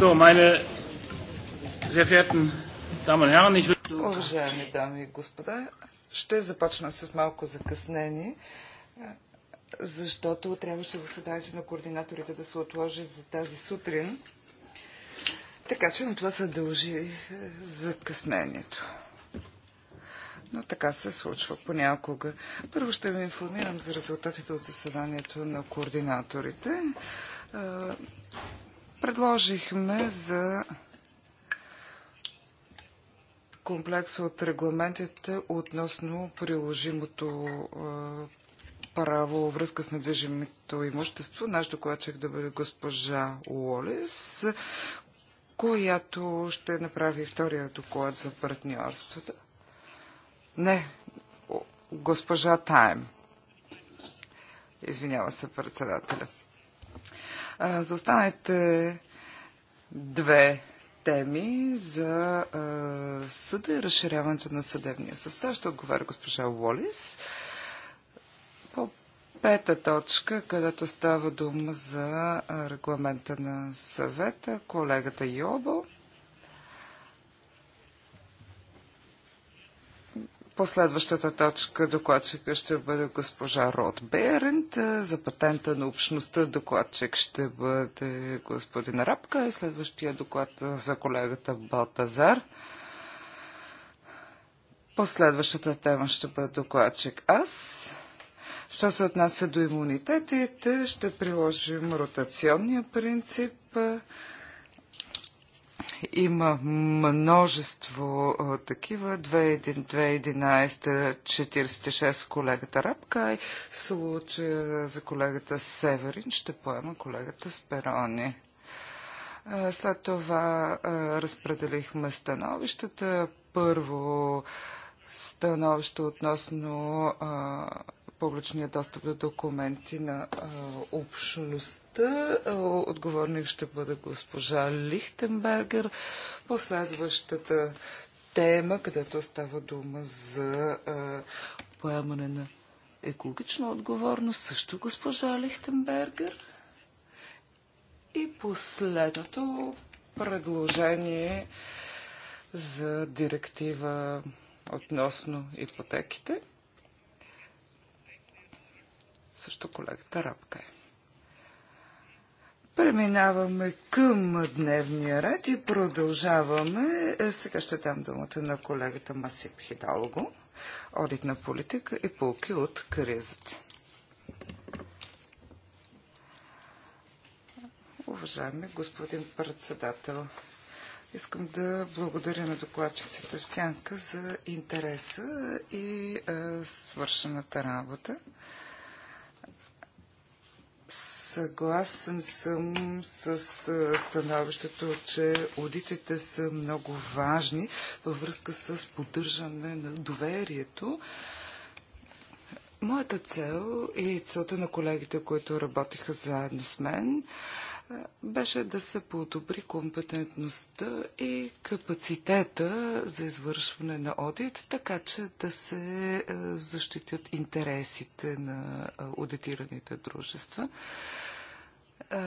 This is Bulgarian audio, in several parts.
So, meine sehr verehrten Damen und Herren, ich Уважаеми дами и господа, ще започна с малко закъснение, защото трябваше заседанието на координаторите да се отложи за тази сутрин. Така че на това се дължи е, закъснението. Но така се случва понякога. Първо ще ви информирам за резултатите от заседанието на координаторите. Е, предложихме за комплекс от регламентите относно приложимото право връзка с недвижимото имущество. Наш докладчик да бъде госпожа Уолес, която ще направи втория доклад за партньорствата. Не, госпожа Тайм. Извинява се председателя. За останалите две теми за съда и разширяването на съдебния състав ще отговаря госпожа Уолис. По пета точка, където става дума за регламента на съвета, колегата Йобо. Последващата точка докладчика ще бъде госпожа Род Берент. Е, за патента на общността докладчик ще бъде господин Рапка. Е, следващия доклад за колегата Балтазар. Последващата тема ще бъде докладчик аз. Що се отнася до имунитетите, ще приложим ротационния принцип. Има множество а, такива. 2011 46 колегата Рапкай, случая за колегата Северин ще поема колегата Сперони. А, след това а, разпределихме становищата. Първо становище относно а, публичния достъп до документи на а, общността. Отговорник ще бъде госпожа Лихтенбергер. Последващата тема, където става дума за а, поемане на екологична отговорност, също госпожа Лихтенбергер. И последното предложение за директива относно ипотеките – също колегата Рапкай. Е. Преминаваме към дневния ред и продължаваме. Е, сега ще дам думата на колегата Масип Хидалго. Одит на политика и полки от кризата. Уважаеми господин председател, искам да благодаря на докладчиците в Сянка за интереса и е, свършената работа. Съгласен съм с становището, че аудитите са много важни във връзка с поддържане на доверието. Моята цел и целта на колегите, които работиха заедно с мен, беше да се подобри компетентността и капацитета за извършване на одит, така че да се е, защитят интересите на е, аудитираните дружества. Е,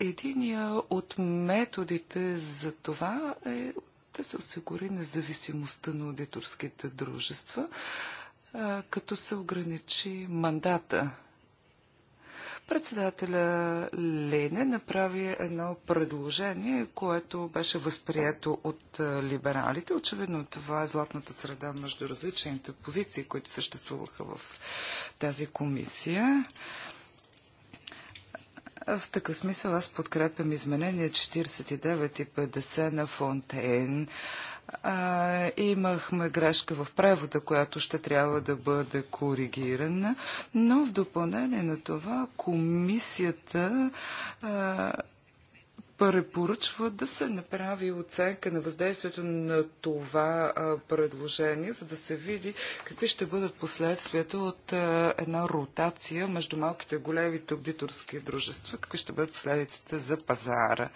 единия от методите за това е да се осигури независимостта на аудиторските дружества, като се ограничи мандата Председателя Лене направи едно предложение, което беше възприето от либералите. Очевидно това е златната среда между различните позиции, които съществуваха в тази комисия. В такъв смисъл аз подкрепям изменение 49 и 50 на Фонтейн. А, имахме грешка в превода, която ще трябва да бъде коригирана, но в допълнение на това комисията а, препоръчва да се направи оценка на въздействието на това предложение, за да се види какви ще бъдат последствията от една ротация между малките и големите аудиторски дружества, какви ще бъдат последиците за пазара.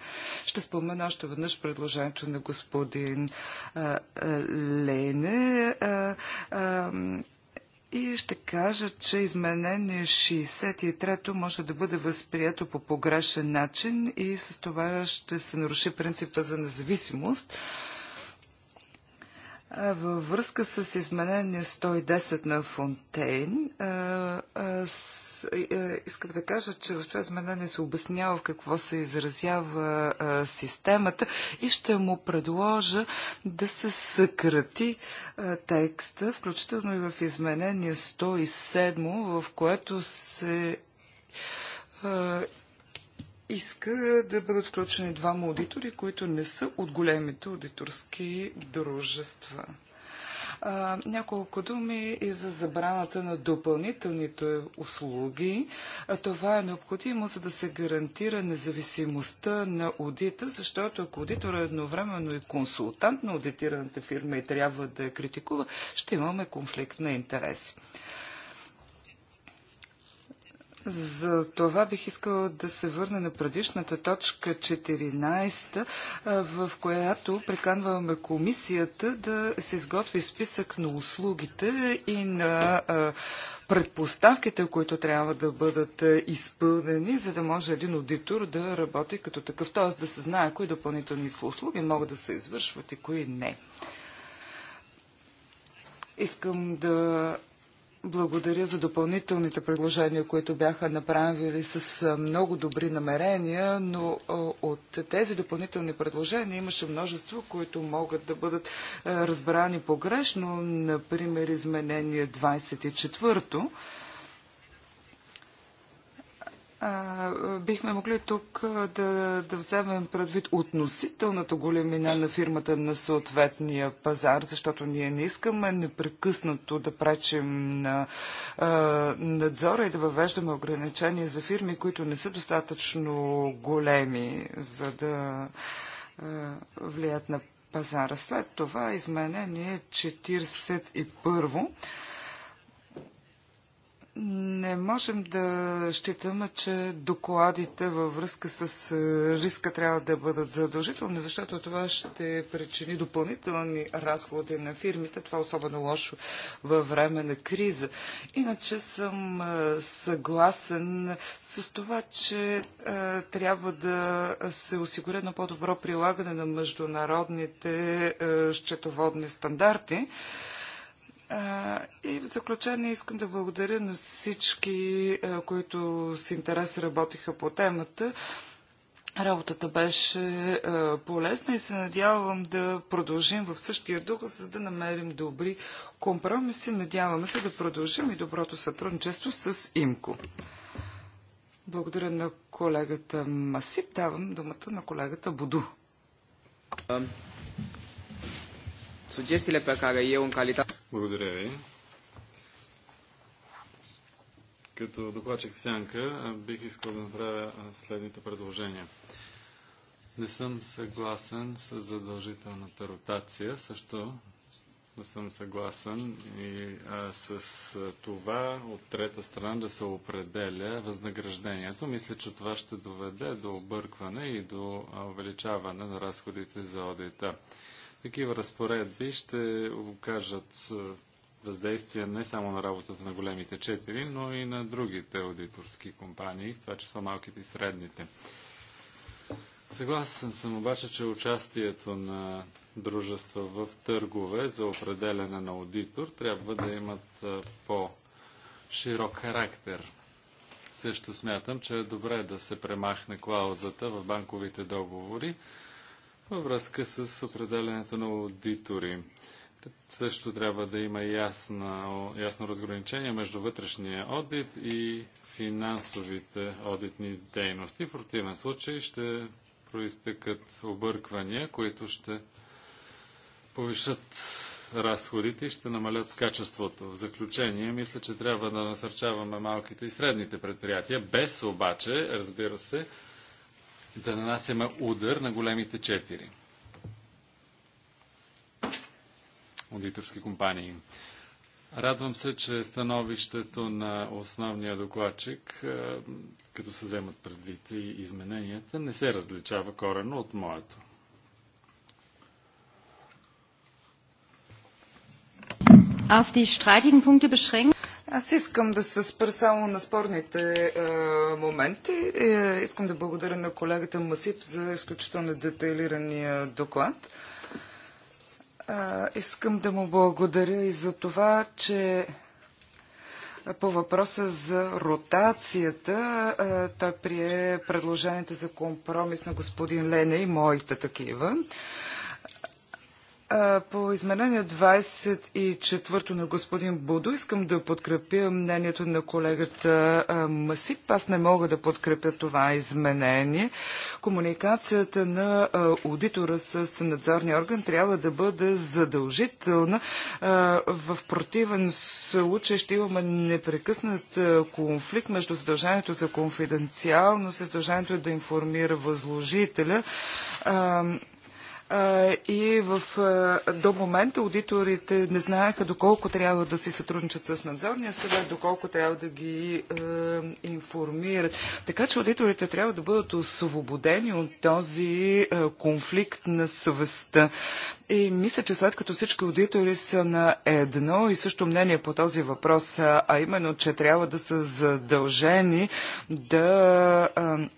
Ще спомена още веднъж предложението на господин Лене и ще кажа, че изменение 63-то може да бъде възприето по погрешен начин и с това ще се наруши принципа за независимост във връзка с изменение 110 на Фонтейн, искам да кажа, че в това изменение се обяснява в какво се изразява системата и ще му предложа да се съкрати текста, включително и в изменение 107, в което се иска да бъдат включени двама аудитори, които не са от големите аудиторски дружества. А, няколко думи и за забраната на допълнителните услуги. А, това е необходимо, за да се гарантира независимостта на аудита, защото ако аудитор е едновременно и консултант на аудитираната фирма и трябва да я критикува, ще имаме конфликт на интереси. За това бих искала да се върна на предишната точка 14, в която приканваме комисията да се изготви списък на услугите и на предпоставките, които трябва да бъдат изпълнени, за да може един аудитор да работи като такъв, т.е. да се знае кои допълнителни услуги могат да се извършват и кои не. Искам да благодаря за допълнителните предложения, които бяха направили с много добри намерения, но от тези допълнителни предложения имаше множество, които могат да бъдат разбрани погрешно, например изменение 24-то бихме могли тук да, да вземем предвид относителната големина на фирмата на съответния пазар, защото ние не искаме непрекъснато да пречим на надзора и да въвеждаме ограничения за фирми, които не са достатъчно големи, за да влият на пазара. След това изменение 41 не можем да считаме, че докладите във връзка с е, риска трябва да бъдат задължителни, защото това ще причини допълнителни разходи на фирмите. Това е особено лошо във време на криза. Иначе съм е, съгласен с това, че е, трябва да се осигури едно по-добро прилагане на международните счетоводни стандарти. И в заключение искам да благодаря на всички, които с интерес работиха по темата. Работата беше полезна и се надявам да продължим в същия дух, за да намерим добри компромиси. Надяваме се да продължим и доброто сътрудничество с ИМКО. Благодаря на колегата Масип. Давам думата на колегата Буду. Sugestiile pe care eu în calitate... Благодаря ви. Като докладчик Сянка бих искал да направя следните предложения. Не съм съгласен с задължителната ротация, също не съм съгласен и а, с това от трета страна да се определя възнаграждението. Мисля, че това ще доведе до объркване и до увеличаване на разходите за одита. Такива разпоредби ще окажат е, въздействие не само на работата на големите четири, но и на другите аудиторски компании, в това число малките и средните. Съгласен съм обаче, че участието на дружества в търгове за определене на аудитор трябва да имат е, по-широк характер. Също смятам, че е добре да се премахне клаузата в банковите договори, във връзка с определенето на аудитори. Също трябва да има ясна, ясно разграничение между вътрешния одит и финансовите одитни дейности. В противен случай ще проистъкат обърквания, които ще повишат разходите и ще намалят качеството. В заключение, мисля, че трябва да насърчаваме малките и средните предприятия, без обаче, разбира се, да нанасяме удар на големите четири аудиторски компании. Радвам се, че становището на основния докладчик, е, като се вземат предвид и измененията, не се различава корено от моето. Auf die streitigen Punkte beschränken. Аз искам да се спра само на спорните е, моменти. Е, искам да благодаря на колегата Масип за изключително детайлирания доклад. Е, искам да му благодаря и за това, че по въпроса за ротацията, е, той прие предложенията за компромис на господин Лене и моите такива. По изменение 24 на господин Будо искам да подкрепя мнението на колегата Масип. Аз не мога да подкрепя това изменение. Комуникацията на аудитора с надзорния орган трябва да бъде задължителна. В противен случай ще имаме непрекъснат конфликт между задължението за конфиденциалност и задължението да информира възложителя и в, до момента аудиторите не знаеха доколко трябва да си сътрудничат с надзорния съвет, доколко трябва да ги е, информират. Така че аудиторите трябва да бъдат освободени от този е, конфликт на съвестта. И мисля, че след като всички аудитори са на едно и също мнение по този въпрос, а именно, че трябва да са задължени да. Е,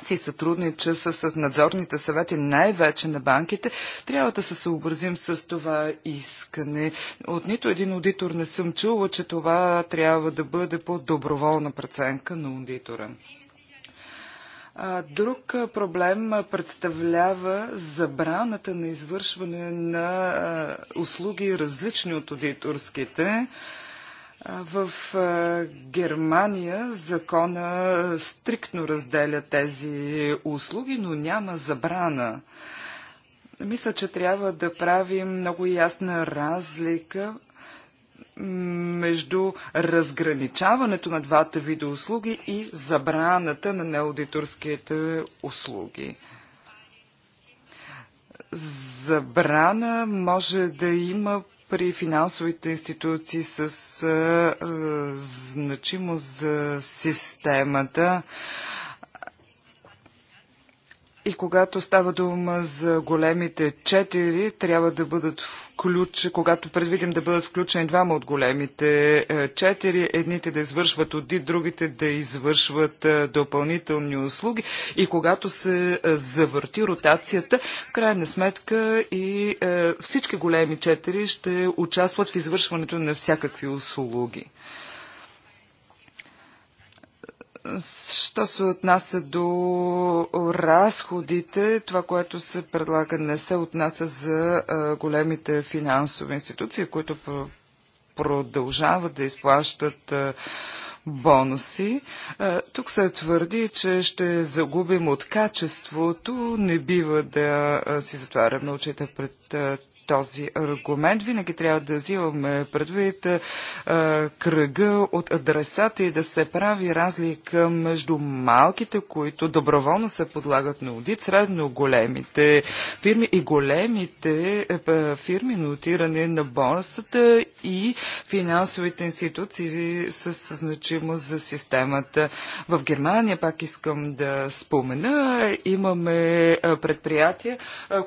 си сътрудничество с надзорните съвети, най-вече на банките, трябва да се съобразим с това искане. От нито един аудитор не съм чула, че това трябва да бъде по доброволна преценка на аудитора. Друг проблем представлява забраната на извършване на услуги различни от аудиторските. В Германия закона стриктно разделя тези услуги, но няма забрана. Мисля, че трябва да правим много ясна разлика между разграничаването на двата вида услуги и забраната на неаудиторските услуги. Забрана може да има при финансовите институции с а, а, значимост за системата. А, и когато става дума за големите четири, трябва да бъдат включ... когато предвидим да бъдат включени двама от големите е, четири, едните да извършват одит, другите да извършват е, допълнителни услуги и когато се е, завърти ротацията, в крайна сметка и всички големи четири ще участват в извършването на всякакви услуги. Що се отнася до разходите, това, което се предлага, не се отнася за големите финансови институции, които продължават да изплащат бонуси. Тук се твърди, че ще загубим от качеството. Не бива да си затваряме очите пред този аргумент. Винаги трябва да взимаме предвид кръга от адресата и да се прави разлика между малките, които доброволно се подлагат на аудит, средно големите фирми и големите е, е, фирми, нотирани на борсата и финансовите институции с значимост за системата. В Германия, пак искам да спомена, имаме е, предприятия,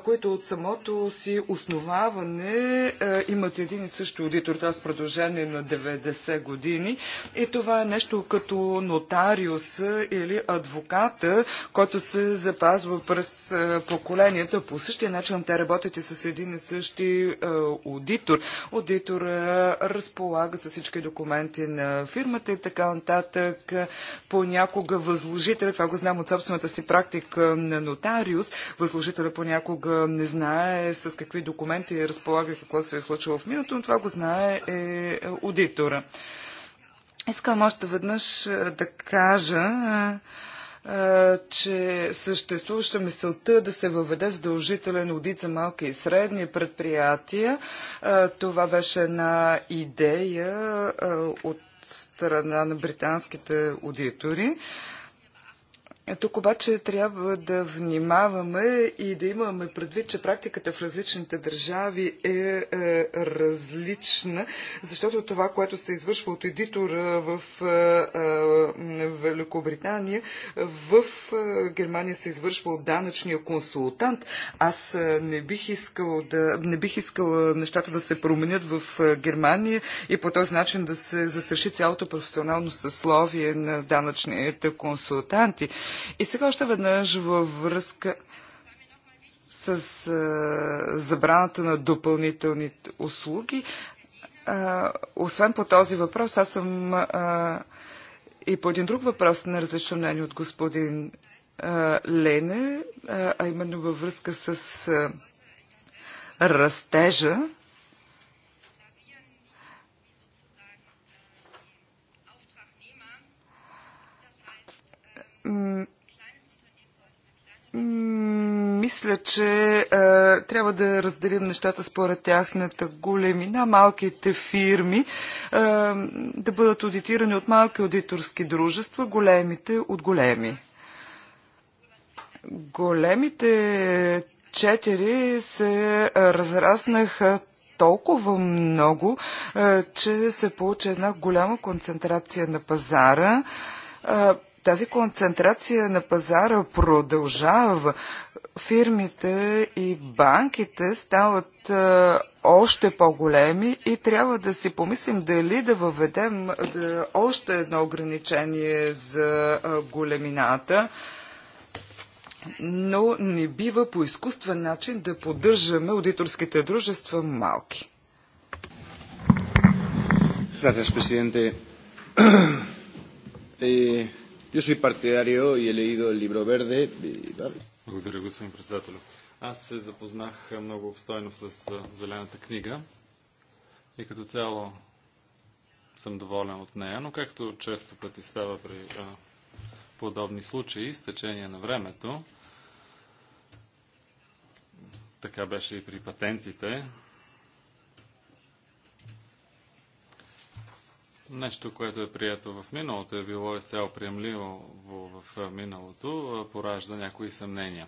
които от самото си основа разузнаване е, имат един и същи аудитор, т.е. продължение на 90 години. И това е нещо като нотариус или адвоката, е, който се запазва през е, поколенията. По същия начин те работят и с един и същи аудитор. Аудитор разполага с всички документи на фирмата и така нататък. Понякога възложителя, това го знам от собствената си практика на нотариус, възложителя понякога не знае с какви документи документи и разполага какво се е случило в миналото, но това го знае е, е аудитора. Искам още веднъж е, да кажа, е, че съществуваща мисълта да се въведе задължителен аудит за малки и средни предприятия. Това беше една идея от страна на британските аудитори. Тук обаче трябва да внимаваме и да имаме предвид, че практиката в различните държави е, е различна, защото това, което се извършва от едитора в е, е, Великобритания, в е, Германия се извършва от данъчния консултант. Аз е, не бих искал да, не бих искала нещата да се променят в е, Германия и по този начин да се застраши цялото професионално съсловие на данъчните консултанти. И сега още веднъж във връзка с а, забраната на допълнителните услуги. А, освен по този въпрос, аз съм а, и по един друг въпрос на различно мнение от господин а, Лене, а, а именно във връзка с а, растежа Мисля, че а, трябва да разделим нещата според тяхната големина. Малките фирми а, да бъдат аудитирани от малки аудиторски дружества, големите от големи. Големите четири се разраснаха толкова много, че се получи една голяма концентрация на пазара. А, тази концентрация на пазара продължава. Фирмите и банките стават е, още по-големи и трябва да си помислим дали да въведем е, още едно ограничение за е, големината но не бива по изкуствен начин да поддържаме аудиторските дружества малки. Gracias, presidente. Eh, Yo soy partidario y he leído el libro verde. Благодаря, господин председател. Аз се запознах много обстойно с Зелената книга и като цяло съм доволен от нея, но както често пъти става при а, подобни случаи, с течение на времето, така беше и при патентите, Нещо, което е прието в миналото, е било изцяло приемливо в миналото, поражда някои съмнения.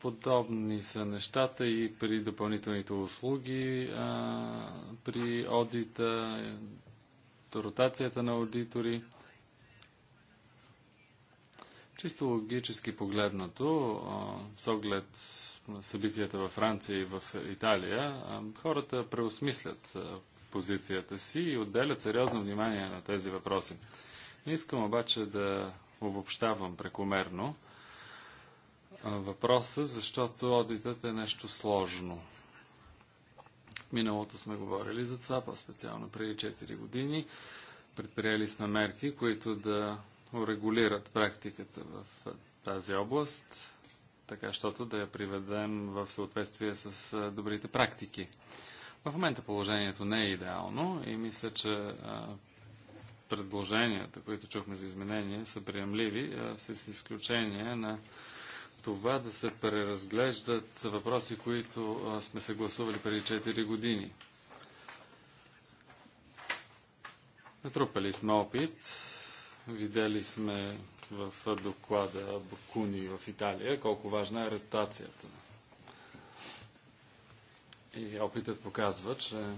Подобни са нещата и при допълнителните услуги, а, при одита, е, ротацията на аудитори. Чисто логически погледнато, а, с оглед на събитията във Франция и в Италия, а, хората преосмислят позицията си и отделят сериозно внимание на тези въпроси. Не искам обаче да обобщавам прекомерно въпроса, защото одитът е нещо сложно. В миналото сме говорили за това, по-специално преди 4 години. Предприели сме мерки, които да урегулират практиката в тази област, така щото да я приведем в съответствие с добрите практики в момента положението не е идеално и мисля, че предложенията, които чухме за изменение, са приемливи, с изключение на това да се преразглеждат въпроси, които сме съгласували преди 4 години. Натрупали сме опит, видели сме в доклада Бакуни в Италия колко важна е ретацията. И опитът показва, че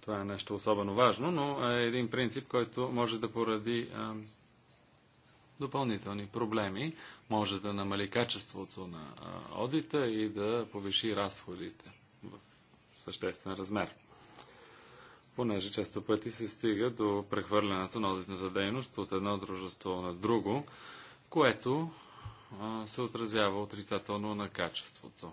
това е нещо особено важно, но е един принцип, който може да поради а, допълнителни проблеми, може да намали качеството на а, одита и да повиши разходите в съществен размер. Понеже често пъти се стига до прехвърлянето на одитната дейност от едно дружество на друго, което се отразява отрицателно на качеството.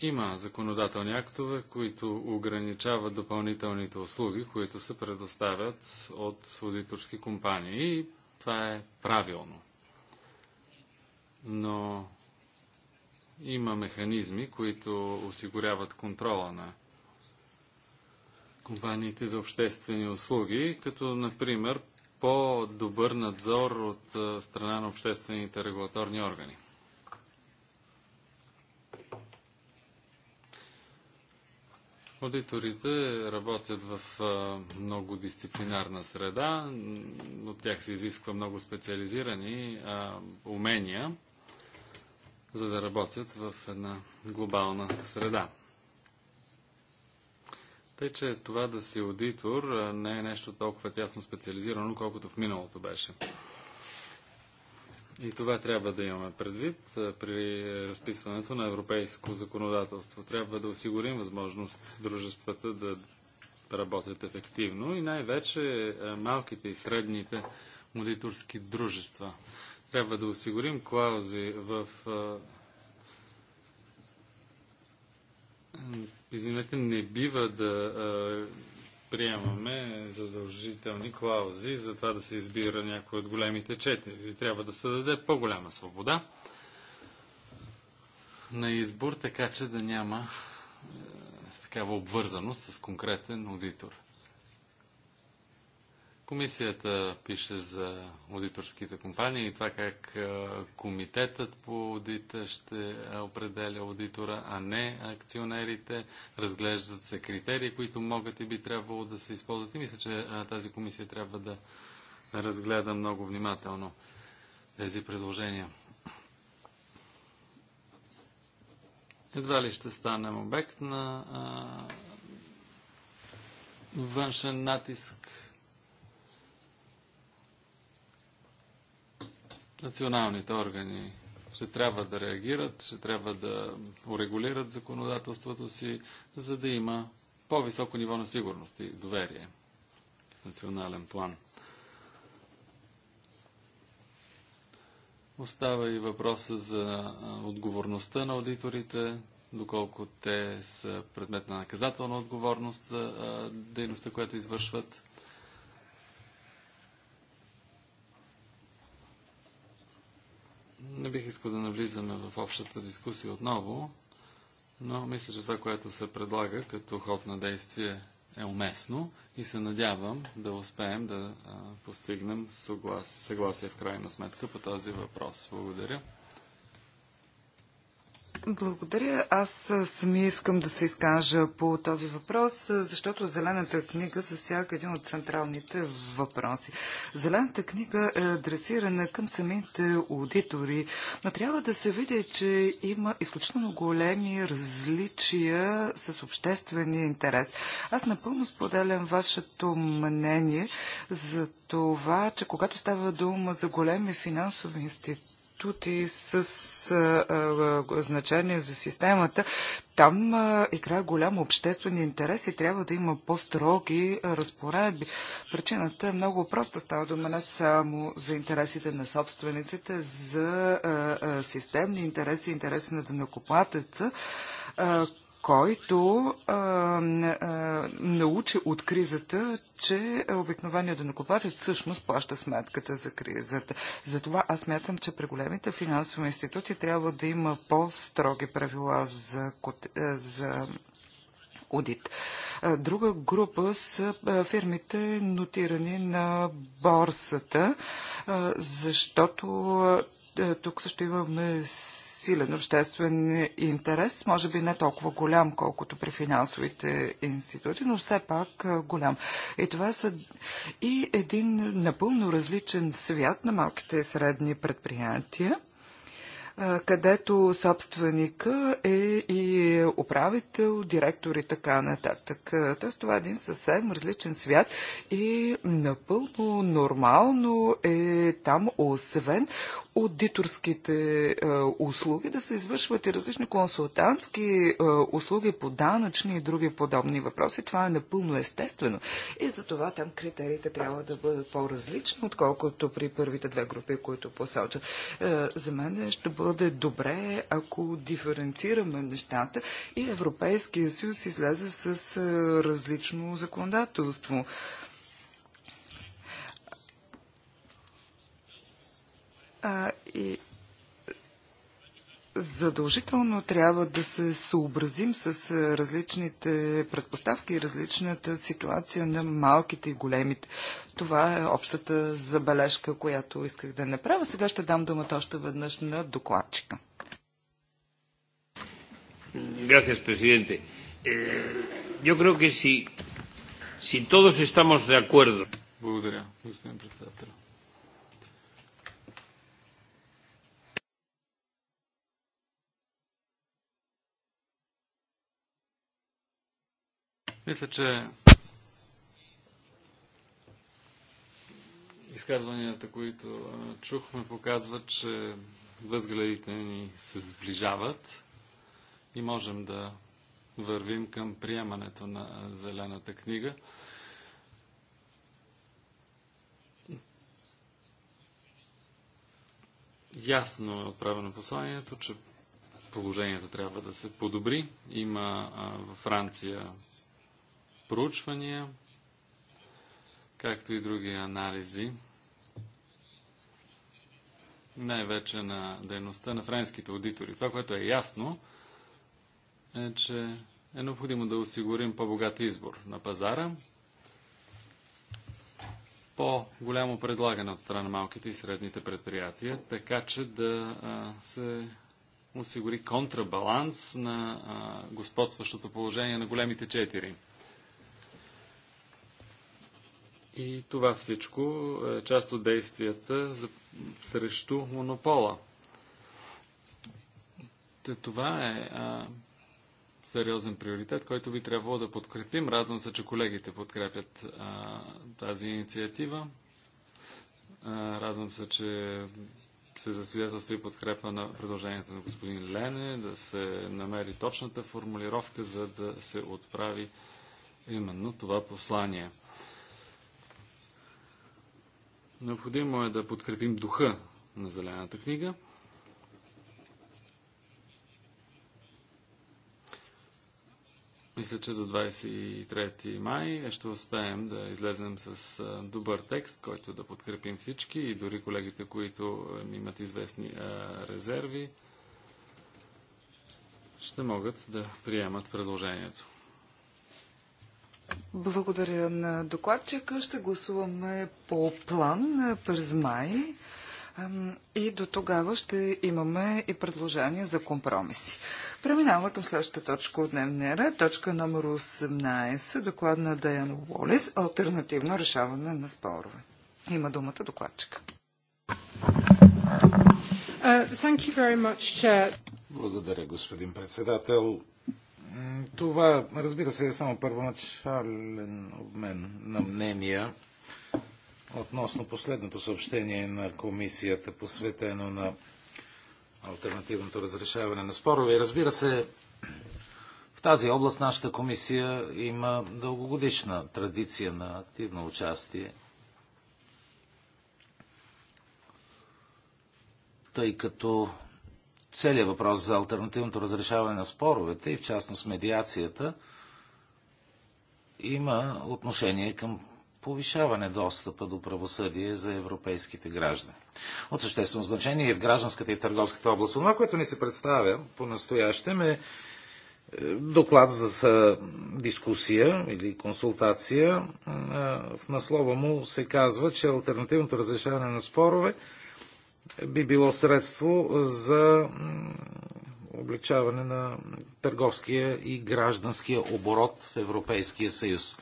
Има законодателни актове, които ограничават допълнителните услуги, които се предоставят от аудиторски компании и това е правилно. Но има механизми, които осигуряват контрола на компаниите за обществени услуги, като например по-добър надзор от страна на обществените регулаторни органи. Аудиторите работят в много дисциплинарна среда, от тях се изисква много специализирани умения, за да работят в една глобална среда. Тъй, че това да си аудитор не е нещо толкова тясно специализирано, колкото в миналото беше. И това трябва да имаме предвид при разписването на европейско законодателство. Трябва да осигурим възможност дружествата да работят ефективно и най-вече малките и средните аудиторски дружества. Трябва да осигурим клаузи в извинете, не бива да а, приемаме задължителни клаузи за това да се избира някой от големите четири. Трябва да се даде по-голяма свобода на избор, така че да няма а, е, такава обвързаност с конкретен аудитор. Комисията пише за аудиторските компании и това как комитетът по аудита ще определя аудитора, а не акционерите. Разглеждат се критерии, които могат и би трябвало да се използват. И мисля, че тази комисия трябва да разгледа много внимателно тези предложения. Едва ли ще станем обект на външен натиск Националните органи ще трябва да реагират, ще трябва да урегулират законодателството си, за да има по-високо ниво на сигурност и доверие в национален план. Остава и въпроса за отговорността на аудиторите, доколко те са предмет на наказателна отговорност за дейността, която извършват. Не бих искал да навлизаме в общата дискусия отново, но мисля, че това, което се предлага като ход на действие е уместно и се надявам да успеем да постигнем съгласие в крайна сметка по този въпрос. Благодаря. Благодаря. Аз сами искам да се изкажа по този въпрос, защото Зелената книга засяга един от централните въпроси. Зелената книга е адресирана към самите аудитори, но трябва да се види, че има изключително големи различия с обществения интерес. Аз напълно споделям вашето мнение за това, че когато става дума за големи финансови институции, и с а, а, значение за системата, там а, играе голям обществен интерес и трябва да има по-строги разпоредби. Причината е много проста. Става дума не само за интересите на собствениците, за а, а, системни интереси, интереси на дънакоплатеца, който а, а, научи от кризата, че обикновеният денокопатец всъщност плаща сметката за кризата. Затова аз мятам, че при големите финансови институти трябва да има по-строги правила за, е, за одит. Друга група са фирмите, нотирани на борсата, защото тук също имаме силен обществен интерес, може би не толкова голям, колкото при финансовите институти, но все пак голям. И това са и един напълно различен свят на малките и средни предприятия където собственика е и управител, директор и така нататък. Тоест това е един съвсем различен свят и напълно нормално е там, освен аудиторските е, услуги, да се извършват и различни консултантски е, услуги по данъчни и други подобни въпроси. Това е напълно естествено. И за това там критериите трябва да бъдат по-различни, отколкото при първите две групи, които посочат. Е, за мен ще бъде добре, ако диференцираме нещата и Европейския съюз излезе с различно законодателство. А, и задължително трябва да се съобразим с различните предпоставки и различната ситуация на малките и големите. Това е общата забележка, която исках да направя. Сега ще дам думата още веднъж на докладчика. Gracias, presidente. Eh, yo creo que si, si todos estamos de acuerdo. Благодаря, господин председател. Мисля, че изказванията, които чухме, показват, че възгледите ни се сближават и можем да вървим към приемането на Зелената книга. Ясно е отправено посланието, че положението трябва да се подобри. Има във Франция проучвания, както и други анализи, най-вече на дейността на френските аудитори. Това, което е ясно, е, че е необходимо да осигурим по-богат избор на пазара, по-голямо предлагане от страна на малките и средните предприятия, така че да а, се осигури контрабаланс на а, господстващото положение на големите четири. И това всичко е част от действията за, срещу монопола. Те, това е а, сериозен приоритет, който би трябвало да подкрепим. Радвам се, че колегите подкрепят а, тази инициатива. А, радвам се, че се засвидетелства и подкрепа на предложението на господин Лене да се намери точната формулировка, за да се отправи именно това послание. Необходимо е да подкрепим духа на Зелената книга. Мисля, че до 23 май ще успеем да излезем с добър текст, който да подкрепим всички и дори колегите, които имат известни резерви, ще могат да приемат предложението. Благодаря на докладчика. Ще гласуваме по план е, през май. И до тогава ще имаме и предложения за компромиси. Преминаваме към следващата точка от дневния ред. Точка номер 18. Доклад на Даян Уолис. Альтернативно решаване на спорове. Има думата докладчика. Uh, Благодаря, господин председател. Това, разбира се, е само първоначален обмен на мнения относно последното съобщение на комисията, посветено на альтернативното разрешаване на спорове. разбира се, в тази област нашата комисия има дългогодишна традиция на активно участие. Тъй като целият въпрос за альтернативното разрешаване на споровете и в частност медиацията има отношение към повишаване достъпа до правосъдие за европейските граждани. От съществено значение и в гражданската и в търговската област. Това, което ни се представя по-настоящем е, е доклад за дискусия или консултация. Е, в наслова му се казва, че альтернативното разрешаване на спорове би било средство за обличаване на търговския и гражданския оборот в Европейския съюз.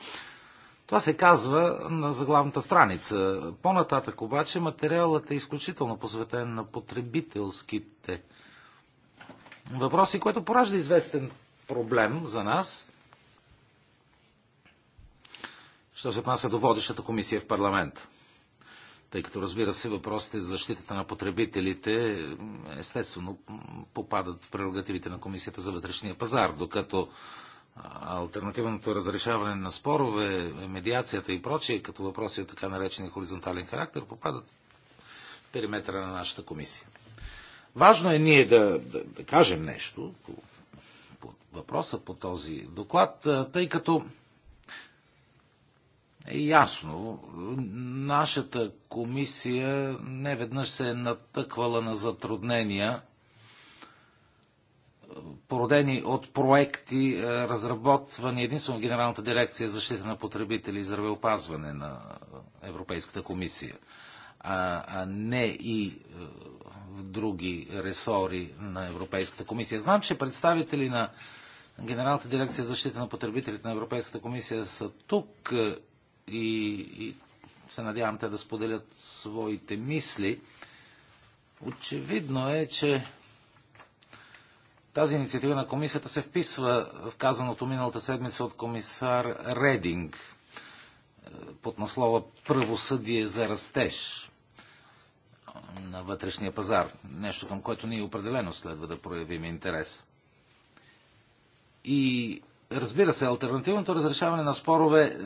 Това се казва на заглавната страница. По-нататък обаче материалът е изключително посветен на потребителските въпроси, което поражда известен проблем за нас, що се отнася до водещата комисия в парламента тъй като разбира се въпросите за защитата на потребителите естествено попадат в прерогативите на Комисията за вътрешния пазар, докато альтернативното разрешаване на спорове, медиацията и прочие, като въпроси от така наречения хоризонтален характер, попадат в периметъра на нашата комисия. Важно е ние да, да, да кажем нещо по, по въпроса, по този доклад, тъй като е ясно. Нашата комисия не веднъж се е натъквала на затруднения, породени от проекти, е, разработвани единствено в Генералната дирекция за защита на потребители и здравеопазване на Европейската комисия, а не и е, в други ресори на Европейската комисия. Знам, че представители на Генералната дирекция за защита на потребителите на Европейската комисия са тук е, и, и се надявам те да споделят своите мисли. Очевидно е, че тази инициатива на комисията се вписва в казаното миналата седмица от комисар Рединг е, под наслова Правосъдие за растеж на вътрешния пазар. Нещо към което ние определено следва да проявим интерес. И разбира се, альтернативното разрешаване на спорове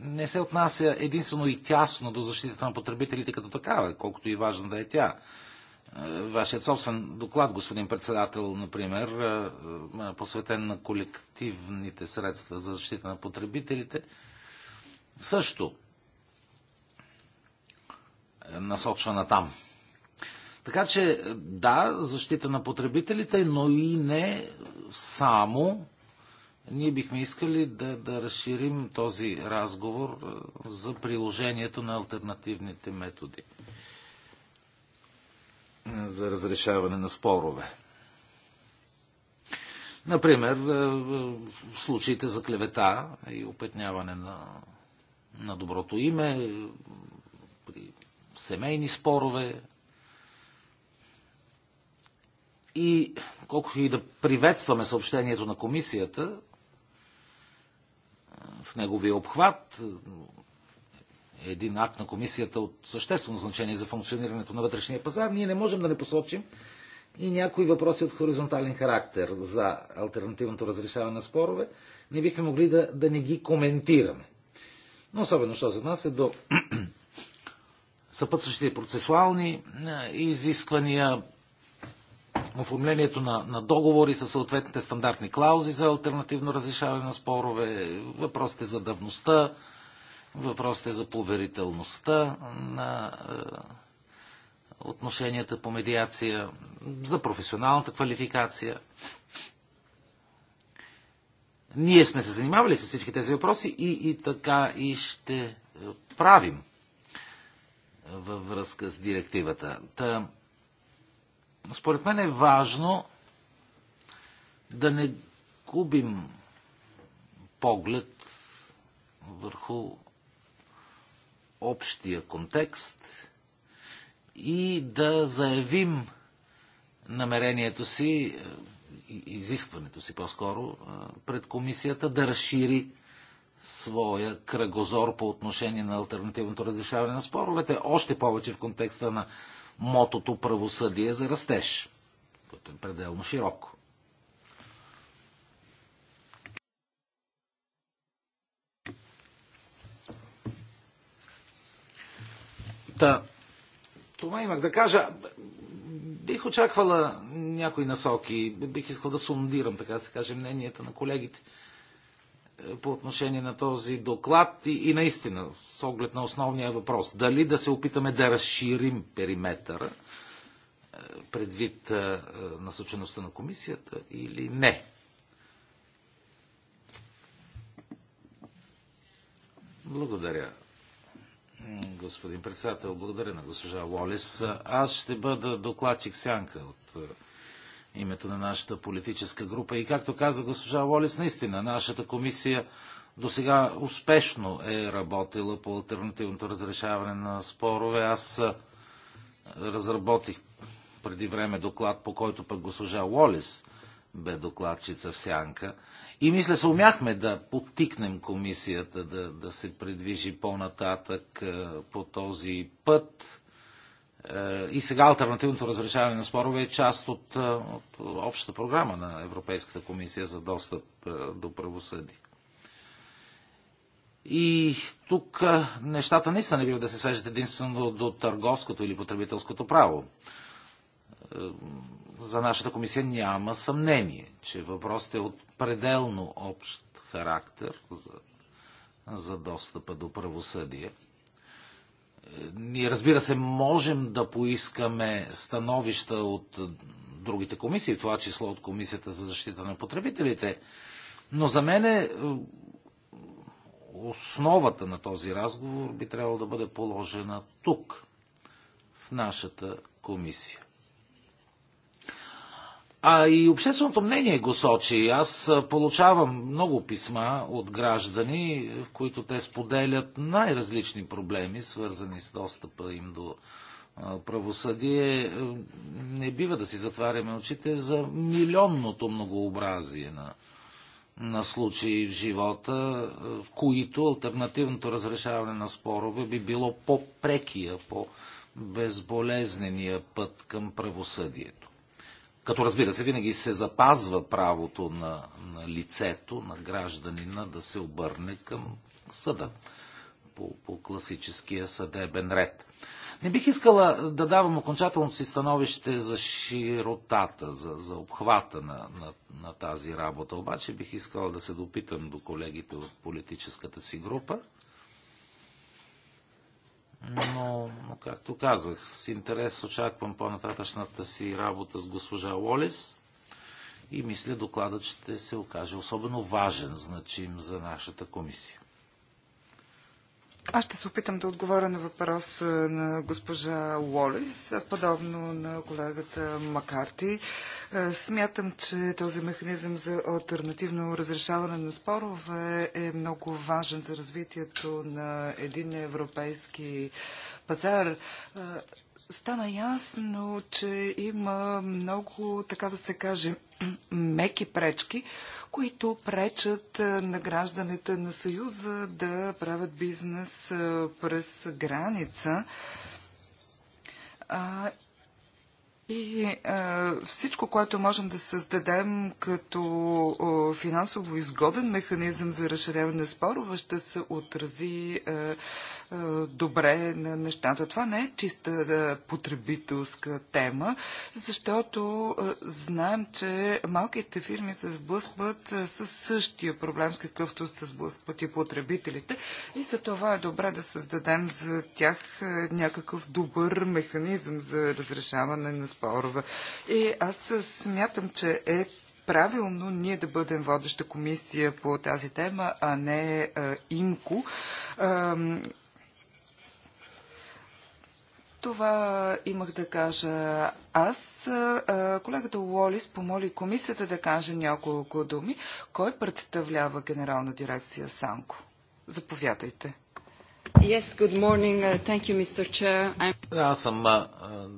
не се отнася единствено и тясно до защитата на потребителите като такава, колкото и важна да е тя. Е, вашият собствен доклад, господин председател, например, е, е, посветен на колективните средства за защита на потребителите, също насочвана там. Така че, да, защита на потребителите, но и не само ние бихме искали да, да разширим този разговор за приложението на альтернативните методи за разрешаване на спорове. Например, в случаите за клевета и опетняване на, на доброто име, при семейни спорове. И колкото и да приветстваме съобщението на комисията, в неговия обхват, е един акт на комисията от съществено значение за функционирането на вътрешния пазар, ние не можем да не посочим и някои въпроси от хоризонтален характер за альтернативното разрешаване на спорове, не бихме могли да, да не ги коментираме. Но особено, що за нас е до съпътстващите процесуални изисквания, оформлението на, на договори със съответните стандартни клаузи за альтернативно разрешаване на спорове, въпросите за давността, въпросите за поверителността на е, отношенията по медиация, за професионалната квалификация. Ние сме се занимавали с всички тези въпроси и, и така и ще правим във връзка с директивата. Та, според мен е важно да не губим поглед върху общия контекст и да заявим намерението си, е, изискването си по-скоро, е, пред комисията да разшири своя кръгозор по отношение на альтернативното разрешаване на споровете, още повече в контекста на мотото правосъдие за растеж, което е пределно широко. Та, това имах да кажа. Бих очаквала някои насоки. Бих искал да сундирам, така да се каже, мненията на колегите по отношение на този доклад и, и наистина с оглед на основния въпрос. Дали да се опитаме да разширим периметъра е, предвид е, е, насочеността на комисията или не? Благодаря, господин председател. Благодаря на госпожа Лолис. Аз ще бъда докладчик сянка от името на нашата политическа група. И както каза госпожа Волис, наистина нашата комисия до сега успешно е работила по альтернативното разрешаване на спорове. Аз разработих преди време доклад, по който пък госпожа Уолис бе докладчица в сянка. И мисля, се умяхме да подтикнем комисията да, да се придвижи по-нататък по този път. Е, и сега альтернативното разрешаване на спорове е част от, е, от общата програма на Европейската комисия за достъп е, до правосъдие. И тук нещата наистина не бива да се свежат единствено до, до търговското или потребителското право. За нашата комисия няма съмнение, че въпросът е от пределно общ характер за, за достъпа до правосъдие. Ние, разбира се, можем да поискаме становища от другите комисии, в това число от Комисията за защита на потребителите. Но за мен е, основата на този разговор би трябвало да бъде положена тук, в нашата комисия. А и общественото мнение го сочи. Аз получавам много писма от граждани, в които те споделят най-различни проблеми, свързани с достъпа им до правосъдие. Е, не бива да си затваряме очите за милионното многообразие на, на случаи в живота, в които альтернативното разрешаване на спорове би било по-прекия, по-безболезнения път към правосъдието. Като разбира се, винаги се запазва правото на, на лицето, на гражданина да се обърне към съда по, по класическия съдебен ред. Не бих искала да давам окончателното си становище за широтата, за, за обхвата на, на, на тази работа. Обаче бих искала да се допитам до колегите от политическата си група но, както казах, с интерес очаквам по-нататъчната си работа с госпожа Лолис и мисля докладът ще се окаже особено важен, значим за нашата комисия. Аз ще се опитам да отговоря на въпрос на госпожа Уолис. Аз подобно на колегата Макарти смятам, че този механизъм за альтернативно разрешаване на спорове е много важен за развитието на един европейски пазар. Стана ясно, че има много, така да се каже, меки пречки, които пречат е, на гражданите на Съюза да правят бизнес е, през граница. И е, всичко, което можем да създадем като финансово изгоден механизъм за разширяване на спорове, ще се отрази е, добре на нещата. Това не е чиста е, потребителска тема, защото е, знаем, че малките фирми се сблъскват с същия проблем, с какъвто се сблъскват и потребителите. И за това е добре да създадем за тях някакъв добър механизъм за разрешаване на спорове. И аз смятам, че е правилно ние да бъдем водеща комисия по тази тема, а не а, имко. А, това имах да кажа аз. Колегата Уолис помоли комисията да каже няколко думи. Кой представлява генерална дирекция Санко? Заповядайте. Yes, good morning. Uh, thank you, Mr. Chair. I'm... Аз съм...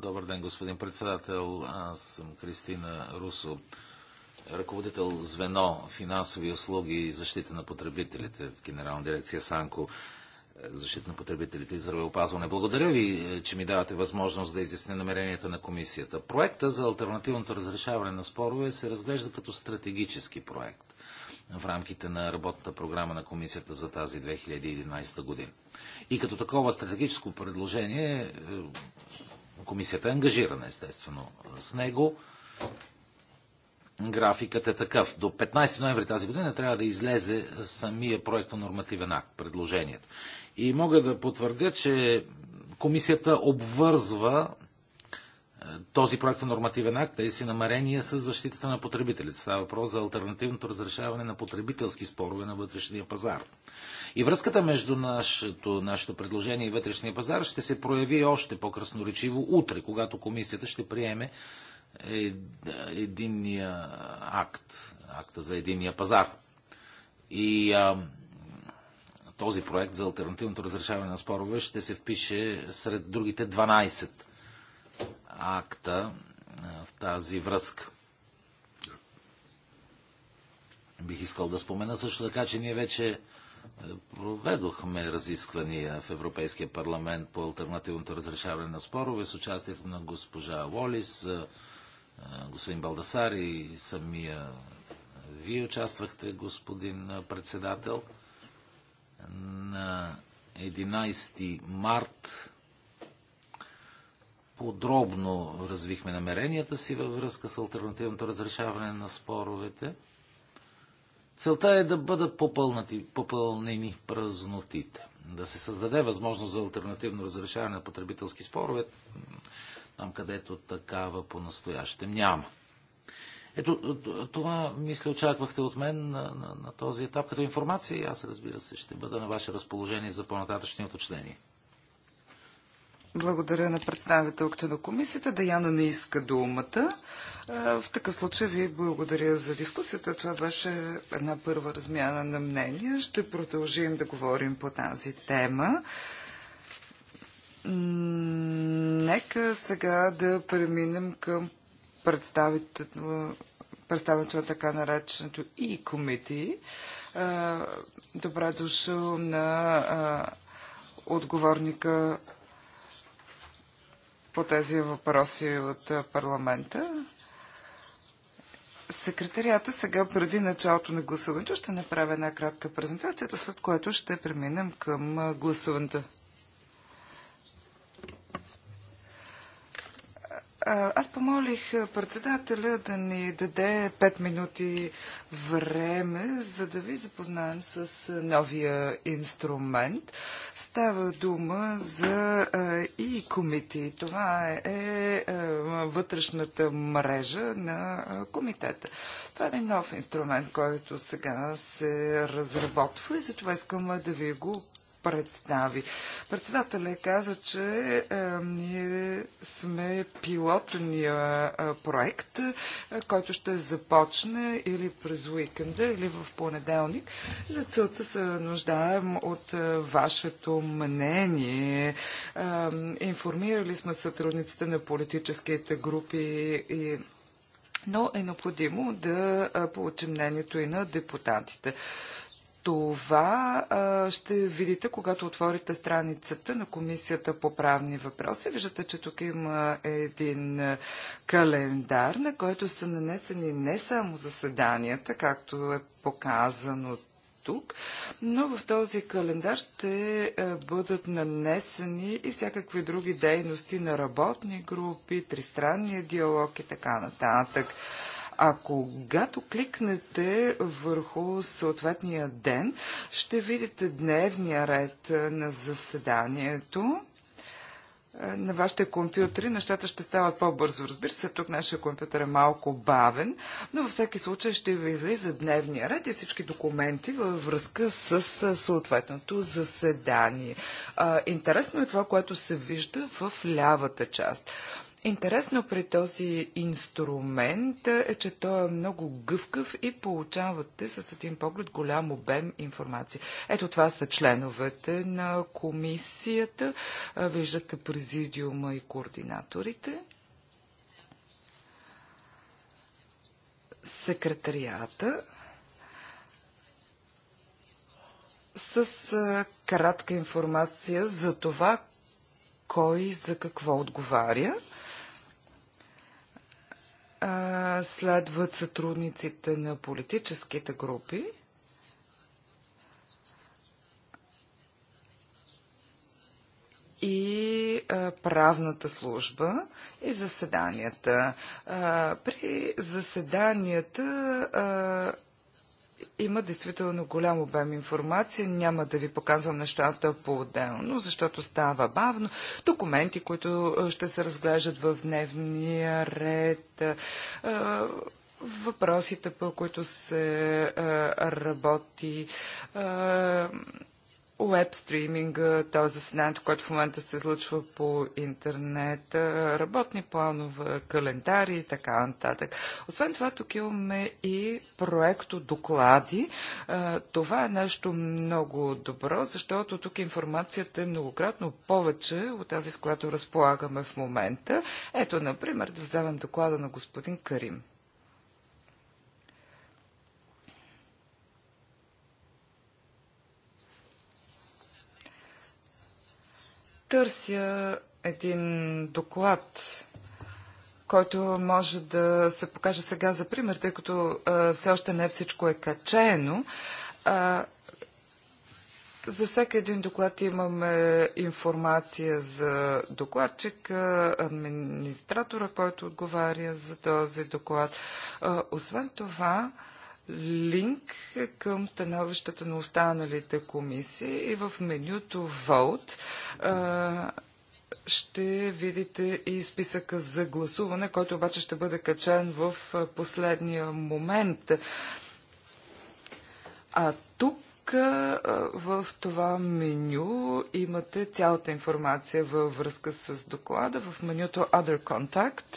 Добър ден, господин председател. Аз съм Кристина Русо, ръководител звено финансови услуги и защита на потребителите в Генерална дирекция Санко защита на потребителите и здравеопазване. Благодаря ви, е, че ми давате възможност да изясня намеренията на комисията. Проекта за альтернативното разрешаване на спорове се разглежда като стратегически проект в рамките на работната програма на комисията за тази 2011 година. И като такова стратегическо предложение е, комисията е ангажирана, естествено, е, с него графикът е такъв. До 15 ноември тази година трябва да излезе самия проект на нормативен акт, предложението. И мога да потвърдя, че комисията обвързва е, този проект на нормативен акт, тези си намерения с защитата на потребителите. Става въпрос за альтернативното разрешаване на потребителски спорове на вътрешния пазар. И връзката между нашето, нашето предложение и вътрешния пазар ще се прояви още по-красноречиво утре, когато комисията ще приеме е единния акт, акта за единния пазар. И а, този проект за альтернативното разрешаване на спорове ще се впише сред другите 12 акта в тази връзка. Бих искал да спомена също така, че ние вече е, проведохме разисквания в Европейския парламент по альтернативното разрешаване на спорове с участието на госпожа Волис, е, господин Балдасар и самия вие участвахте, господин председател. На 11 март подробно развихме намеренията си във връзка с альтернативното разрешаване на споровете. Целта е да бъдат попълнати, попълнени празнотите, да се създаде възможност за альтернативно разрешаване на потребителски спорове там където такава по-настоящем няма. Ето, това, мисля, очаквахте от мен на, на, на този етап като информация и аз, разбира се, ще бъда на ваше разположение за по-нататъчни уточнения. Благодаря на представителката на комисията. Даяна не иска думата. В такъв случай ви благодаря за дискусията. Това беше една първа размяна на мнения. Ще продължим да говорим по тази тема. Нека сега да преминем към представително представянето на така нареченото и комити. Добре дошъл на отговорника по тези въпроси от парламента. Секретарията сега преди началото на гласуването ще направя една кратка презентацията, след което ще преминем към гласуването. Аз помолих председателя да ни даде 5 минути време, за да ви запознаем с новия инструмент. Става дума за и комити. Това е, е вътрешната мрежа на комитета. Това е нов инструмент, който сега се разработва и затова искам да ви го представи. Председателя каза, че а, е, ние сме пилотния а, е, проект, а, е, който ще започне или през уикенда, или в понеделник. За целта се нуждаем от а, вашето мнение. А, информирали сме сътрудниците на политическите групи и но е необходимо да получим мнението и на депутатите. Това а, ще видите, когато отворите страницата на Комисията по правни въпроси. Виждате, че тук има един календар, на който са нанесени не само заседанията, както е показано тук, но в този календар ще бъдат нанесени и всякакви други дейности на работни групи, тристранния диалог и така нататък. А когато кликнете върху съответния ден, ще видите дневния ред е, на заседанието е, на вашите компютри нещата ще стават по-бързо. Разбира се, тук нашия компютър е малко бавен, но във всеки случай ще ви излиза дневния ред и всички документи във връзка с е, съответното заседание. Интересно е това, което се вижда в лявата част. Интересно при този инструмент е, че той е много гъвкав и получавате с един поглед голям обем информация. Ето това са членовете на комисията. Виждате президиума и координаторите. Секретарията. С кратка информация за това, кой за какво отговаря. следват сътрудниците на политическите групи. и а, правната служба и заседанията. А, при заседанията а, има действително голям обем информация. Няма да ви показвам нещата по-отделно, защото става бавно. Документи, които ще се разглеждат в дневния ред, въпросите, по които се работи, уеб стриминга, т.е. заседанието, което в момента се излъчва по интернет, работни планове, календари и така нататък. Освен това, тук имаме и проекто доклади. Това е нещо много добро, защото тук информацията е многократно повече от тази, с която разполагаме в момента. Ето, например, да вземем доклада на господин Карим. Търся един доклад, който може да се покаже сега за пример, тъй като а, все още не всичко е качено. А, за всеки един доклад имаме информация за докладчика, администратора, който отговаря за този доклад. Освен това, линк към становищата на останалите комисии и в менюто Vote ще видите и списъка за гласуване, който обаче ще бъде качен в последния момент. А тук в това меню имате цялата информация във връзка с доклада в менюто Other Contact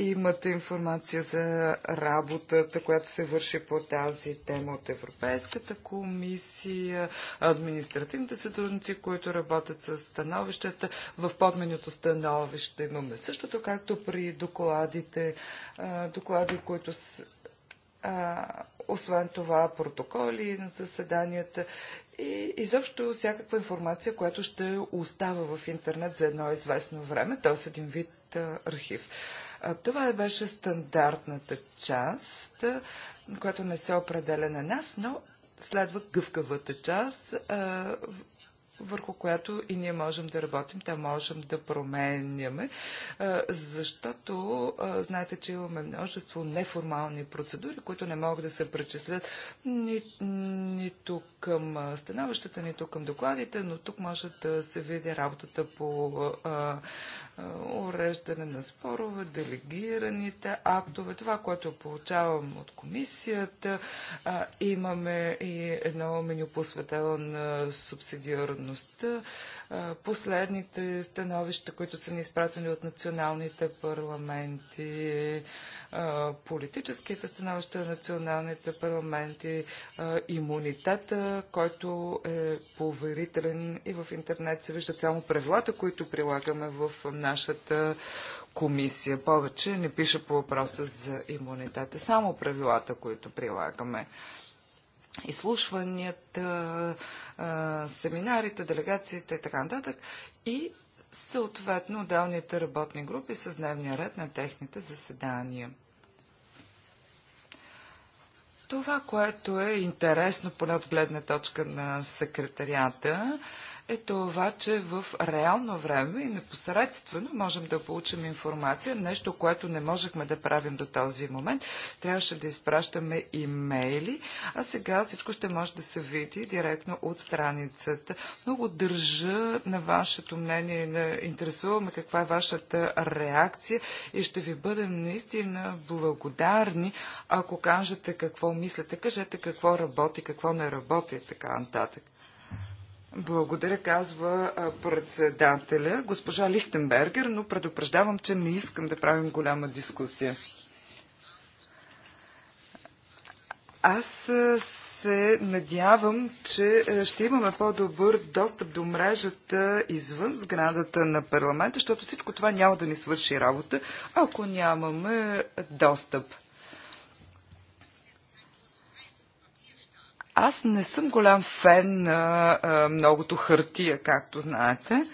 Имате информация за работата, която се върши по тази тема от Европейската комисия, административните сътрудници, които работят с становищата. В подменюто становище имаме същото, както при докладите, доклади, които с, а, освен това протоколи на заседанията и изобщо всякаква информация, която ще остава в интернет за едно известно време, т.е. един вид архив. Това беше стандартната част, която не се определя на нас, но следва гъвкавата част, върху която и ние можем да работим, там можем да променяме, защото знаете, че имаме множество неформални процедури, които не могат да се пречислят ни, нито към становищата, нито към докладите, но тук може да се види работата по уреждане на спорове, делегираните актове, това, което получавам от комисията. А, имаме и едно меню посветено на субсидиарността. Последните становища, които са ни изпратени от националните парламенти, политическите становища на националните парламенти, имунитета, който е поверителен и в интернет се виждат само правилата, които прилагаме в нашата комисия. Повече не пише по въпроса за имунитета, само правилата, които прилагаме изслушванията, семинарите, делегациите и така нататък. И съответно отделните работни групи с дневния ред на техните заседания. Това, което е интересно, поне от гледна точка на секретарията, е това, че в реално време и непосредствено можем да получим информация, нещо, което не можехме да правим до този момент. Трябваше да изпращаме имейли, а сега всичко ще може да се види директно от страницата. Много държа на вашето мнение, на интересуваме каква е вашата реакция и ще ви бъдем наистина благодарни, ако кажете какво мислите, кажете какво работи, какво не работи и така нататък. Благодаря, казва председателя, госпожа Лихтенбергер, но предупреждавам, че не искам да правим голяма дискусия. Аз се надявам, че ще имаме по-добър достъп до мрежата извън сградата на парламента, защото всичко това няма да ни свърши работа, ако нямаме достъп. Аз не съм голям фен на а, многото хартия, както знаете,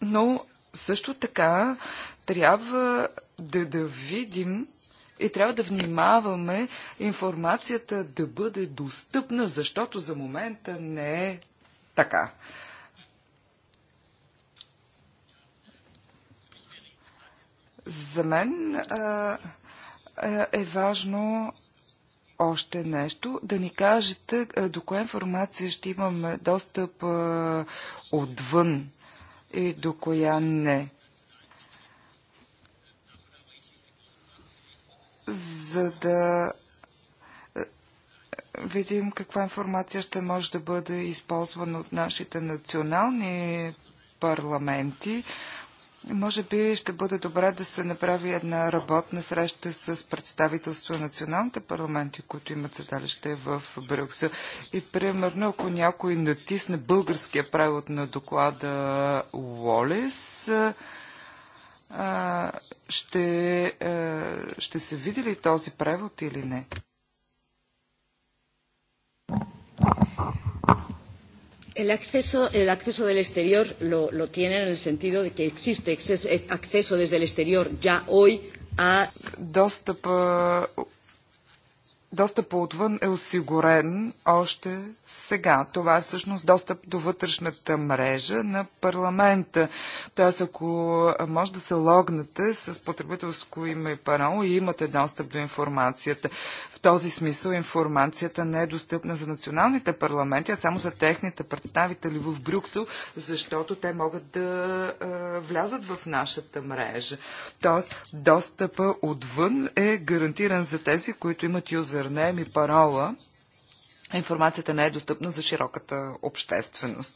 но също така трябва да, да видим и трябва да внимаваме информацията да бъде достъпна, защото за момента не е така. За мен а, е важно още нещо, да ни кажете е, до коя информация ще имаме достъп е, отвън и до коя не. За да е, видим каква информация ще може да бъде използвана от нашите национални парламенти може би ще бъде добре да се направи една работна среща с представителство на националните парламенти, които имат седалище в Брюксел. И примерно, ако някой натисне българския превод на доклада Уолес, ще, ще се види ли този превод или не? El acceso, el acceso del exterior lo, lo tienen en el sentido de que existe eh, acceso desde el exterior ya hoy a... Достъпа, достъпа отвън е осигурен още сега. Това е всъщност достъп до вътрешната мрежа на парламента. Тоест, ако може да се логнете с потребителско име и парол и имате достъп до информацията. В този смисъл информацията не е достъпна за националните парламенти, а само за техните представители в Брюксел, защото те могат да влязат в нашата мрежа. Тоест, достъпа отвън е гарантиран за тези, които имат юзернейм и парола. Информацията не е достъпна за широката общественост.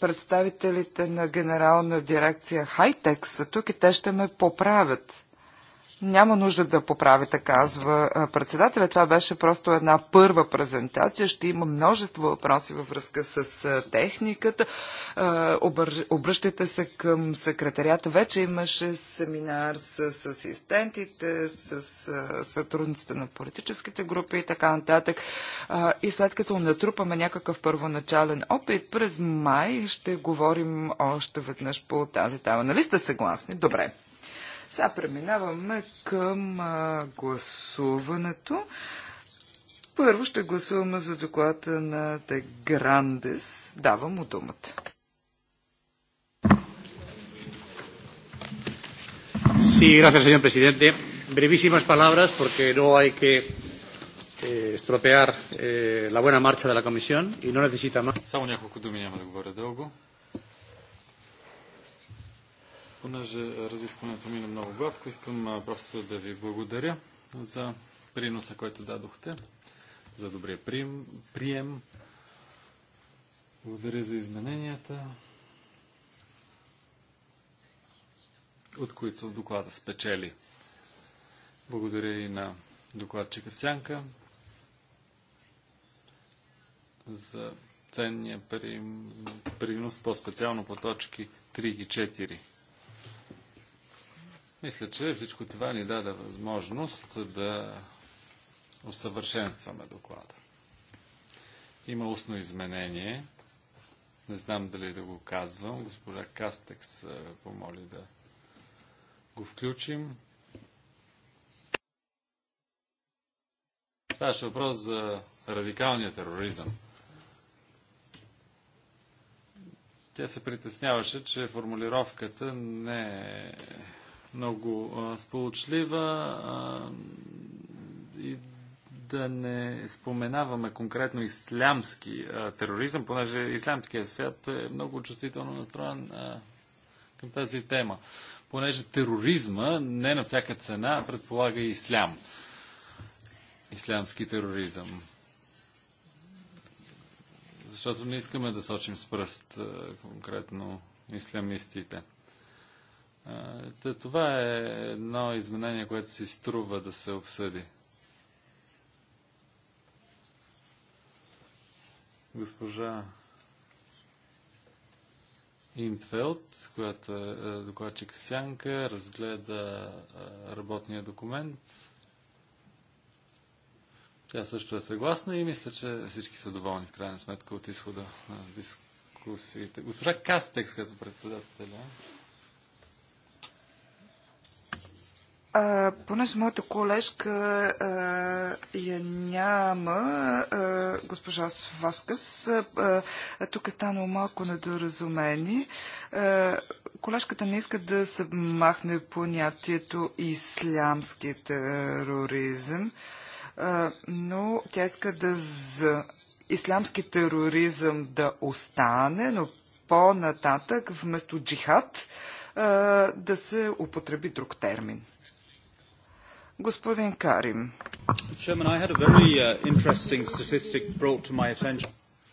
представителите на генерална дирекция Хайтекс са тук и те ще ме поправят. Няма нужда да поправите, казва председателя. Това беше просто една първа презентация. Ще има множество въпроси във връзка с техниката. Обръщайте се към секретарията. Вече имаше семинар с асистентите, с сътрудниците на политическите групи и така нататък. И след като натрупаме някакъв първоначален опит, през май ще говорим още веднъж по тази тема. Нали сте съгласни? Добре. Сега преминаваме към а, гласуването. Първо ще гласуваме за доклада на Де Грандес. Давам му думата. Sí, gracias, señor presidente. Brevísimas palabras, porque no hay que eh, estropear eh, la buena marcha de la comisión y no necesita más. Само няколко думи няма да говоря дълго. Понеже разискването мина много гладко, искам просто да ви благодаря за приноса, който дадохте, за добрия прием. прием. Благодаря за измененията, от които доклада спечели. Благодаря и на докладчика в Сянка за ценния принос, по-специално по точки 3 и 4. Мисля, че всичко това ни даде възможност да усъвършенстваме доклада. Има устно изменение. Не знам дали да го казвам. Госпожа Кастекс е, помоли да го включим. Това ще е въпрос за радикалния тероризъм. Тя се притесняваше, че формулировката не е много а, сполучлива а, и да не споменаваме конкретно ислямски а, тероризъм, понеже ислямският свят е много чувствително настроен а, към тази тема. Понеже тероризма не на всяка цена предполага и ислям. Ислямски тероризъм. Защото не искаме да сочим с пръст а, конкретно ислямистите. Та това е едно изменение, което си струва да се обсъди. Госпожа Интфелд, която е, е докладчик в Сянка, разгледа е, работния документ. Тя също е съгласна и мисля, че всички са доволни в крайна сметка от изхода на дискусиите. Госпожа Кастекс, казва председателя. А, понеже моята колежка а, я няма, а, госпожа Васкас. а, тук е станало малко недоразумение. колежката не иска да се махне понятието ислямски тероризъм, а, но тя иска да за ислямски тероризъм да остане, но по-нататък вместо джихад а, да се употреби друг термин. Господин Карим. Uh,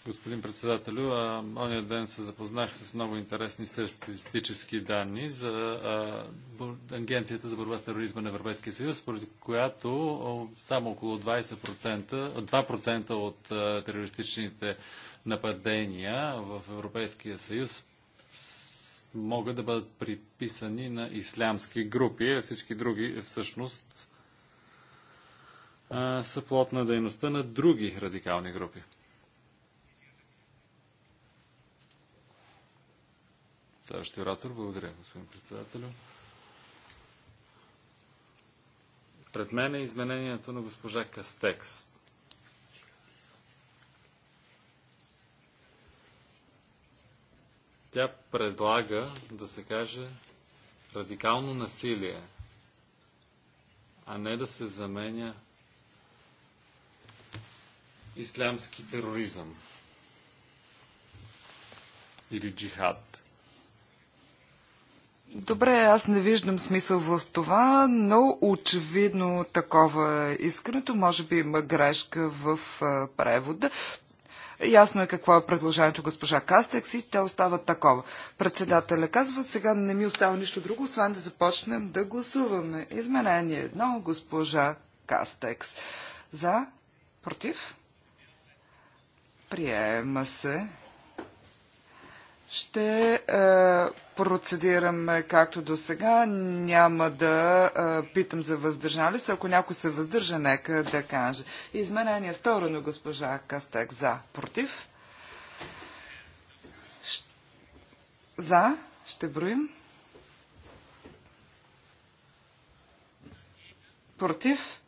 Господин председателю, ония ден се запознах с много интересни статистически данни за Агенцията за борба с тероризма на Европейския съюз, според която само около 20%, 2% от терористичните нападения в Европейския съюз могат да бъдат приписани на ислямски групи, а всички други всъщност са плод на дейността на други радикални групи. Следващия оратор. Благодаря, господин председателю. Пред мен е изменението на госпожа Кастекс. Тя предлага да се каже радикално насилие, а не да се заменя ислямски тероризъм или джихад. Добре, аз не виждам смисъл в това, но очевидно такова е искането. Може би има грешка в превода. Ясно е какво е предложението госпожа Кастекс и те остава такова. Председателя казва, сега не ми остава нищо друго, освен да започнем да гласуваме. Изменение едно, госпожа Кастекс. За? Против? Приема се. Ще е, процедираме както до сега. Няма да е, питам за въздържали се. Ако някой се въздържа, нека да каже. Изменение второ на госпожа Кастек. За. Против. Ш... За. Ще броим. Против.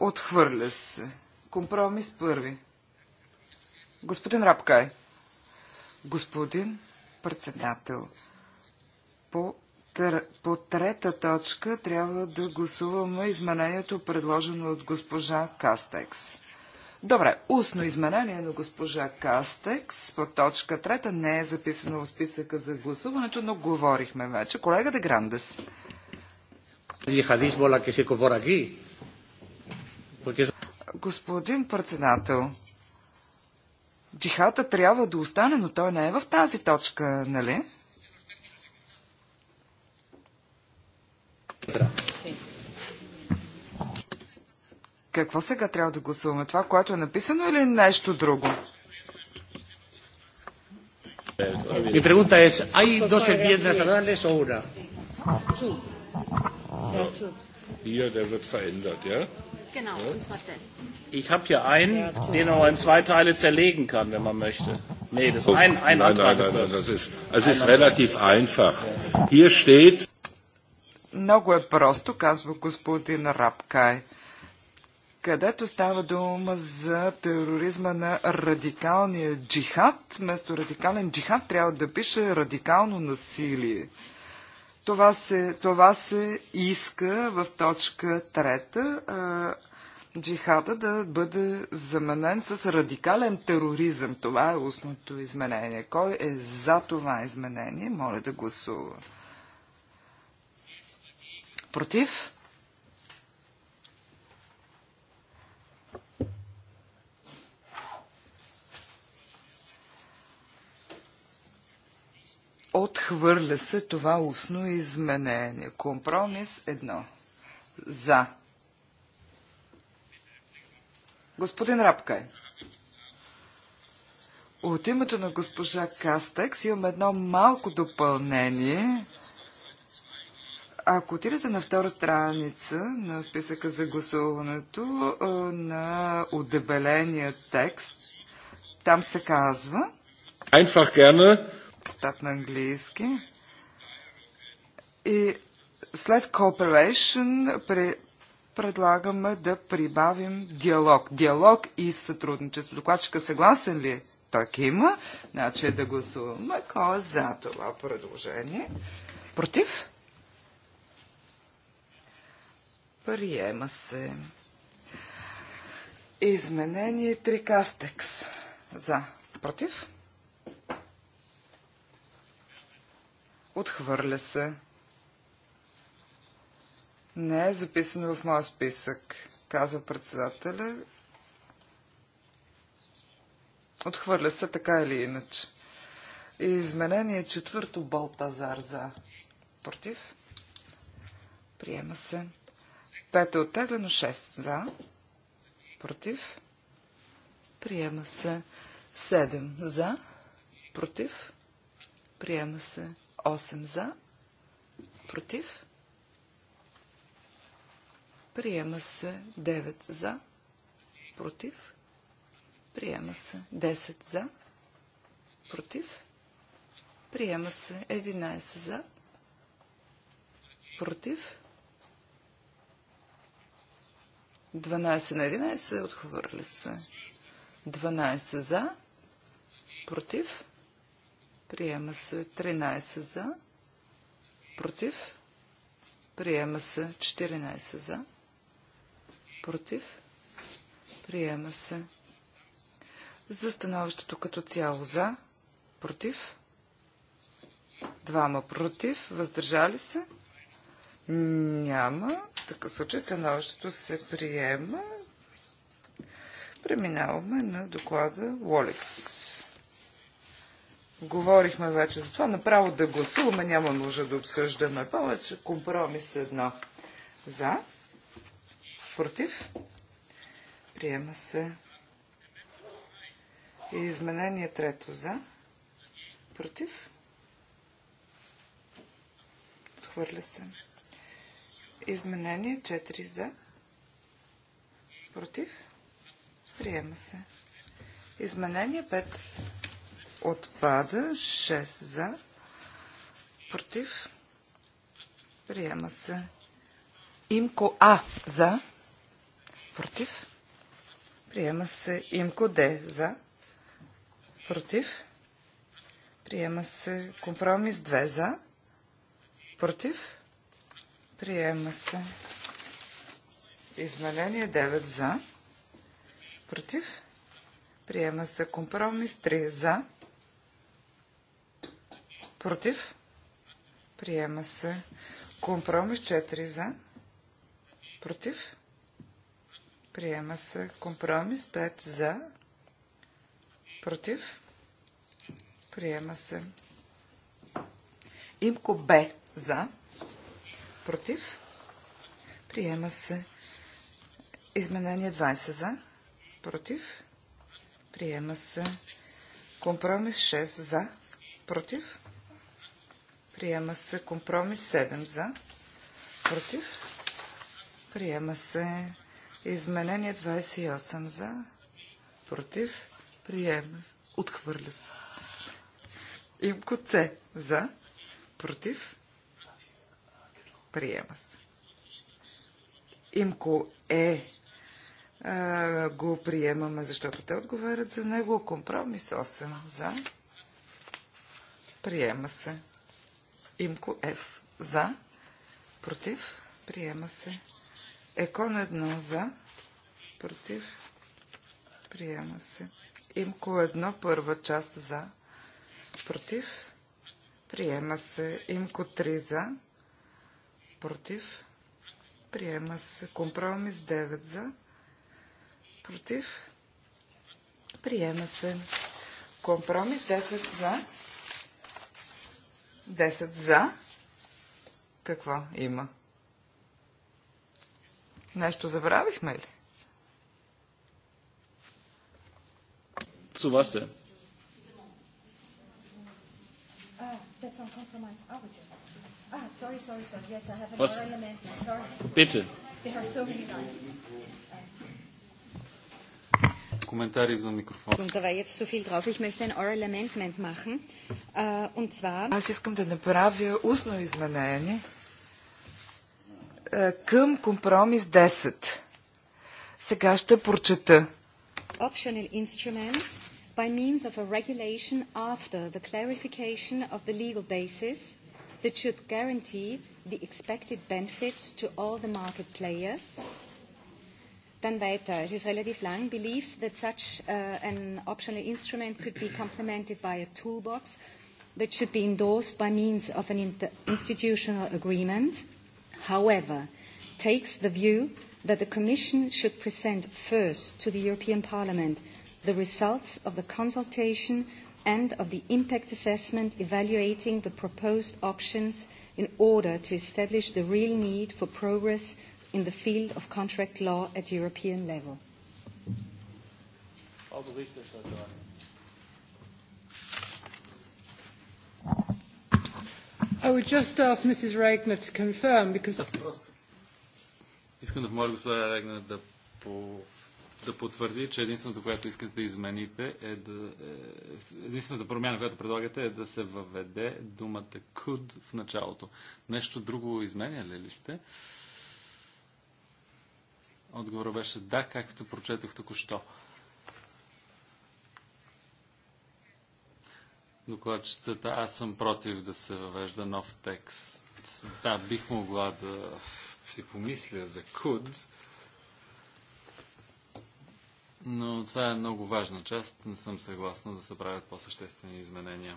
Отхвърля се. Компромис първи. Господин Рапкай. Господин председател. По, тър... по трета точка трябва да гласуваме изменението, предложено от госпожа Кастекс. Добре, устно изменение на госпожа Кастекс по точка трета не е записано в списъка за гласуването, но говорихме вече. Колега Де Грандес. Господин председател, джихата трябва да остане, но той не е в тази точка, нали? Да. Какво сега трябва да гласуваме? Това, което е написано или нещо друго? Mi pregunta es, ¿hay dos enmiendas orales o una? Hier, der wird verändert, ja? Genau, und zwar der. Ich habe hier einen, den man in zwei Teile zerlegen kann, wenn man möchte. Nee, das ist ein, ein Antrag. Nein, nein, nein, das. das ist, das ist relativ einfach. Hier steht. Много е просто, казва господин Рапкай където става дума за тероризма на радикалния джихад. Вместо радикален джихад трябва да пише радикално насилие. Това се, това се иска в точка трета джихада да бъде заменен с радикален тероризъм. Това е устното изменение. Кой е за това изменение, моля да гласува. Против? Отхвърля се това устно изменение. Компромис едно. За. Господин Рапкай. От името на госпожа Кастекс имам едно малко допълнение. Ако отидете на втора страница на списъка за гласуването на удебеления текст, там се казва... Einfach gerne стат на английски. И след cooperation при, предлагаме да прибавим диалог. Диалог и сътрудничество. Докладчика съгласен ли? Е? Той има. Значи е да гласуваме. Кой е за това предложение? Против? Приема се. Изменение 3 кастекс. За. Против? Отхвърля се. Не е записано в моя списък, казва председателя. Отхвърля се така или иначе. И изменение четвърто Балтазар за. Против? Приема се. Пето е оттеглено, 6 за. Против? Приема се. Седем за. Против? Приема се. 8 за, против, приема се 9 за, против, приема се 10 за, против, приема се 11 за, против, 12 на 11, отхвърли се. 12 за, против, Приема се 13 за. Против. Приема се 14 за. Против. Приема се. За становището като цяло за. Против. Двама против. Въздържали се? Няма. В такъв случай становището се приема. Преминаваме на доклада Wallace. Говорихме вече за това. Направо да гласуваме. Няма нужда да обсъждаме повече. Компромис едно. За. Против. Приема се. И изменение трето за. Против. Отхвърля се. Изменение 4 за. Против. Приема се. Изменение 5 отпада. 6 за. Против. Приема се. Имко А за. Против. Приема се. Имко Д за. Против. Приема се. Компромис 2 за. Против. Приема се. Изменение 9 за. Против. Приема се компромис 3 за. Против. Приема се. Компромис 4 за. Против. Приема се. Компромис 5 за. Против. Приема се. Имко Б за. Против. Приема се. Изменение 20 за. Против. Приема се. Компромис 6 за. Против. Приема се компромис 7 за. Против. Приема се изменение 28 за. Против. Приема се. Отхвърля се. Имко С за. Против. Приема се. Имко Е го приемаме, защото те отговарят за него. Компромис 8 за. Приема се. Имко Ф. За. Против. Приема се. Екон 1. За. Против. Приема се. Имко 1. Първа част. За. Против. Приема се. Имко 3. За. Против. Приема се. Компромис 9. За. Против. Приема се. Компромис 10 за. 10 за. Какво има? Нещо забравихме ли? Zu се. denn? Ah, Bitte коментари извън микрофон. Аз искам да направя устно изменение към компромис 10. Сега ще прочета. Optional instruments by means of a regulation after the clarification of the legal basis that should guarantee the expected benefits to all the market players – Dann weiter. Es ist relativ lang. Believes that such uh, an optional instrument could be complemented by a toolbox that should be endorsed by means of an inter- institutional agreement. However, takes the view that the Commission should present first to the European Parliament the results of the consultation and of the impact assessment evaluating the proposed options in order to establish the real need for progress in the field of contract law at European level. I would just ask Mrs. Regner to confirm because... Искам да помоля госпожа Регнер да, по, да потвърди, че единственото, което искате да измените е да... Е, единствената промяна, която предлагате е да се въведе думата could в началото. Нещо друго изменяли ли сте? Uh, Отговорът беше да, както прочетох току-що. докладчицата, аз съм против да се въвежда нов текст. Да, бих могла да си помисля за куд. но това е много важна част. Не съм съгласна да се правят по-съществени изменения.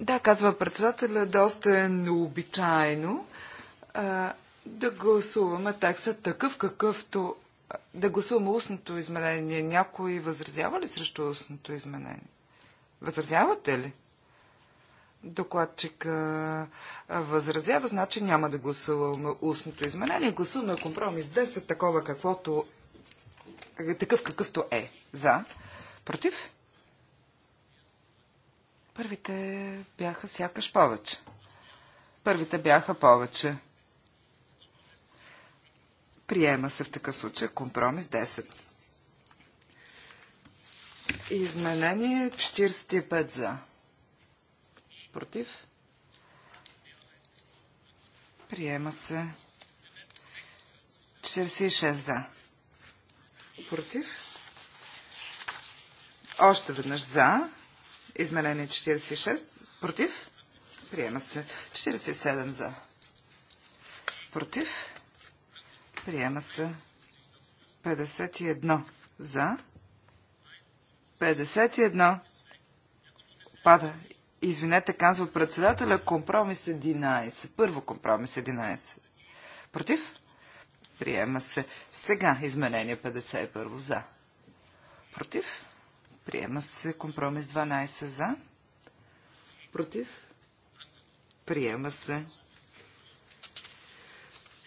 Да, казва председателя, доста е необичайно да гласуваме текста такъв какъвто да гласуваме устното изменение. Някой възразява ли срещу устното изменение? Възразявате ли? Докладчика възразява, значи няма да гласуваме устното изменение. Гласуваме компромис 10, такова каквото е, такъв какъвто е. За. Против? Първите бяха сякаш повече. Първите бяха повече. Приема се в такъв случай компромис 10. Изменение 45 за. Против? Приема се 46 за. Против? Още веднъж за. Изменение 46. Против? Приема се 47 за. Против? Приема се. 51 за. 51. Пада. Извинете, казва председателя. Компромис 11. Първо компромис 11. Против? Приема се. Сега изменение 51 за. Против? Приема се компромис 12 за. Против? Приема се.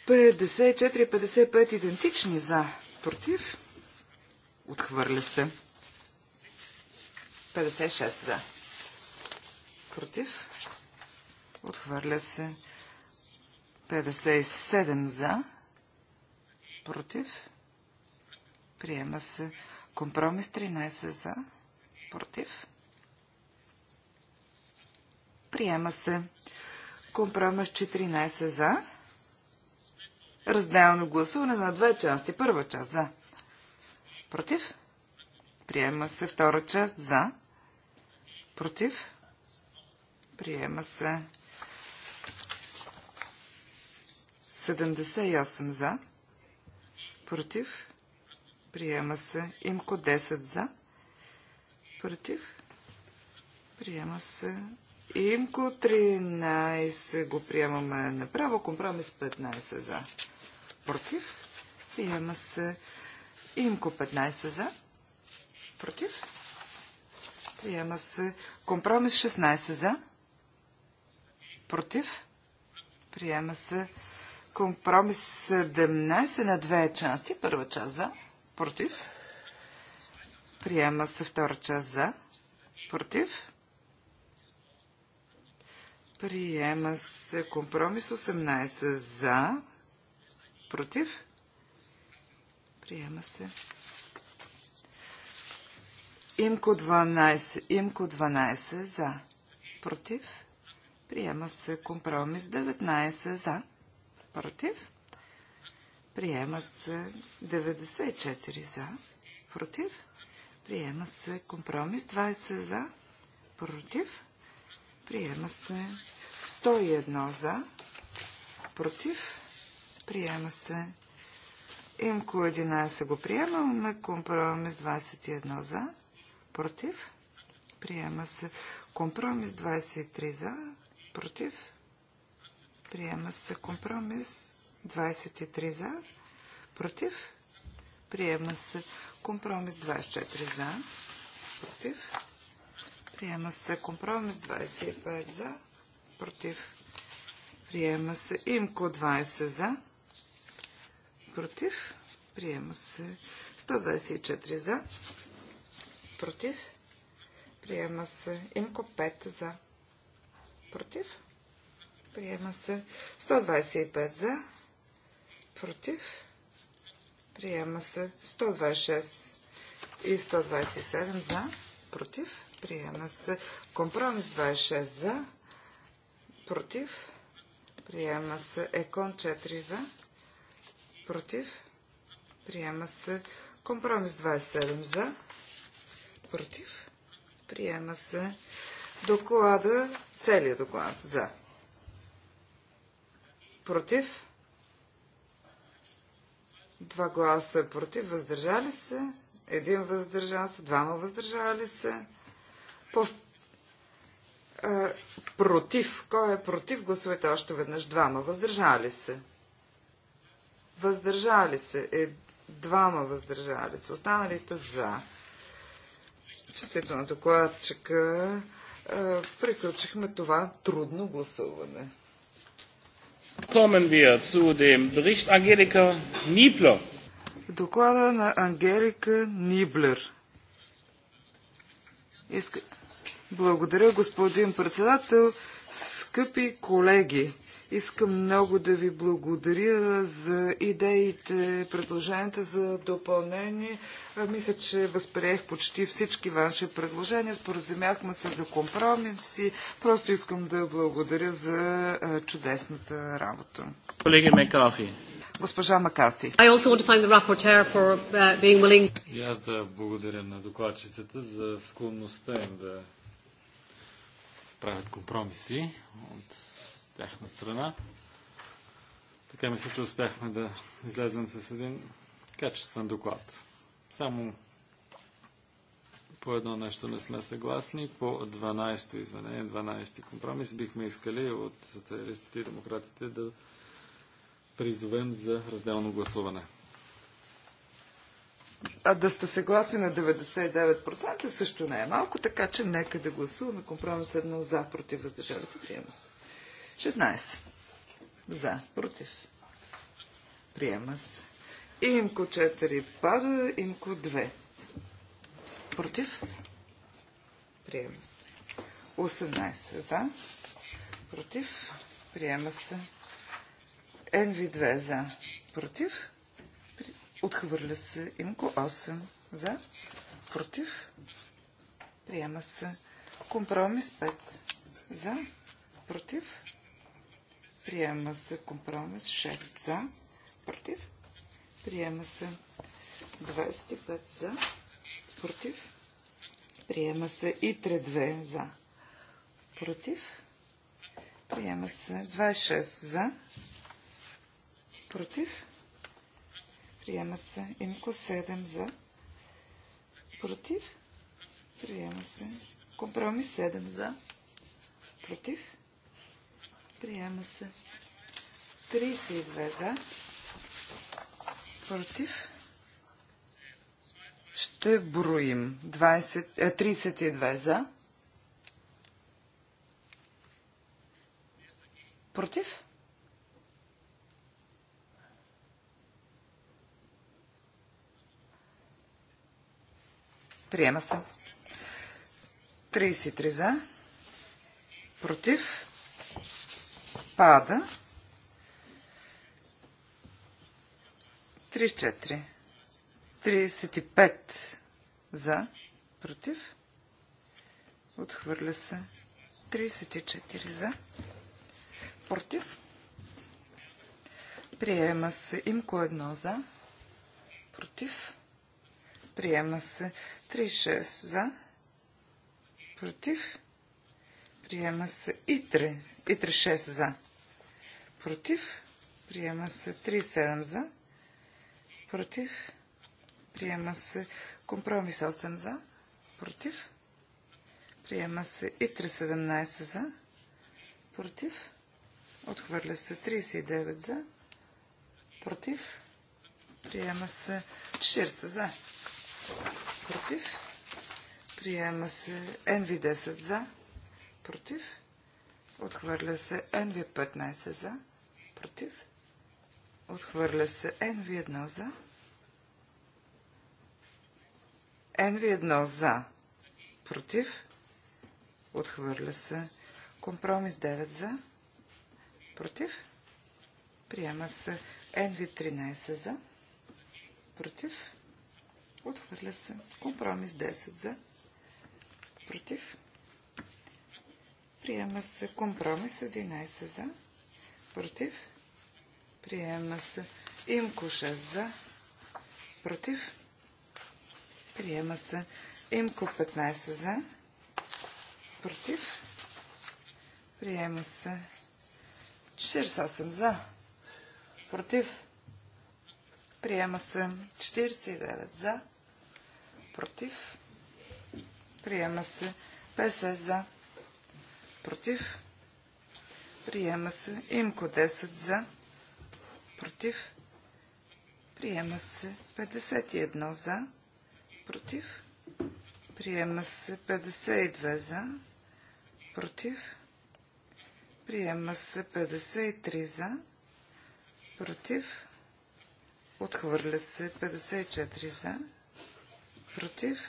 54 и 55 идентични за, против, отхвърля се. 56 за, против, отхвърля се. 57 за, против, приема се. Компромис 13 за, против, приема се. Компромис 14 за, Разделно гласуване на две части. Първа част за. Против? Приема се втора част за. Против? Приема се 78 за. Против? Приема се имко 10 за. Против? Приема се имко 13. Го приемаме направо. Компромис 15 за против, приема се. Имко 15 за, против, приема се. Компромис 16 за, против, приема се. Компромис 17 на две части. Първа част за, против, приема се. Втора част за, против, Приема се компромис 18 за, Против? Приема се. Имко 12. Имко 12 за. Против? Приема се компромис 19 за. Против? Приема се 94 за. Против? Приема се компромис 20 за. Против? Приема се 101 за. Против? Приема се. Имко 11 го приемаме. Компромис 21 за. Против. Приема се. Компромис 23 за. Против. Приема се. Компромис 23 за. Против. Приема се. Компромис 24 за. Против. Приема се. Компромис 25 за. Против. Приема се. Имко 20 за против. Приема се 124 за. Против. Приема се имко 5 за. Против. Приема се 125 за. Против. Приема се 126 и 127 за. Против. Приема се компромис 26 за. Против. Приема се Екон 4 за против, приема се. Компромис 27 за, против, приема се. Доклада, целият доклад за, против, два гласа против, въздържали се, един въздържал се, двама въздържали се. По... А, против. Кой е против? Гласовете още веднъж. Двама въздържали се въздържали се, е двама въздържали се, останалите за. Честито на докладчика е, приключихме това трудно гласуване. Kommen wir zu dem Bericht Angelika Niebler. Доклада на Ангелика Ниблер. Иска... Благодаря, господин председател. Скъпи колеги, Искам много да ви благодаря за идеите, предложенията за допълнение. Мисля, че възприех почти всички ваши предложения. Споразумяхме се за компромиси. Просто искам да благодаря за чудесната работа. Колеги Мекафи. Госпожа Макарти. Uh, И аз да благодаря на докладчицата за склонността им да правят компромиси от тяхна страна. Така мисля, че успяхме да излезем с един качествен доклад. Само по едно нещо не сме съгласни. По 12-то извинение, 12-ти компромис, бихме искали от социалистите и демократите да призовем за разделно гласуване. А да сте съгласни на 99% също не е малко, така че нека да гласуваме компромис едно за, против, въздържали се, приема се. 16. За. Против. Приема се. Имко 4 пада, имко 2. Против. Приема се. 18. За. Против. Приема се. нв 2 за. Против. Отхвърля се. Имко 8 за. Против. Приема се. Компромис 5 за. Против. Приема се компромис 6 за. Против. Приема се 25 за. Против. Приема се и 3-2 за. Против. Приема се 26 за. Против. Приема се инко 7 за. Против. Приема се компромис 7 за. Против. Приема се. 32 за. Против. Ще броим. 20, 32 е, за. Против. Приема се. 33 за. Против. Пада. 34. 35 за. Против. Отхвърля се. 34 за. Против. Приема се имко едно за. Против. Приема се 36 за. Против. Приема се и 3. И 36 за против, приема се 37 за, против, приема се компромис 8 за, против, приема се и 317 за, против, отхвърля се 39 за, против, приема се 40 за, против, приема се NV10 за, против, отхвърля се NV15 за, против. Отхвърля се NV1 за. NV1 за. Против. Отхвърля се. Компромис 9 за. Против. Приема се. NV13 за. Против. Отхвърля се. Компромис 10 за. Против. Приема се. Компромис 11 за. Против. Приема се. Имко 6 за. Против. Приема се. Имко 15 за. Против. Приема се. 48 за. Против. Приема се. 49 за. Против. Приема се. 50 за. Против. Приема се. Имко 10 за против, приема се 51 за, против, приема се 52 за, против, приема се 53 за, против, отхвърля се 54 за, против,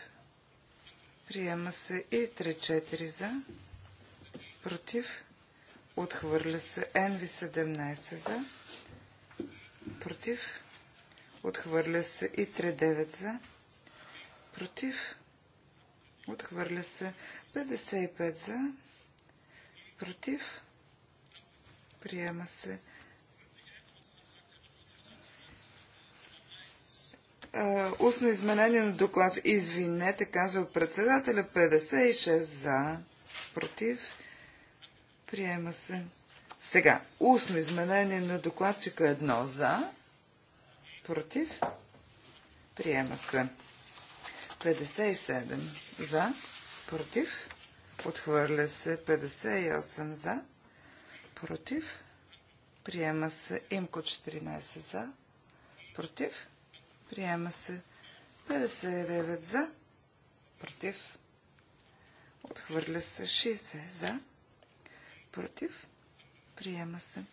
приема се и 3-4 за, против, Отхвърля се nv 17 за. Против. Отхвърля се и 3-9 за. Против. Отхвърля се 55 за. Против. Приема се. устно изменение на доклад. Извинете, казва председателя. 56 за. Против. Приема се. Сега, устно изменение на докладчика едно за, против, приема се. 57 за, против, отхвърля се. 58 за, против, приема се. Имко 14 за, против, приема се. 59 за, против, отхвърля се. 60 за, против, Приема се.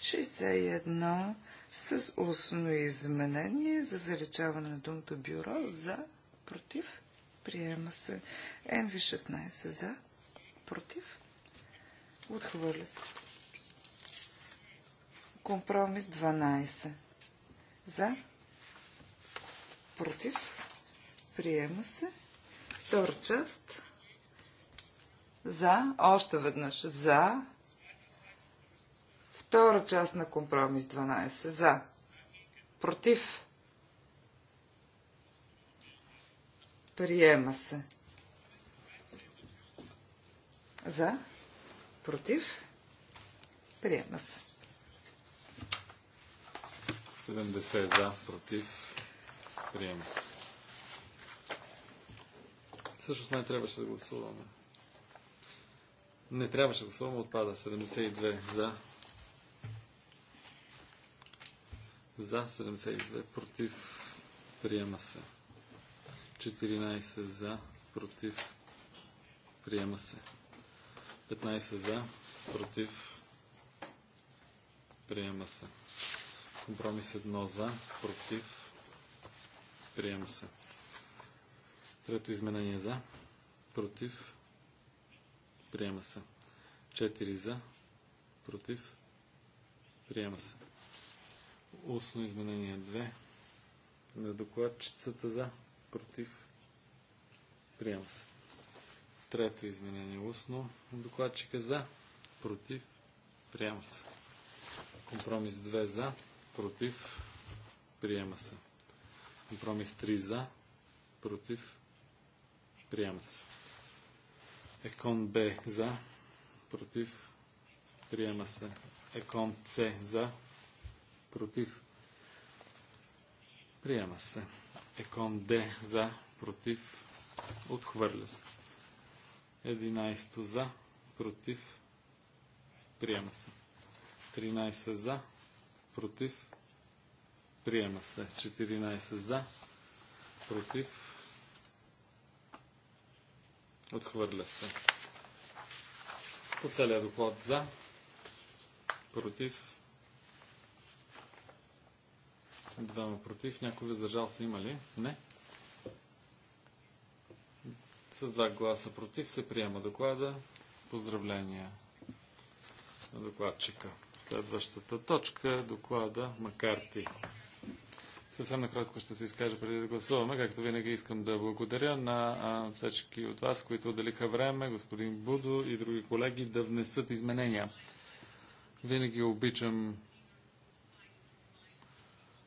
61 с устно изменение за заличаване на думата бюро за против. Приема се. НВ-16 за против. Отхвърля се. Компромис 12 за против. Приема се. Втора част. За. Още веднъж. За. Втора част на компромис 12. За. Против. Приема се. За. Против. Приема се. 70 за, против. Приема се. Всъщност не трябваше да гласуваме. Не трябваше да гласуваме, отпада. 72 за, за 72, против, приема се. 14 за, против, приема се. 15 за, против, приема се. Компромис 1 за, против, приема се. Трето изменение за, против, приема се. 4 за, против, приема се. Устно изменение 2 на докладчицата за, против, приема се. Трето изменение устно на докладчика за, против, приема се. Компромис 2 за, против, приема се. Компромис 3 за, против, приема се. Екон Б за, против, приема се. Екон С за, против. Приема се. Екон Д за, против. Отхвърля се. 11 за, против. Приема се. 13 за, против. Приема се. 14 за, против. Отхвърля се. По целия доклад за, против. Двама против. Някой въздържал се има ли? Не. С два гласа против се приема доклада. Поздравления на докладчика. Следващата точка е доклада Макарти. Съвсем накратко ще се изкажа преди да гласуваме. Както винаги искам да благодаря на всички от вас, които отделиха време, господин Будо и други колеги, да внесат изменения. Винаги обичам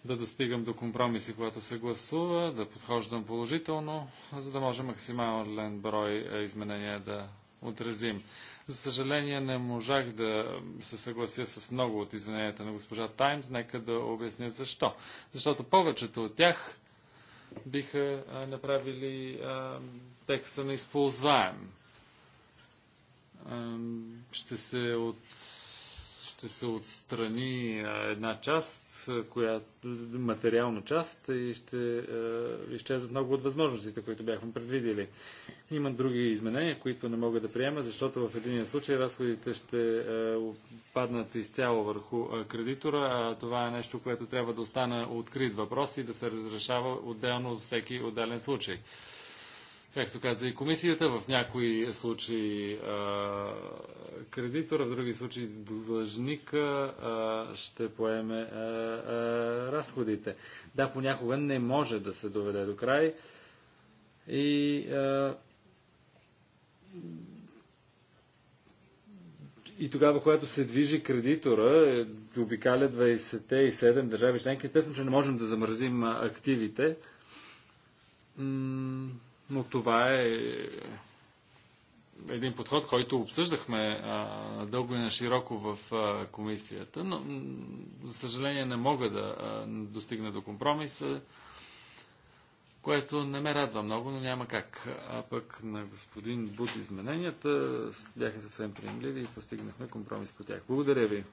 да достигам до компромиси, когато се гласува, да подхождам положително, за да може максимален брой е, изменения да отразим. За съжаление не можах да се съглася с много от измененията на госпожа Таймс. Нека да обясня защо. Защото повечето от тях биха направили а, текста на използваем. А, ще се от ще се отстрани една част, която, материална част, и ще е, изчезват много от възможностите, които бяхме предвидели. Има други изменения, които не мога да приема, защото в един случай разходите ще е, паднат изцяло върху кредитора, а това е нещо, което трябва да остане открит въпрос и да се разрешава отделно всеки отделен случай. Както каза и комисията, в някои случаи кредитора, в други случаи длъжника ще поеме разходите. Да, понякога не може да се доведе до край и и тогава, когато се движи кредитора, е, обикаля 27 държави членки, естествено, че не можем да замразим активите. Но това е един подход, който обсъждахме а, дълго и на широко в а, комисията, но за съжаление не мога да а, достигна до компромис, което не ме радва много, но няма как. А пък на господин Буд измененията бяха съвсем приемливи и постигнахме компромис по тях. Благодаря ви.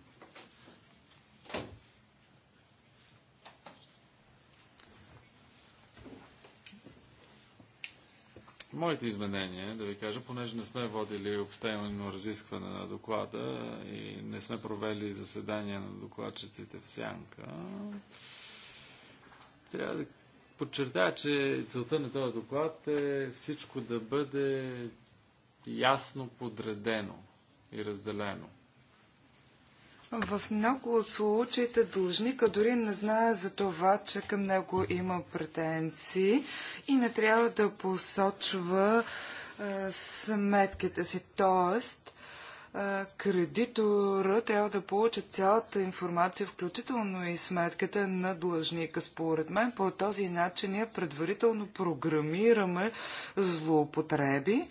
Моите изменения, да ви кажа, понеже не сме водили обстойно разискване на доклада и не сме провели заседания на докладчиците в Сянка, трябва да подчертая, че целта на този доклад е всичко да бъде ясно подредено и разделено. В много от случаите дължника дори не знае за това, че към него има претенции и не трябва да посочва сметките си. Тоест, кредитора трябва да получи цялата информация, включително и сметката на длъжника. Според мен по този начин ние предварително програмираме злоупотреби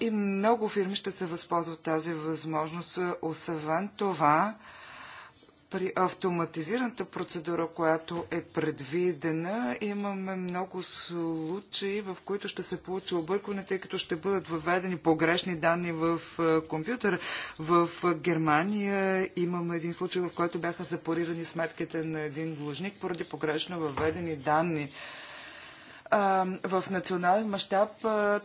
и много фирми ще се възползват тази възможност. Освен това, при автоматизираната процедура, която е предвидена, имаме много случаи, в които ще се получи объркване, тъй като ще бъдат въведени погрешни данни в компютъра. В Германия имаме един случай, в който бяха запорирани сметките на един длъжник поради погрешно въведени данни в национален мащаб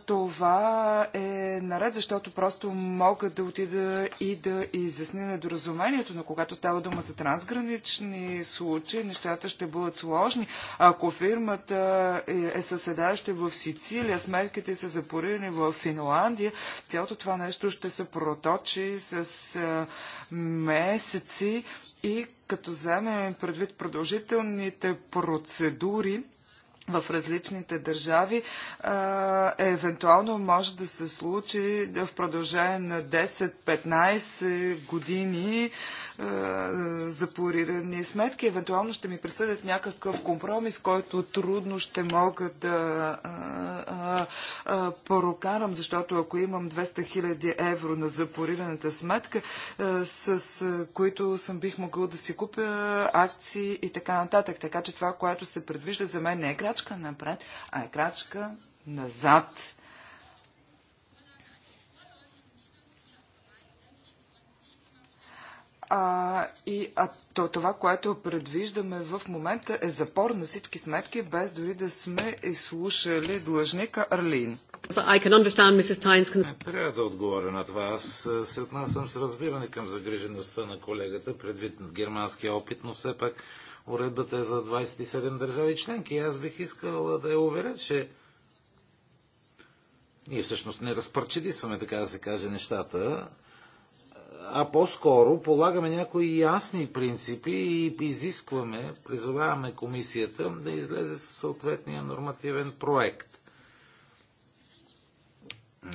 това е наред, защото просто мога да отида и да изясня недоразумението, но когато става дума за трансгранични случаи, нещата ще бъдат сложни. Ако фирмата е, е съседаща в Сицилия, сметките са запорирани в Финландия, цялото това нещо ще се проточи с месеци и като вземем предвид продължителните процедури, в различните държави, е, евентуално може да се случи в продължение на 10-15 години е, за порирани сметки. Евентуално ще ми присъдят някакъв компромис, който трудно ще мога да е, е, прокарам, защото ако имам 200 000 евро на запорираната сметка, с които съм бих могъл да си купя акции и така нататък. Така че това, което се предвижда за мен не е крачка напред, а е крачка назад. А, и а, то, това, което предвиждаме в момента е запор на всички сметки, без дори да сме изслушали длъжника Арлин. Трябва да отговоря на това. Аз се отнасям с разбиране към загрижеността на колегата, предвид на германския опит, но все пак уредбата е за 27 държави членки. Аз бих искал да я уверя, че ние всъщност не разпърчедисваме, така да се каже, нещата а по-скоро полагаме някои ясни принципи и изискваме, призоваваме комисията да излезе със съответния нормативен проект.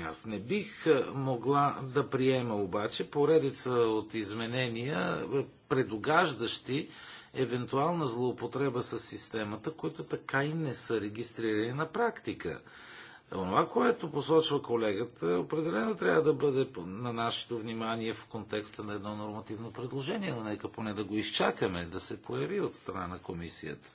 Аз не бих могла да приема обаче поредица от изменения, предогаждащи евентуална злоупотреба с системата, които така и не са регистрирани на практика. Онова, което посочва колегата, определено трябва да бъде на нашето внимание в контекста на едно нормативно предложение, но нека поне да го изчакаме, да се появи от страна на комисията.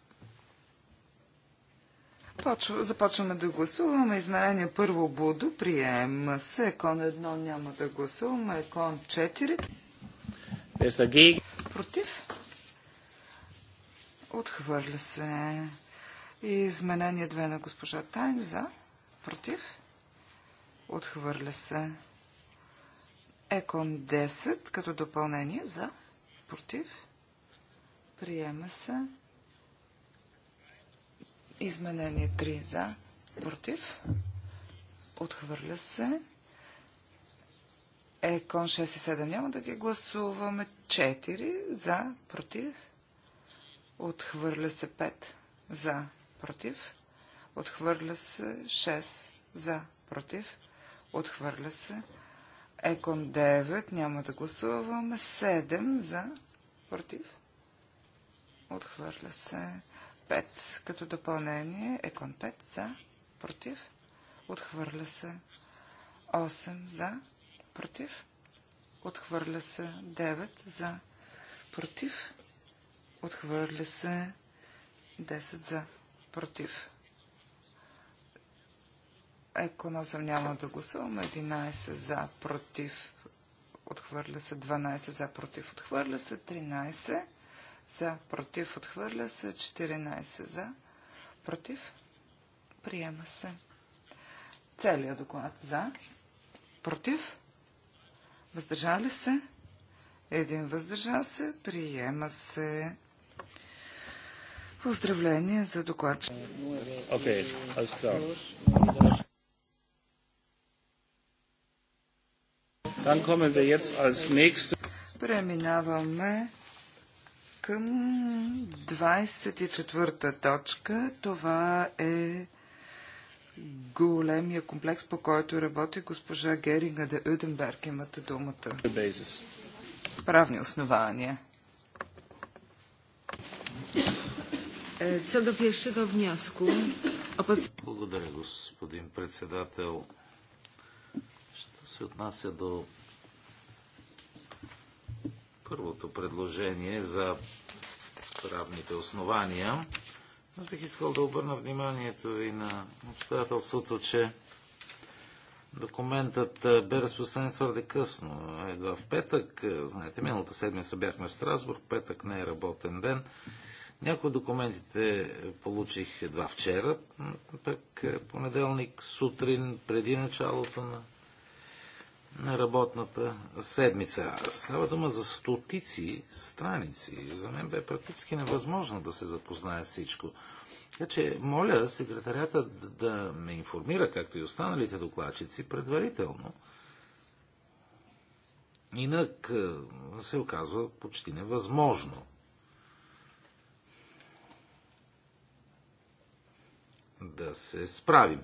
Започваме да гласуваме. Измерение първо буду, Приема се. Екон едно няма да гласуваме. Екон 4. Против. Отхвърля се. Изменение 2 на госпожа Тайм. За. Против. Отхвърля се. Екон 10 като допълнение за. Против. Приема се. Изменение 3 за. Против. Отхвърля се. Екон 6 и 7 няма да ги гласуваме. 4 за. Против. Отхвърля се 5 за. Против. Отхвърля се 6 за. Против. Отхвърля се. Екон 9. Няма да гласуваме. 7 за. Против. Отхвърля се. 5 като допълнение. Екон 5 за. Против. Отхвърля се. 8 за. Против. Отхвърля се. 9 за. Против. Отхвърля се. 10 за. Против. Еко съм няма да гласувам. 11 за, против, отхвърля се. 12 за, против, отхвърля се. 13 за, против, отхвърля се. 14 за, против, приема се. Целият доклад за, против, въздържали се. Един въздържал се, приема се. Поздравление за доклад. Окей, аз Dann kommen wir jetzt als nächstes. Преминаваме към 24-та точка. Това е големия комплекс, по който работи госпожа Геринга де Уденберг. Имате думата. Правни основания. Е, Благодаря, господин председател се отнася до първото предложение за правните основания, аз бих искал да обърна вниманието ви на обстоятелството, че документът е, бе разпространен твърде късно. Едва в петък, е, знаете, миналата седмица бяхме в Страсбург, петък не е работен ден. Някои документите е, получих едва вчера, пък понеделник сутрин преди началото на на работната седмица. Става дума за стотици страници. За мен бе практически невъзможно да се запознае всичко. Така че, моля секретарята да ме информира, както и останалите докладчици, предварително. Инак е, се оказва почти невъзможно. Да се справим.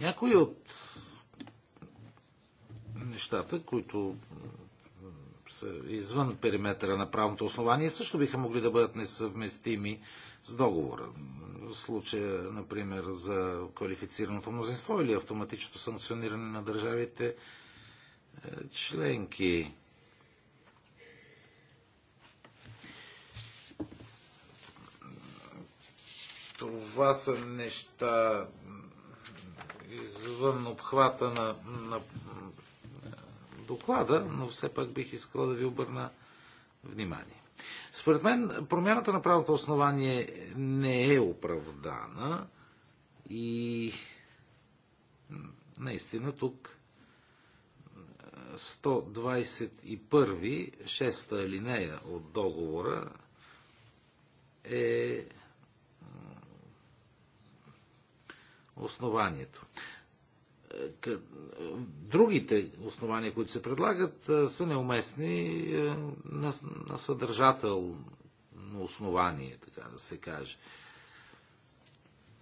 Някои от нещата, които са извън периметъра на правното основание, също биха могли да бъдат несъвместими с договора. В случая, например, за квалифицираното мнозинство или автоматичното санкциониране на държавите е, членки. Това са неща извън обхвата на, на, доклада, но все пак бих искала да ви обърна внимание. Според мен промяната на правото основание не е оправдана и наистина тук 121, шеста алинея от договора е основанието другите основания, които се предлагат, са неуместни на, на съдържателно основание, така да се каже.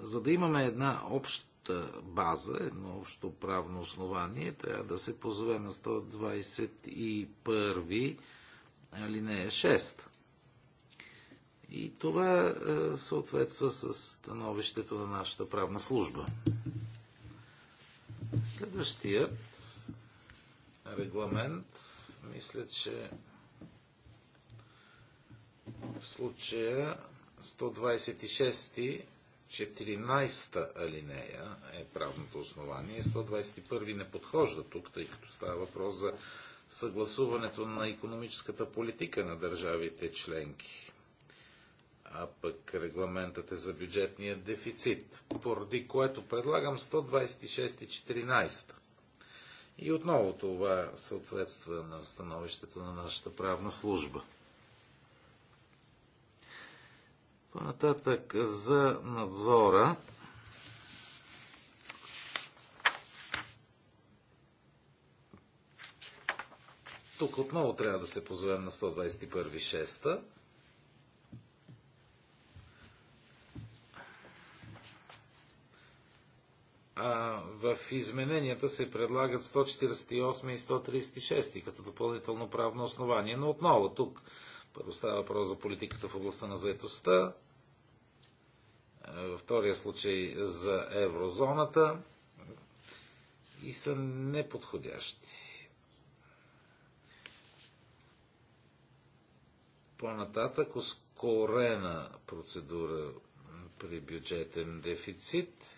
За да имаме една обща база, едно общо правно основание, трябва да се позове на 121 алинея 6. И това съответства с становището на нашата правна служба. Следващият регламент, мисля, че в случая 126 14-та алинея е правното основание. 121 не подхожда тук, тъй като става въпрос за съгласуването на економическата политика на държавите членки а пък регламентът е за бюджетния дефицит, поради което предлагам 126.14. И отново това съответства на становището на нашата правна служба. Понататък за надзора. Тук отново трябва да се позовем на 121.6 в измененията се предлагат 148 и 136 като допълнително правно основание. Но отново тук първо става въпрос за политиката в областта на заетостта, е, във втория случай за еврозоната и са неподходящи. По-нататък ускорена процедура при бюджетен дефицит –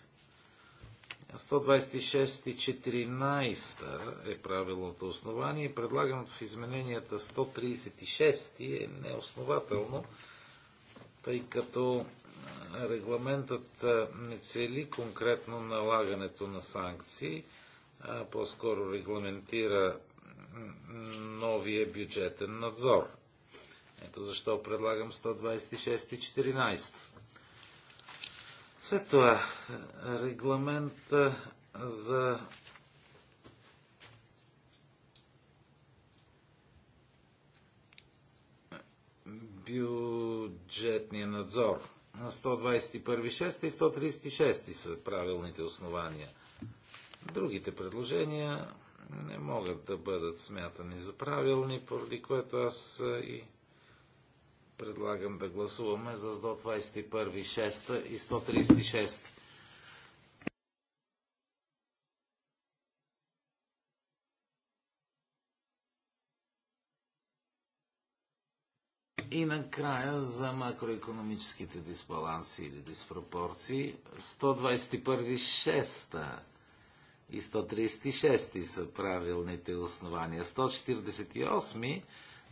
126.14 е правилното основание предлаганото в измененията 136 е неоснователно, тъй като регламентът не цели конкретно налагането на санкции, а по-скоро регламентира новия бюджетен надзор. Ето защо предлагам 126.14. След това регламент за бюджетния надзор. на 121.6 и 136 са правилните основания. Другите предложения не могат да бъдат смятани за правилни, поради което аз и предлагам да гласуваме за 121.6 и 136. И накрая за макроекономическите дисбаланси или диспропорции. 121.6 и 136 са правилните основания. 148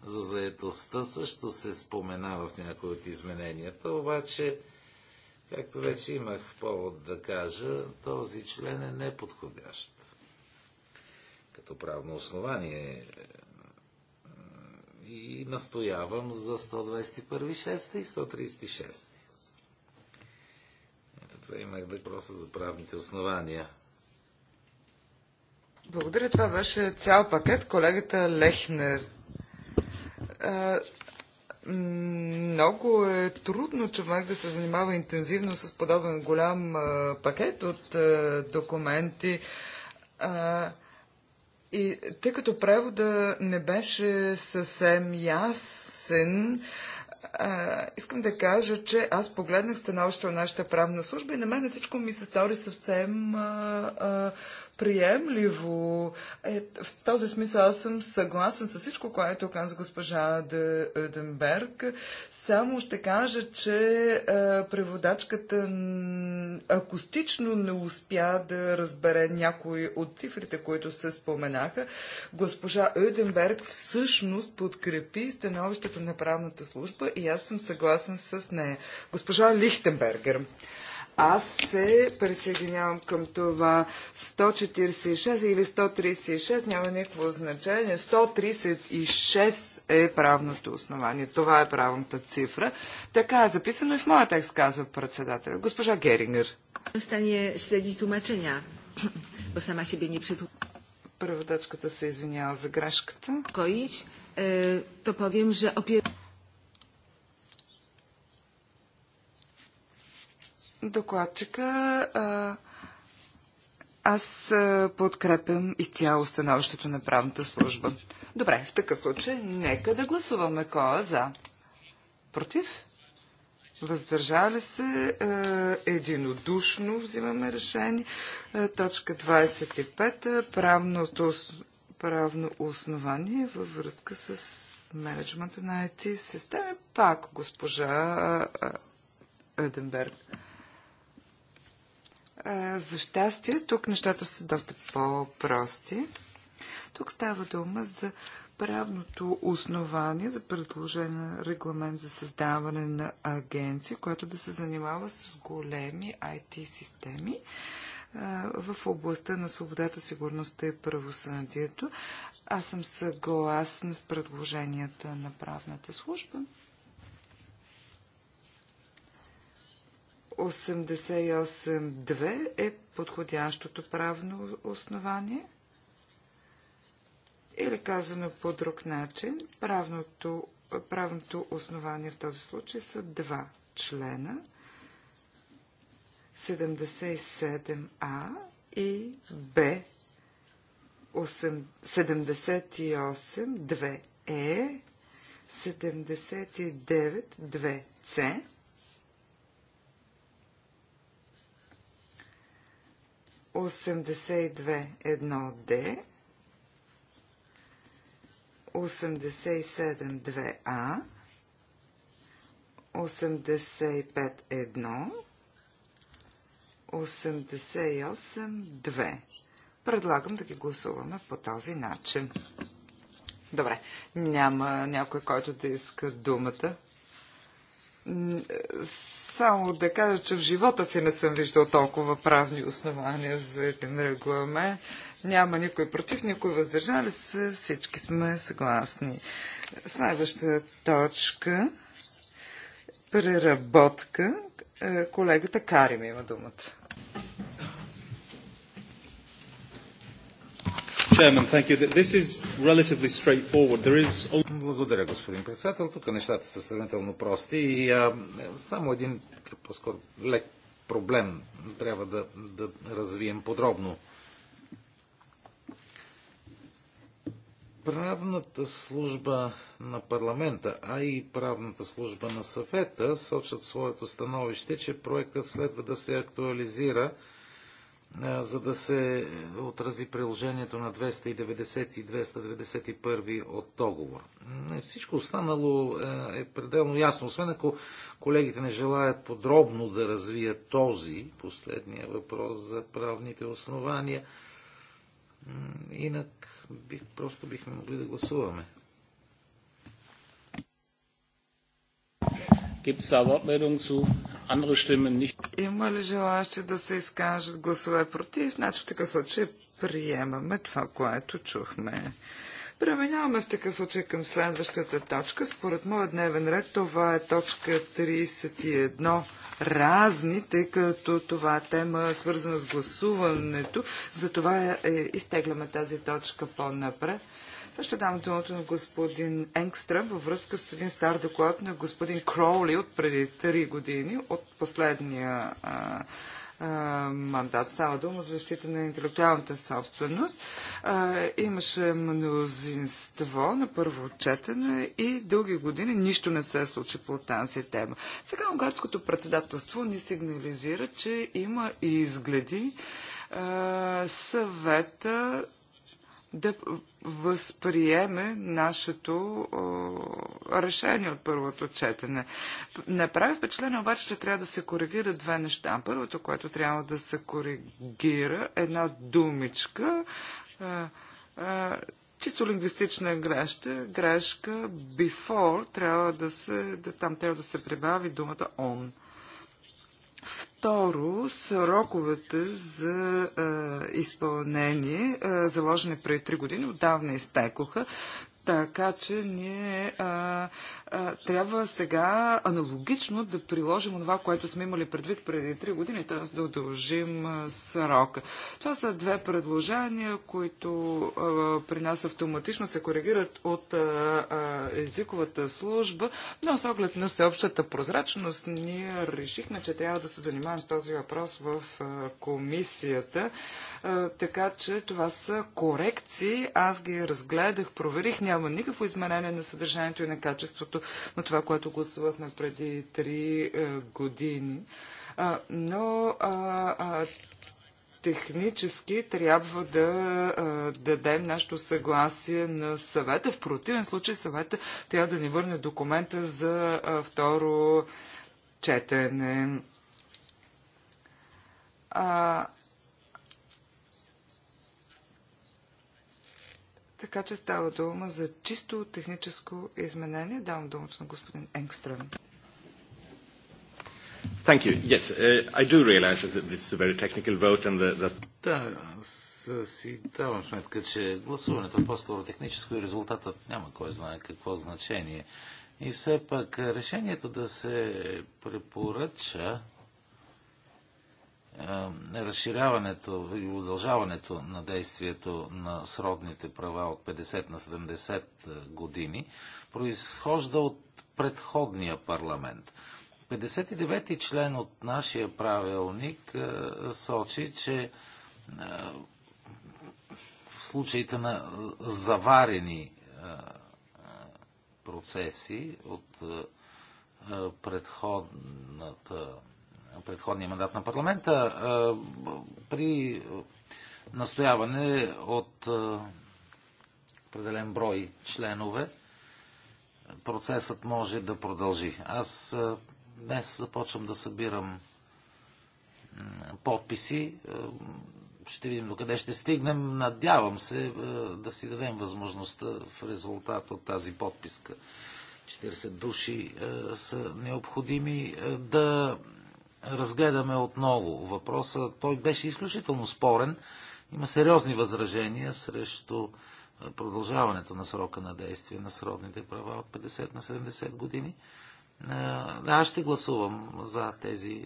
за заедостта също се споменава в някои от измененията, обаче, както вече имах повод да кажа, този член е неподходящ. Като правно основание е, и настоявам за 121.6 и 136. Ето това имах въпроса за правните основания. Благодаря, това беше цял пакет. Колегата Лехнер много е трудно човек да се занимава интензивно с подобен голям пакет от документи. И тъй като превода не беше съвсем ясен, а, искам да кажа, че аз погледнах становище на нашата правна служба и на мен всичко ми се стори съвсем а, а, приемливо. Е, в този смисъл аз съм съгласен с всичко, което каза госпожа Де Еденберг. Само ще кажа, че е, преводачката акустично не успя да разбере някои от цифрите, които се споменаха. Госпожа Еденберг всъщност подкрепи становището на правната служба и аз съм съгласен с нея. Госпожа Лихтенбергер. Аз се присъединявам към това 146 или 136, няма никакво значение. 136 е правното основание. Това е правната цифра. Така е записано и в моя текст, казва председателя. Госпожа Герингер. Остание следи тумачения, бо сама себе не притумача. Преводачката се извинява за грешката. Коич, е, то повим, че опир... докладчика. А, аз подкрепям изцяло становището на правната служба. Добре, в такъв случай нека да гласуваме кой е за. Против? Въздържали се е, единодушно взимаме решение. Е, точка 25. Правното, правно основание във връзка с менеджмента на IT системи. Пак госпожа Еденберг. Е, за щастие, тук нещата са доста по-прости. Тук става дума за правното основание за предложение на регламент за създаване на агенция, която да се занимава с големи IT системи в областта на свободата, сигурността и правосъдието. Аз съм съгласна с предложенията на правната служба. 88.2 е подходящото правно основание. Или казано по друг начин, правното, правното основание в този случай са два члена 77А и Б 78.2Е 79.2C е, 82.1D, 87.2А, 85.1, 88.2. Предлагам да ги гласуваме по този начин. Добре, няма някой, който да иска думата. Само да кажа, че в живота си не съм виждал толкова правни основания за един регламент. Няма никой против, никой въздържали се, всички сме съгласни. Следваща точка преработка. Е, колегата Карим има думата. Chairman, thank you. This is relatively straightforward. There is... Благодаря, господин председател. Тук нещата са сравнително прости и а, само един по-скоро лек проблем трябва да, да развием подробно. правната служба на парламента, а и правната служба на съвета сочат своето становище, че проектът следва да се актуализира за да се отрази приложението на 290 и 291 от договор. Всичко останало е, е пределно ясно, освен ако колегите не желаят подробно да развият този, последния въпрос за правните основания. Инак бих, просто бихме могли да гласуваме. Gibt es da Wortmeldungen zu? Andere Stimmen nicht. Има ли желащи да се изкажат гласове против? Значи в такъв случай приемаме това, което чухме. Преминаваме в такъв случай към следващата точка. Според моя дневен ред това е точка 31 разни, тъй като това е тема свързана с гласуването. Затова е, изтегляме тази точка по-напред. Ще дам думата на господин Енгстръм във връзка с един стар доклад на господин Кроули от преди 3 години, от последния а, мандат. Става дума за защита на интелектуалната собственост. Имаше мнозинство на първо отчетане и дълги години нищо не се е случи по тази тема. Сега унгарското председателство ни сигнализира, че има изгледи съвета да възприеме нашето о, решение от първото четене. Не прави впечатление обаче, че трябва да се коригират две неща. Първото, което трябва да се коригира, една думичка, а, а, чисто лингвистична грешка, грешка before трябва да се, да, там трябва да се прибави думата on. Второ, сроковете за а, изпълнение, а, заложени преди три години, отдавна изтекоха, така че ние а, трябва сега аналогично да приложим това, което сме имали предвид преди три години, т.е. да удължим срока. Това са две предложения, които при нас автоматично се коригират от езиковата служба, но с оглед на всеобщата прозрачност ние решихме, че трябва да се занимаем с този въпрос в комисията. Така че това са корекции. Аз ги разгледах, проверих. Няма никакво изменение на съдържанието и на качеството равнището на това, което гласувахме преди 3 е, години. Но технически трябва да а, дадем нашето съгласие на съвета. В противен случай съвета трябва да ни върне документа за а, второ четене. А, Така че става дума за чисто техническо изменение. Давам думата на господин Енгстрем. Thank you. Yes, uh, I do realize that this is a very technical vote and that... that... Да, с, си давам сметка, че гласуването е по-скоро техническо и резултатът няма кой знае какво значение. И все пак решението да се препоръча е, разширяването и удължаването на действието на сродните права от 50 на 70 е, години произхожда от предходния парламент. 59-ти член от нашия правилник е, сочи, че в случаите на заварени процеси от предходната предходния мандат на парламента, при настояване от определен брой членове, процесът може да продължи. Аз днес започвам да събирам подписи. Ще видим докъде ще стигнем. Надявам се да си дадем възможността в резултат от тази подписка. 40 души са необходими да разгледаме отново въпроса. Той беше изключително спорен. Има сериозни възражения срещу е, продължаването на срока на действие на сродните права от 50 на 70 години. Е, аз ще гласувам за тези е,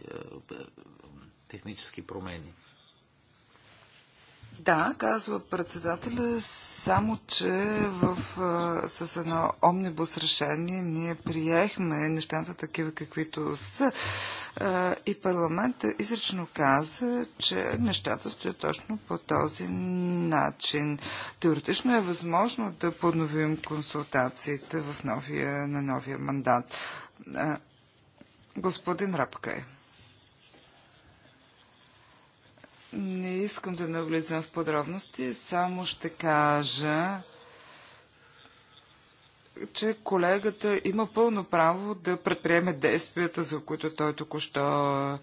технически промени. Да, казва председателя, само че в, с едно омнибус решение ние приехме нещата такива каквито са и парламентът изрично каза, че нещата стоят точно по този начин. Теоретично е възможно да подновим консултациите в новия, на новия мандат. Господин Рапкай. Не искам да навлизам в подробности, само ще кажа, че колегата има пълно право да предприеме действията, за които той току-що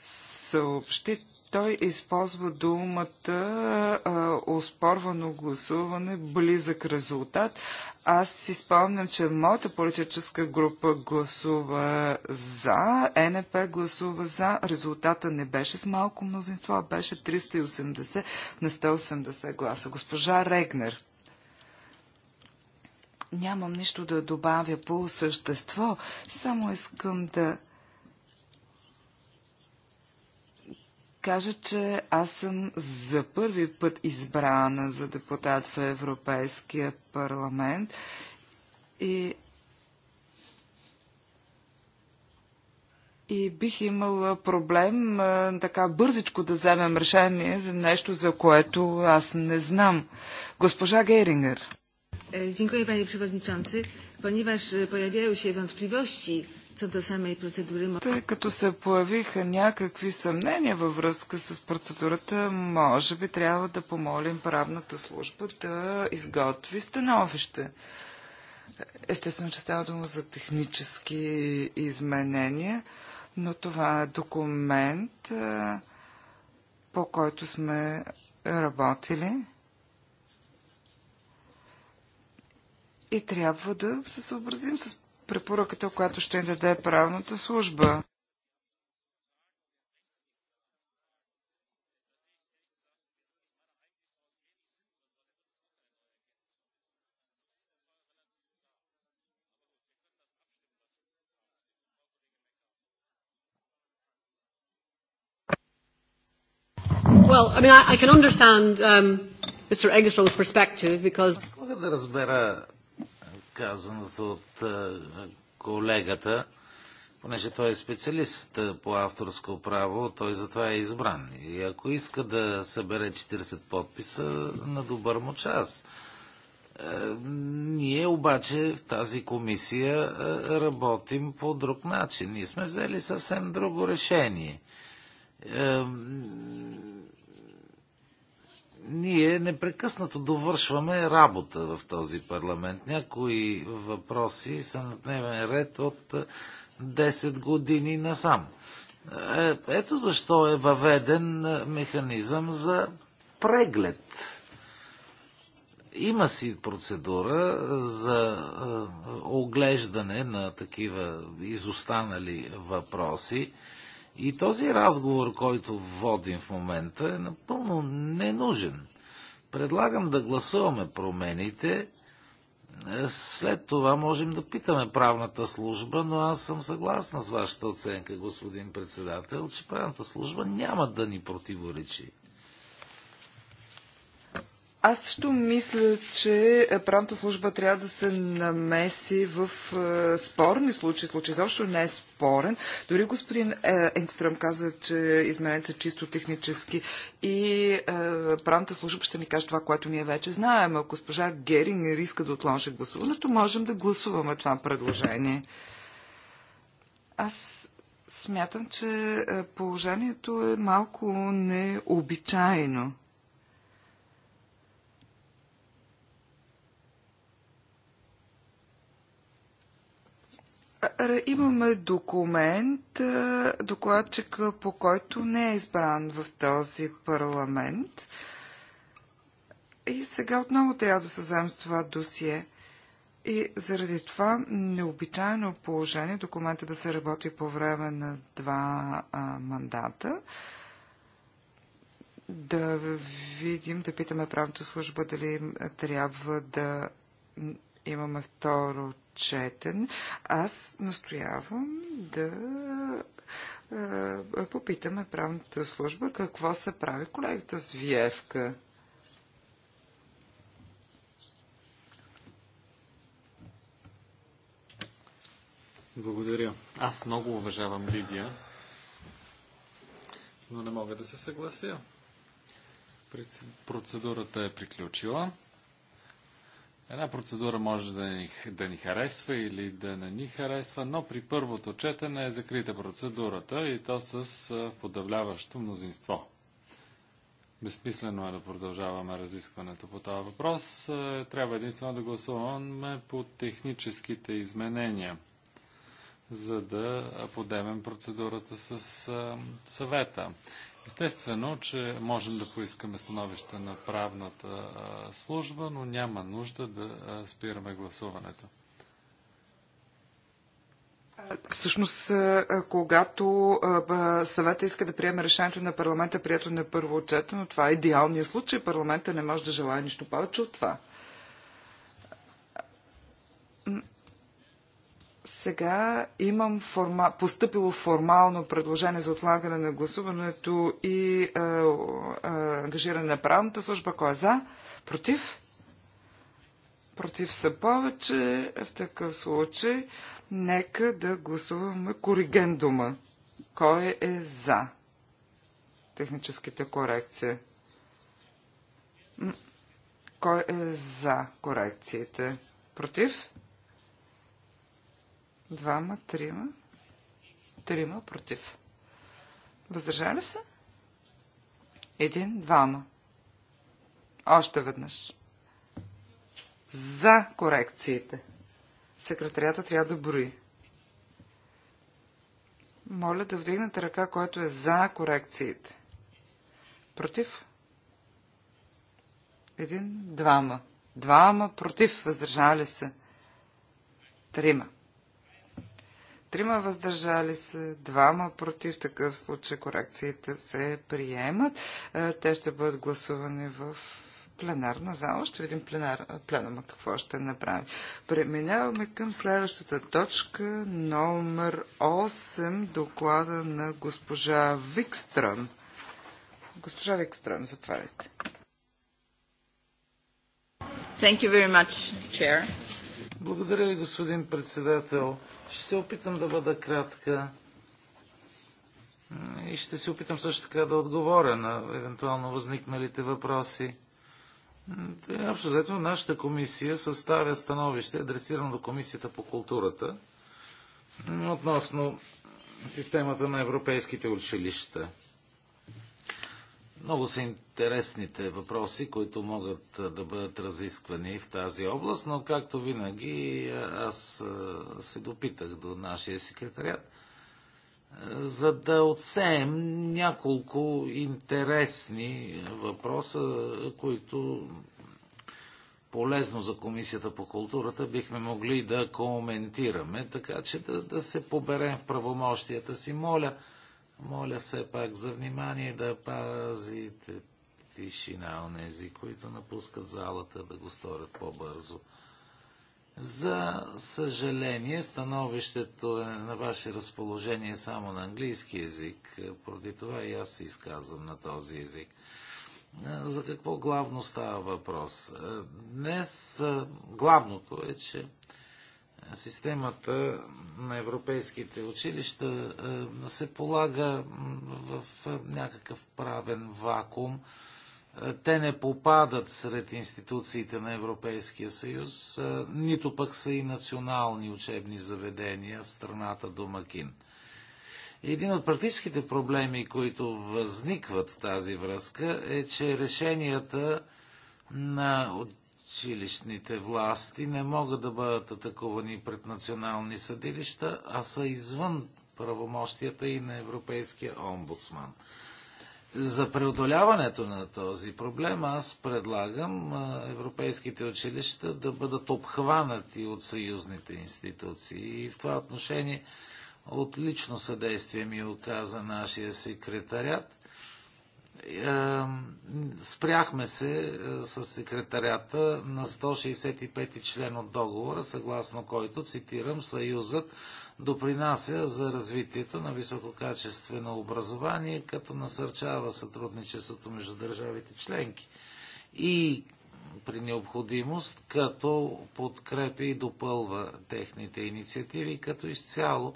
съобщи. Той използва думата оспорвано гласуване, близък резултат. Аз си спомням, че моята политическа група гласува за, НП гласува за. Резултата не беше с малко мнозинство, а беше 380 на 180 гласа. Госпожа Регнер. Нямам нищо да добавя по същество, само искам да кажа, че аз съм за първи път избрана за депутат в Европейския парламент и и бих имала проблем така бързичко да вземем решение за нещо, за което аз не знам. Госпожа Герингер. Е, Dziękuję пани przewodniczący, ponieważ e, pojawiają тъй като се появиха някакви съмнения във връзка с процедурата, може би трябва да помолим правната служба да изготви становище. Естествено, че става дума за технически изменения, но това е документ, е, по който сме работили. И трябва да се съобразим с препоръката, която ще ни даде правната служба. Well, I mean, I, I can understand um, Mr. Eggestrom's perspective because... Аз мога да разбера казаното от е, колегата, понеже той е специалист е, по авторско право, той затова е избран. И ако иска да събере 40 подписа, на добър му час. Е, ние обаче в тази комисия работим по друг начин. Ние сме взели съвсем друго решение ние непрекъснато довършваме работа в този парламент. Някои въпроси са на дневен ред от 10 е, години насам. Е, ето защо е въведен е, механизъм за преглед. Има си процедура за оглеждане на такива изостанали въпроси и този разговор, който водим в момента, е напълно ненужен. Предлагам да гласуваме промените. Е, след това можем да питаме правната служба, но аз съм съгласна с вашата оценка, господин председател, че правната служба няма да ни противоречи. Аз също мисля, че правната служба трябва да се намеси в е, спорни случаи. Случай изобщо не е спорен. Дори господин е, Енгстрем каза, че измененията са чисто технически и е, правната служба ще ни каже това, което ние вече знаем. Ако госпожа Геринг риска да отложи гласуването, можем да гласуваме това предложение. Аз смятам, че положението е малко необичайно. Е, е, имаме документ, е, докладчик по който не е избран в този парламент. И сега отново трябва да се вземем с това досие. И заради това необичайно положение документа да се работи по време на два а, мандата. Да видим, да питаме правната служба дали трябва да имаме второ отчетен. Аз настоявам да попитаме правната служба какво се прави колегата с Виевка. Благодаря. Аз много уважавам Лидия, но не мога да се съглася. Процедурата е приключила. Една процедура може да ни, да ни харесва или да не ни харесва, но при първото четене е закрита процедурата и то с подавляващо мнозинство. Безсмислено е да продължаваме разискването по този въпрос. Трябва единствено да гласуваме по техническите изменения, за да подемем процедурата с съвета. Естествено, че можем да поискаме становище на правната служба, но няма нужда да спираме гласуването. Всъщност, когато съвета иска да приеме решението на парламента, прието на първо отчета, но това е идеалният случай. Парламента не може да желая нищо повече от това. Сега имам форма... поступило формално предложение за отлагане на гласуването и а, е, а, е, ангажиране на правната служба. Кой е за? Против? Против са повече. В такъв случай нека да гласуваме коригендума. Кой е за техническите корекции? Кой е за корекциите? Против? Двама, трима. Трима против. Въздържали се? Един, двама. Още веднъж. За корекциите. Секретарията трябва да брои. Моля да вдигнете ръка, който е за корекциите. Против? Един, двама. Двама против, въздържали се. Трима трима въздържали се, двама против. такъв случай корекциите се приемат. Е, те ще бъдат гласувани в пленарна зала. Ще видим пленар, пленума какво ще направим. Преминаваме към следващата точка, номер 8, доклада на госпожа Викстрън. Госпожа Викстрън, заповядайте. Thank you very much, Chair. Благодаря ви, господин председател. Ще се опитам да бъда кратка и ще се опитам също така да отговоря на евентуално възникналите въпроси. Общо заето нашата комисия съставя становище, адресирано до Комисията по културата, относно системата на европейските училища. Много са интересните въпроси, които могат да бъдат разисквани в тази област, но както винаги аз се допитах до нашия секретарят, за да отсеем няколко интересни въпроса, които полезно за Комисията по културата бихме могли да коментираме, така че да, да се поберем в правомощията си. Моля, моля все пак за внимание да пазите тишина онези, които напускат залата, да го сторят по-бързо. За съжаление, становището е на ваше разположение само на английски язик, поради това и аз се изказвам на този язик. За какво главно става въпрос? Днес главното е, че системата на европейските училища е, се полага в е, някакъв правен вакуум. Е, те не попадат сред институциите на Европейския съюз, нито пък са и национални учебни заведения в страната Домакин. Един от практическите проблеми, които възникват в тази връзка, е, че решенията на жилищните власти не могат да бъдат атакувани пред национални съдилища, а са извън правомощията и на Европейския омбудсман. За преодоляването на този проблем аз предлагам европейските училища да бъдат обхванати от съюзните институции. И в това отношение от лично съдействие ми оказа нашия секретарят спряхме се е, с секретарята на 165 член от договора, съгласно който, цитирам, Съюзът допринася за развитието на висококачествено образование, като насърчава сътрудничеството между държавите членки и при необходимост, като подкрепя и допълва техните инициативи, като изцяло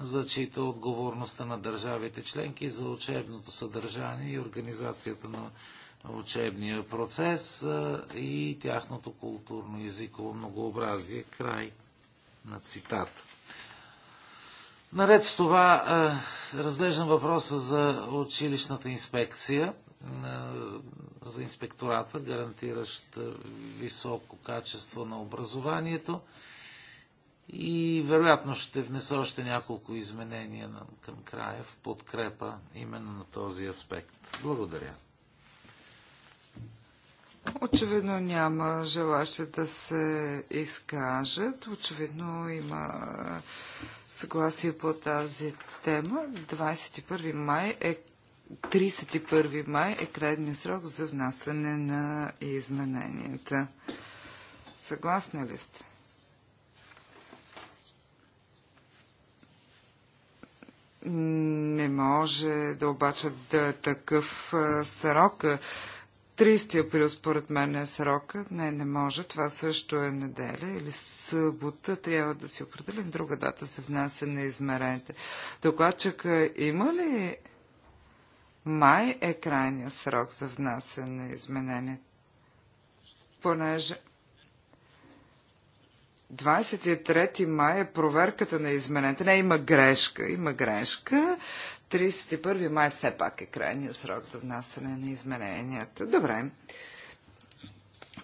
зачита отговорността на държавите членки за учебното съдържание и организацията на учебния процес и тяхното културно-езиково многообразие. Край на цитата. Наред с това разглеждам въпроса за училищната инспекция, за инспектората, гарантиращ високо качество на образованието и вероятно ще внеса още няколко изменения към края в подкрепа именно на този аспект. Благодаря. Очевидно няма желащи да се изкажат. Очевидно има съгласие по тази тема. 21 май е 31 май е крайният срок за внасяне на измененията. Съгласни ли сте? не може да обаче да е такъв срок. 30 април според мен е срока. Не, не може. Това също е неделя или събота. Трябва да си определим друга дата се внася на измерените. Докладчика има ли май е крайния срок за внася на изменените, Понеже 23 май е проверката на измененията. Не, има грешка. Има грешка. 31 май все пак е крайният срок за внасяне на измененията. Добре.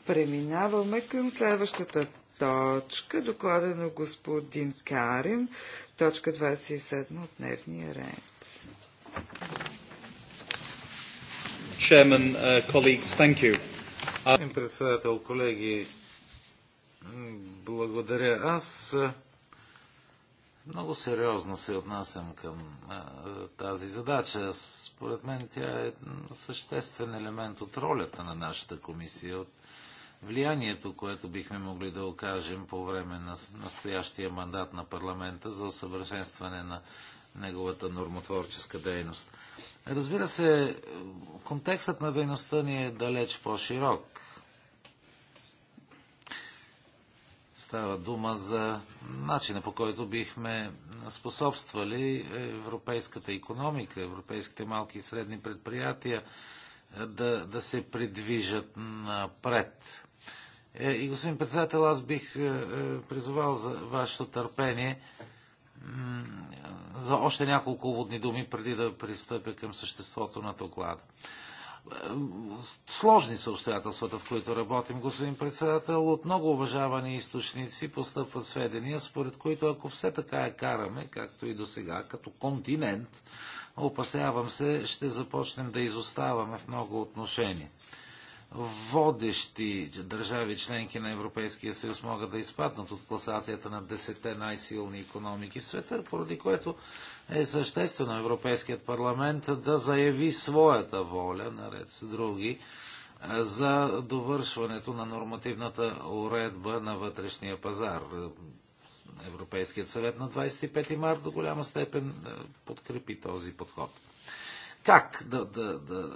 Преминаваме към следващата точка. Доклада на господин Карин. Точка 27 от дневния ред. Chairman, uh, thank you. Uh... Председател, колеги, благодаря. Аз много сериозно се отнасям към тази задача. Според мен тя е съществен елемент от ролята на нашата комисия, от влиянието, което бихме могли да окажем по време на настоящия мандат на парламента за усъвършенстване на неговата нормотворческа дейност. Разбира се, контекстът на дейността ни е далеч по-широк Става дума за начина по който бихме способствали европейската економика, европейските малки и средни предприятия е, да, да се придвижат напред. Е, и господин председател, аз бих е, призовал за вашето търпение за още няколко водни думи преди да пристъпя към съществото на доклада. Е, сложни са обстоятелствата, в които работим, господин председател. От много уважавани източници постъпват сведения, според които ако все така я караме, както и до сега, като континент, опасявам се, ще започнем да изоставаме в много отношения. Водещи държави членки на Европейския съюз могат да изпаднат от класацията на 10 най-силни економики в света, поради което е съществено Европейският парламент да заяви своята воля, наред с други, за довършването на нормативната уредба на вътрешния пазар. Европейският съвет на 25 марта до голяма степен е, подкрепи този подход. Как да, да, да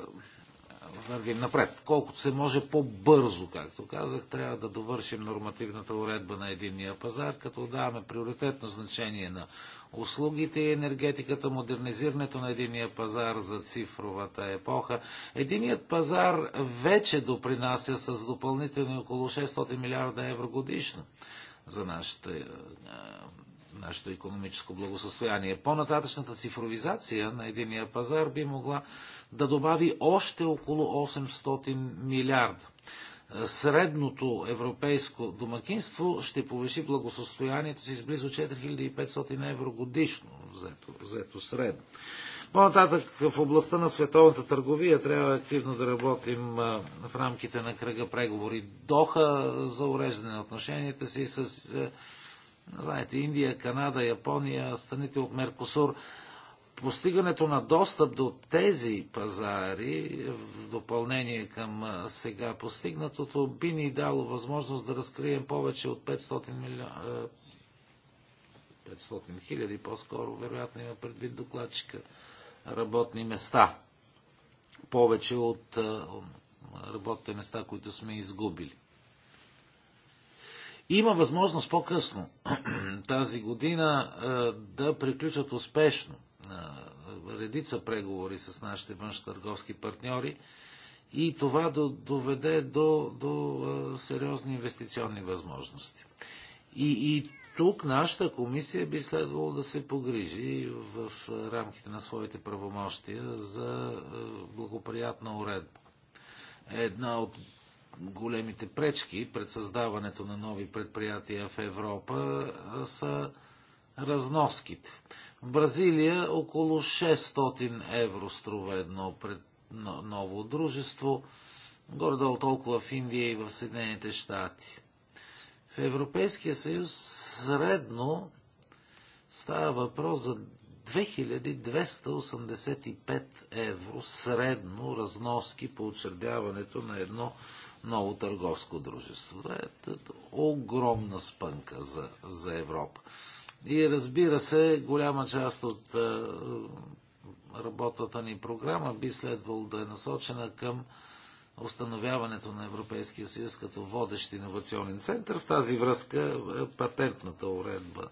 вървим напред? Колкото се може по-бързо, както казах, трябва да довършим нормативната уредба на единния пазар, като даваме приоритетно значение на услугите и енергетиката, модернизирането на единия пазар за цифровата епоха. Единият пазар вече допринася с допълнителни около 600 милиарда евро годишно за нашата нашето економическо благосостояние. По-нататъчната цифровизация на единия пазар би могла да добави още около 800 милиарда средното европейско домакинство ще повиши благосостоянието си с близо 4500 евро годишно, взето, взето средно. По-нататък в областта на световната търговия трябва активно да работим в рамките на кръга преговори Доха за уреждане на отношенията си с знаете, Индия, Канада, Япония, страните от Меркосур – постигането на достъп до тези пазари, в допълнение към сега постигнатото, би ни дало възможност да разкрием повече от 500 милиона. 500 хиляди, по-скоро, вероятно има предвид докладчика, работни места. Повече от работните места, които сме изгубили. Има възможност по-късно тази година да приключат успешно на редица преговори с нашите външни търговски партньори и това доведе до, до сериозни инвестиционни възможности. И, и тук нашата комисия би следвало да се погрижи в рамките на своите правомощия за благоприятна уредба. Една от големите пречки пред създаването на нови предприятия в Европа са разноските. В Бразилия около 600 евро струва едно пред ново дружество, горе-долу толкова в Индия и в Съединените щати. В Европейския съюз средно става въпрос за 2285 евро средно разноски по учредяването на едно ново търговско дружество. Това е огромна спънка за, за Европа. И разбира се, голяма част от е, работата ни програма би следвало да е насочена към установяването на Европейския съюз като водещ инновационен център. В тази връзка е, патентната уредба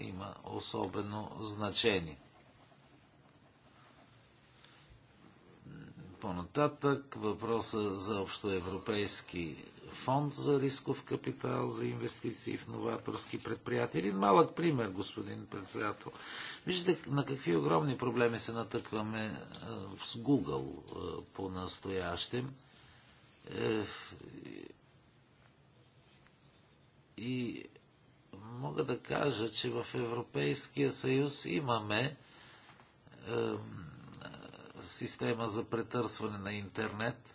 има особено значение. По-нататък въпроса за общоевропейски фонд за рисков капитал, за инвестиции в новаторски предприятия. Един малък пример, господин председател. Виждате на какви огромни проблеми се натъкваме е, с Google е, по-настоящем. Е, и мога да кажа, че в Европейския съюз имаме система за претърсване на интернет –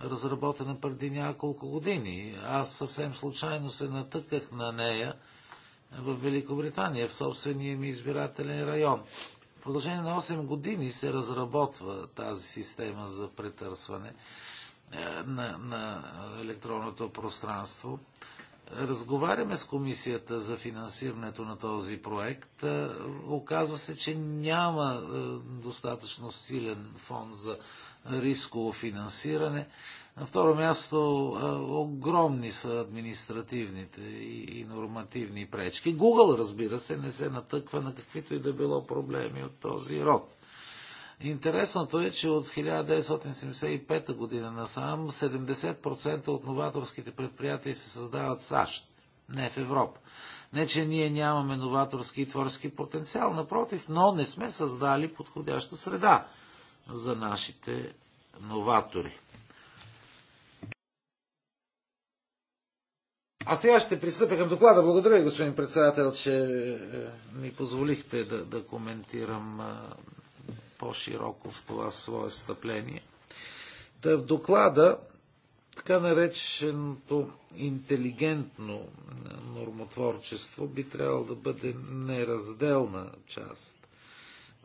разработена преди няколко години. Аз съвсем случайно се натъках на нея в Великобритания, в собствения ми избирателен район. В продължение на 8 години се разработва тази система за претърсване е, на, на електронното пространство. Разговаряме с комисията за финансирането на този проект. Е, оказва се, че няма е, достатъчно силен фонд за рисково финансиране. На второ място, огромни са административните и нормативни пречки. Google, разбира се, не се натъква на каквито и да било проблеми от този род. Интересното е, че от 1975 година насам 70% от новаторските предприятия се създават в САЩ, не в Европа. Не, че ние нямаме новаторски и творчески потенциал, напротив, но не сме създали подходяща среда за нашите новатори. А сега ще пристъпя към доклада. Благодаря ви, господин председател, че е, ми позволихте да, да коментирам е, по-широко в това свое встъпление. Та в доклада така нареченото интелигентно нормотворчество би трябвало да бъде неразделна част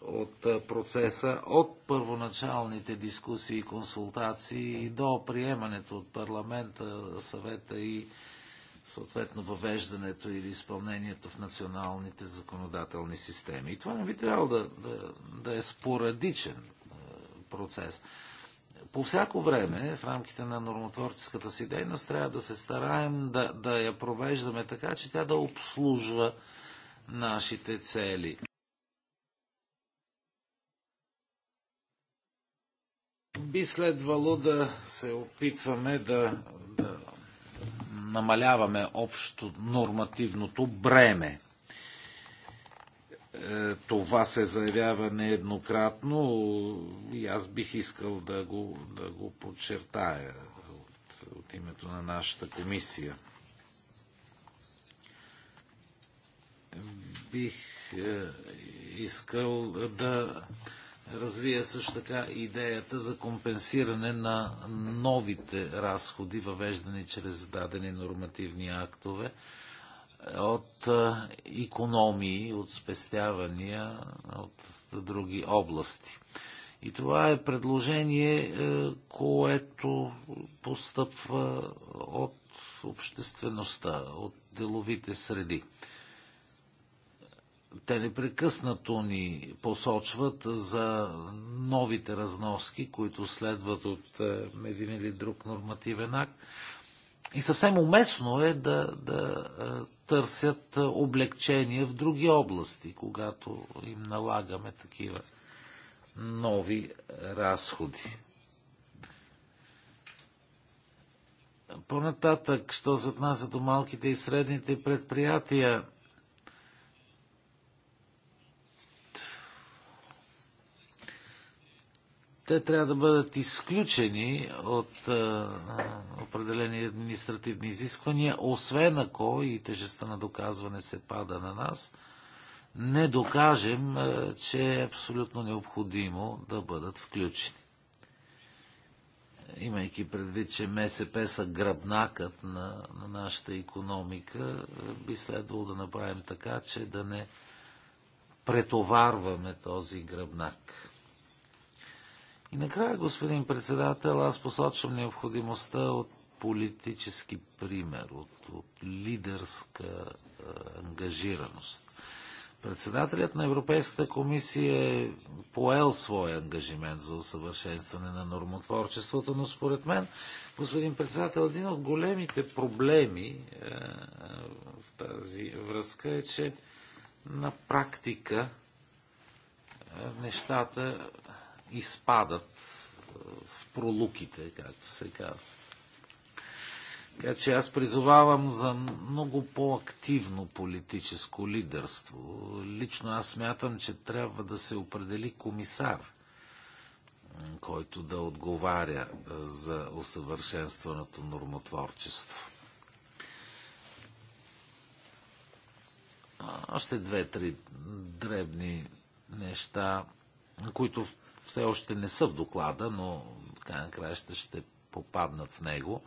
от процеса от първоначалните дискусии и консултации до приемането от парламента, съвета и съответно въвеждането или изпълнението в националните законодателни системи. И това не би трябвало да, да, да е спорадичен процес. По всяко време, в рамките на нормотворческата си дейност, трябва да се стараем да, да я провеждаме така, че тя да обслужва нашите цели. би следвало да се опитваме да, да намаляваме общото нормативното бреме. Е, това се заявява нееднократно и аз бих искал да го, да го подчертая от, от името на нашата комисия. Бих е, искал да развия също така идеята за компенсиране на новите разходи, въвеждани чрез дадени нормативни актове от економии, от спестявания от други области. И това е предложение, е, което постъпва от обществеността, от деловите среди. Те непрекъснато ни посочват за новите разноски, които следват от е, един или друг нормативен акт. И съвсем уместно е да, да е, търсят облегчения в други области, когато им налагаме такива нови разходи. По-нататък, що се отнася до малките и средните предприятия, те трябва да бъдат изключени от а, определени административни изисквания, освен ако и тежестта на доказване се пада на нас, не докажем, а, че е абсолютно необходимо да бъдат включени. Имайки предвид, че МСП са гръбнакът на, на нашата економика, би следвало да направим така, че да не претоварваме този гръбнак. И накрая, господин председател, аз посочвам необходимостта от политически пример, от, от лидерска е, ангажираност. Председателят на Европейската комисия е поел своя ангажимент за усъвършенстване на нормотворчеството, но според мен, господин председател, един от големите проблеми е, е, в тази връзка е, че на практика е, нещата изпадат е, в пролуките, както се казва. Така че аз призовавам за много по-активно политическо лидерство. Лично аз смятам, че трябва да се определи комисар, който да отговаря е, за усъвършенстваното нормотворчество. Още две-три дребни неща, които в все още не са в доклада, но така на ще, ще попаднат в него.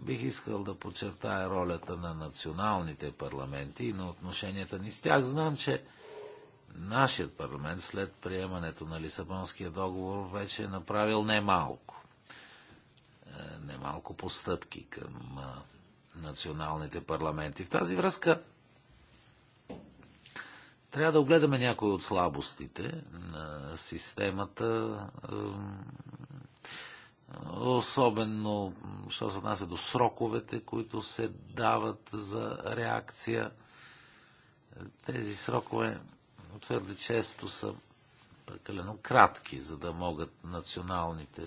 Бих искал да подчертая ролята на националните парламенти и на отношенията ни с тях. Знам, че нашият парламент след приемането на Лисабонския договор вече е направил немалко. Е, немалко постъпки към е, националните парламенти. В тази връзка трябва да огледаме някои от слабостите на системата, особено, що се отнася до сроковете, които се дават за реакция. Тези срокове твърде често са прекалено кратки, за да могат националните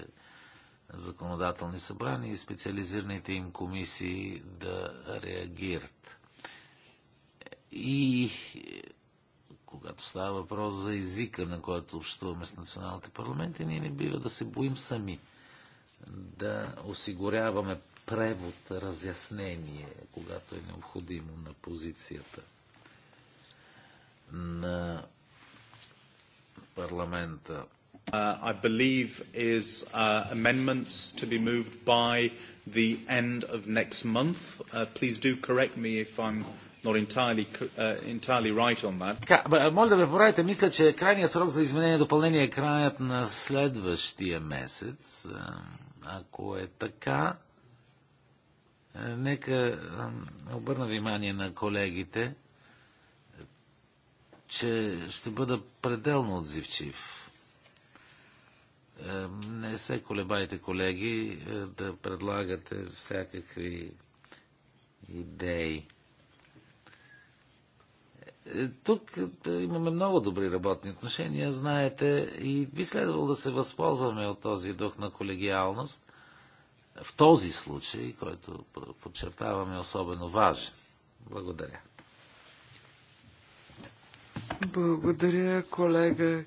законодателни събрания и специализираните им комисии да реагират. И когато става въпрос за езика, на който общуваме с националните парламенти, ние не бива да се боим сами да осигуряваме превод, разяснение, когато е необходимо на позицията на парламента. Uh, I believe is uh, amendments to be moved by the end of next month. Uh, please do correct me if I'm not entirely, uh, entirely right on that. Така, моля да ме поправите, мисля, че крайният срок за изменение и допълнение е краят на следващия месец. Е, ако е така, е, нека е, обърна внимание на колегите, че ще бъда пределно отзивчив. Не се колебайте, колеги, да предлагате всякакви идеи. Е, тук е, имаме много добри работни отношения, знаете, и би следвало да се възползваме от този дух на колегиалност в този случай, който подчертаваме е особено важен. Благодаря. Благодаря, колега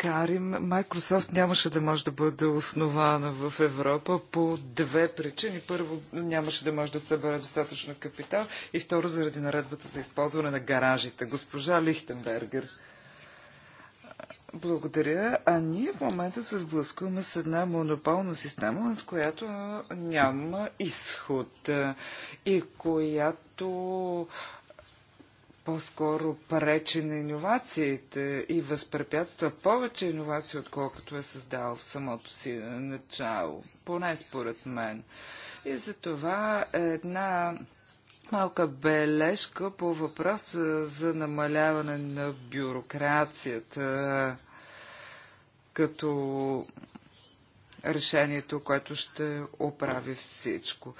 карим, Microsoft нямаше да може да бъде основана в Европа по две причини. Първо, нямаше да може да събере достатъчно капитал и второ, заради наредбата за използване на гаражите. Госпожа Лихтенбергер. Благодаря. А ние в момента се сблъскваме с една монополна система, от която няма изход и която по-скоро пречи на иновациите и възпрепятства повече иновации, отколкото е създал в самото си начало. Поне според мен. И за това една малка бележка по въпроса за намаляване на бюрокрацията като решението, което ще оправи всичко.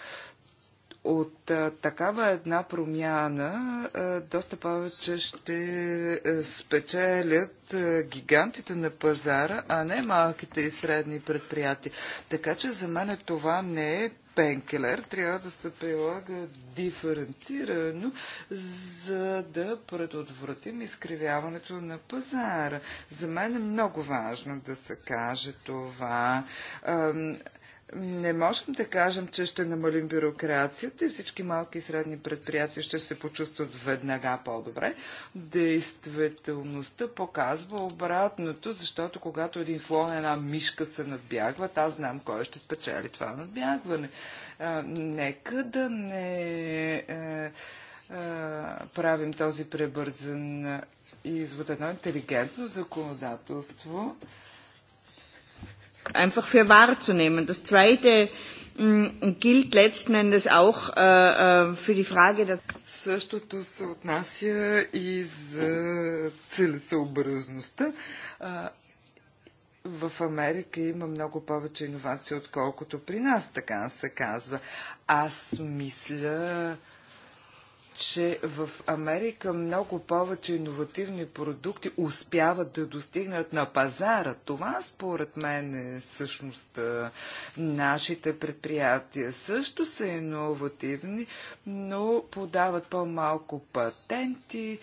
От а, такава една промяна а, доста повече ще а, е, спечелят а, е, гигантите на пазара, а не малките и средни предприятия. Така че за мен това не е пенкелер, трябва да се прилага диференцирано, за да предотвратим изкривяването на пазара. За мен е много важно да се каже това. А, не можем да кажем, че ще намалим бюрокрацията и всички малки и средни предприятия ще се почувстват веднага по-добре. Действителността показва обратното, защото когато един слон, една мишка се надбягва, аз знам кой ще спечели това надбягване. А, нека да не а, е, а, е, правим този пребързан извод. Едно интелигентно законодателство einfach für wahrzunehmen. Das Zweite mm, gilt letzten Endes auch äh, äh, für die Frage der... Същото се отнася и за целесообразността. В Америка има много повече иновации, отколкото при нас, така се казва. Аз мисля, че в Америка много повече иновативни продукти успяват да достигнат на пазара. Това според мен е всъщност нашите предприятия също са иновативни, но подават по-малко патенти,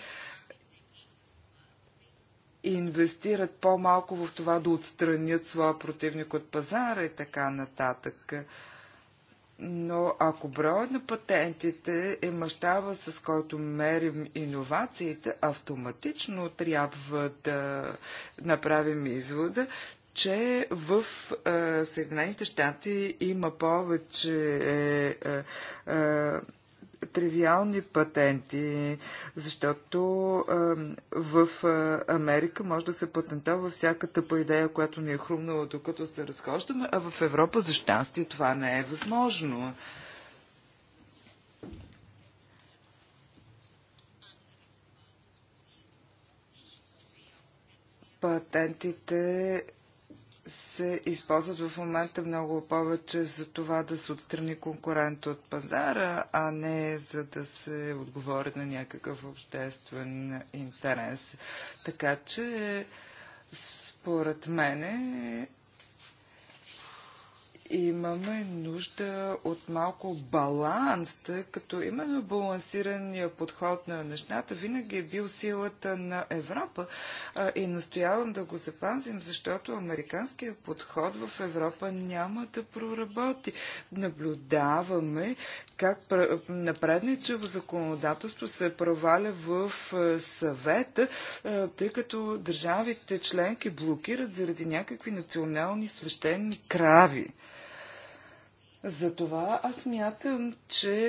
инвестират по-малко в това да отстранят своя противник от пазара и така нататък. Но ако броят на патентите е мащаба, с който мерим иновациите, автоматично трябва да направим извода, че в е, Съединените щати има повече е, е, тривиални патенти, защото в Америка може да се патентова всяка тъпа идея, която ни е хрумнала докато се разхождаме, а в Европа за щастие това не е възможно. Патентите се използват в момента много повече за това да се отстрани конкурент от пазара, а не за да се отговори на някакъв обществен интерес. Така че, според мене, имаме нужда от малко баланс, тъй като именно балансирания подход на нещата винаги е бил силата на Европа и настоявам да го запазим, защото американският подход в Европа няма да проработи. Наблюдаваме как напредничево законодателство се проваля в съвета, тъй като държавите членки блокират заради някакви национални свещени крави. Затова аз мятам, че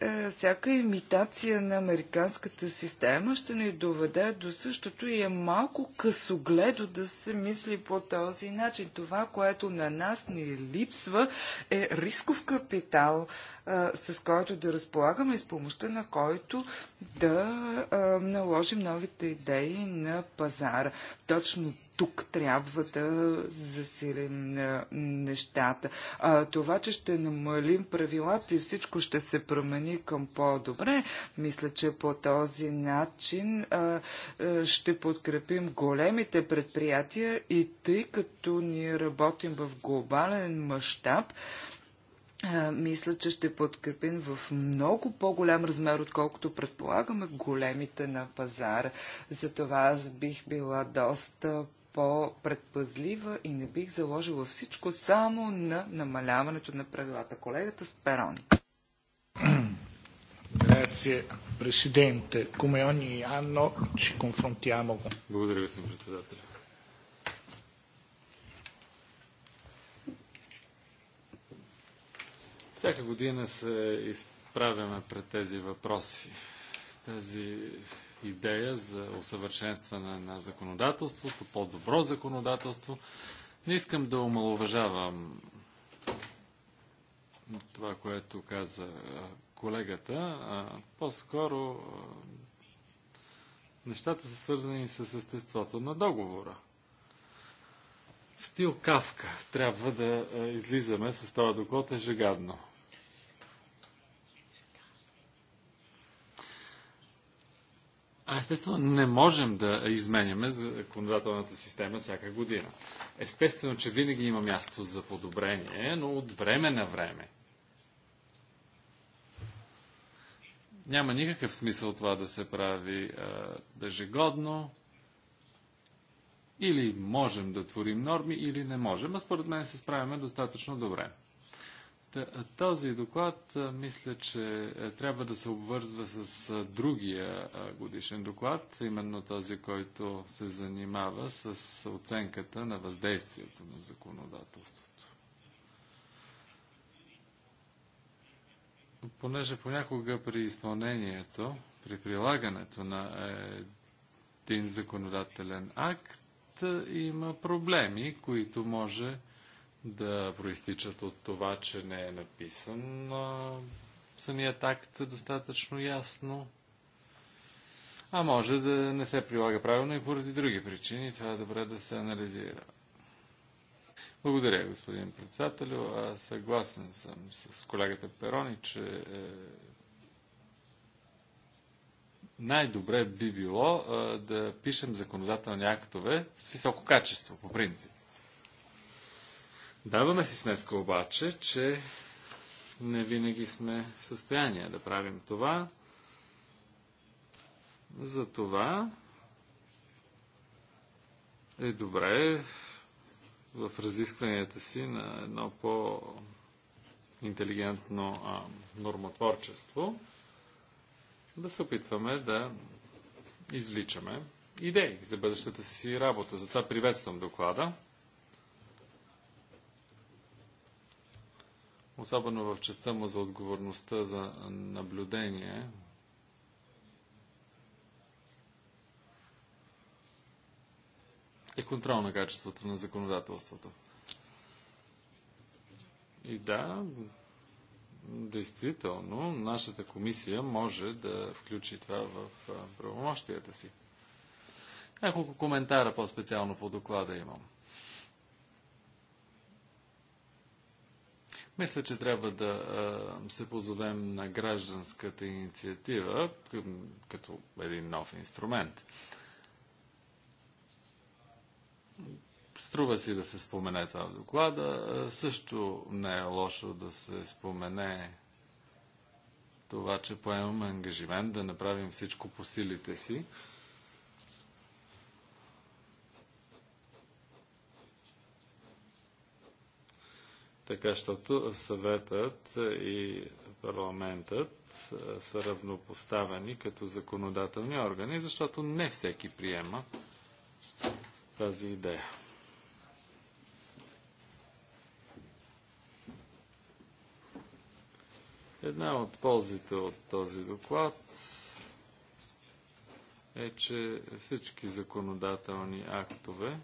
е, всяка имитация на американската система ще ни доведе до същото и е малко късогледо да се мисли по този начин. Това, което на нас ни липсва е рисков капитал, е, с който да разполагаме и с помощта на който да наложим новите идеи на пазара. Точно тук трябва да засилим нещата. А, това, че ще намалим правилата и всичко ще се промени към по-добре, мисля, че по този начин а, ще подкрепим големите предприятия и тъй като ние работим в глобален мащаб, мисля, че ще подкрепим в много по-голям размер, отколкото предполагаме големите на пазара. Затова аз бих била доста по-предпазлива и не бих заложила всичко само на намаляването на правилата. Колегата Сперони. Grazie Presidente, come ogni anno ci confrontiamo Благодаря, господин председател. Всяка година се изправяме пред тези въпроси. Тази идея за усъвършенстване на законодателството, по-добро законодателство. Не искам да омалуважавам това, което каза колегата. По-скоро нещата са свързани с естеството на договора. В стил Кавка трябва да излизаме с това доклад ежегадно. Естествено, не можем да изменяме законодателната система всяка година. Естествено, че винаги има място за подобрение, но от време на време. Няма никакъв смисъл това да се прави ежегодно. Или можем да творим норми, или не можем, а според мен се справяме достатъчно добре. Е, този доклад е, мисля, че е, трябва да се обвързва с другия годишен доклад, именно този, който се занимава с оценката на въздействието на законодателството. Понеже понякога при изпълнението, при прилагането на един законодателен акт, има проблеми, които може да проистичат от това, че не е написан а, самият акт е достатъчно ясно. А може да не се прилага правилно и поради други причини. Това е добре да се анализира. Благодаря, господин председател, Аз съгласен съм с колегата Перони, че е, най-добре би било да пишем законодателни актове с високо качество, по принцип. Даваме си сметка обаче, че не винаги сме в състояние да правим това. Затова е добре в разискванията си на едно по-интелигентно нормотворчество да се опитваме да извличаме идеи за бъдещата си работа. Затова приветствам доклада. особено в частта му за отговорността за наблюдение, и контрол на качеството на законодателството. И да, действително, нашата комисия може да включи това в правомощията си. Няколко коментара по-специално по доклада имам. Мисля, че трябва да а, се позовем на гражданската инициатива като един нов инструмент. Струва си да се спомене това в доклада. Също не е лошо да се спомене това, че поемаме ангажимент да направим всичко по силите си, така щото съветът и парламентът е, са равнопоставени като законодателни органи, защото не всеки приема тази идея. Една от ползите от този доклад е, че всички законодателни актове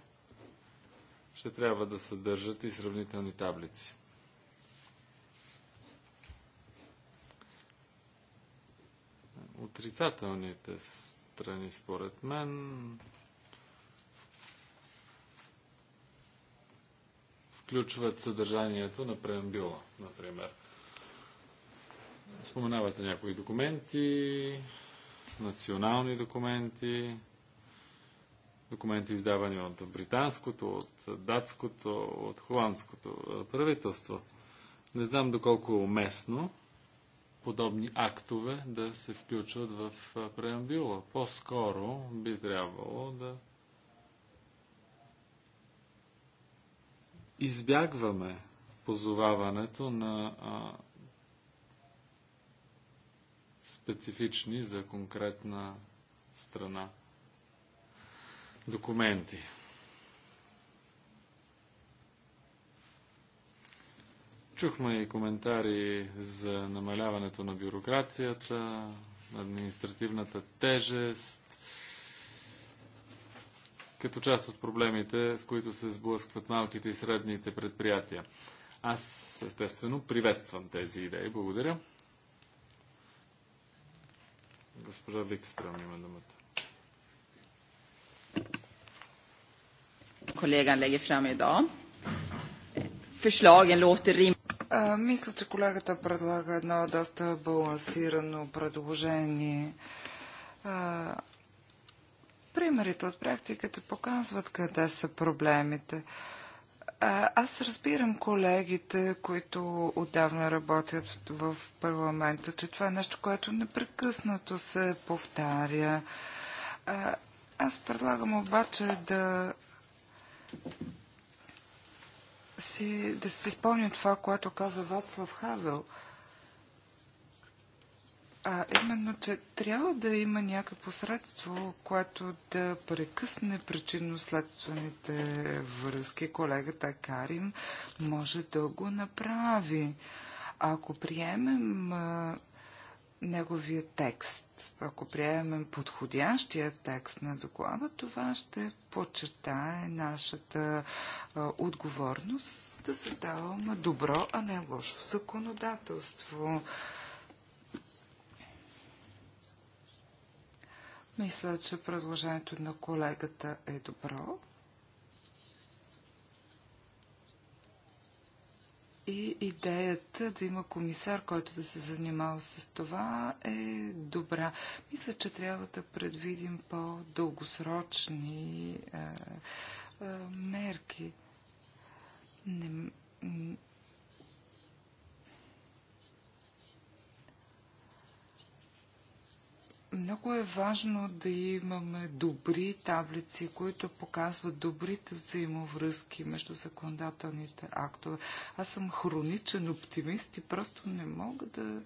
ще трябва да съдържат и сравнителни таблици. Отрицателните страни, според мен, включват съдържанието на преамбюла, например. Споменавате някои документи, национални документи, документи, издавани от британското, от датското, от холандското правителство. Не знам доколко е уместно подобни актове да се включват в преамбюла. По-скоро би трябвало да избягваме позоваването на специфични за конкретна страна документи. Чухме и коментари за намаляването на бюрокрацията, на административната тежест, като част от проблемите, с които се сблъскват малките и средните предприятия. Аз, естествено, приветствам тези идеи. Благодаря. Госпожа Викстрам има думата. Колеган леге фрам и Förslagen låter rim... Мисля, че колегата предлага едно доста балансирано предложение. примерите от практиката показват къде са проблемите. Аз разбирам колегите, които отдавна работят в парламента, че това е нещо, което непрекъснато се повтаря. Аз предлагам обаче да си, да си спомня това, което каза Вацлав Хавел. А именно, че трябва да има някакво средство, което да прекъсне причинно-следствените връзки. Колегата Карим може да го направи. Ако приемем неговия текст. Ако приемем подходящия текст на доклада, това ще подчертае нашата а, отговорност да създаваме добро, а не лошо законодателство. Мисля, че предложението на колегата е добро. И идеята да има комисар, който да се занимава с това, е добра. Мисля, че трябва да предвидим по-дългосрочни е, е, мерки. Не, Много е важно да имаме добри таблици, които показват добрите взаимовръзки между законодателните актове. Аз съм хроничен оптимист и просто не мога да.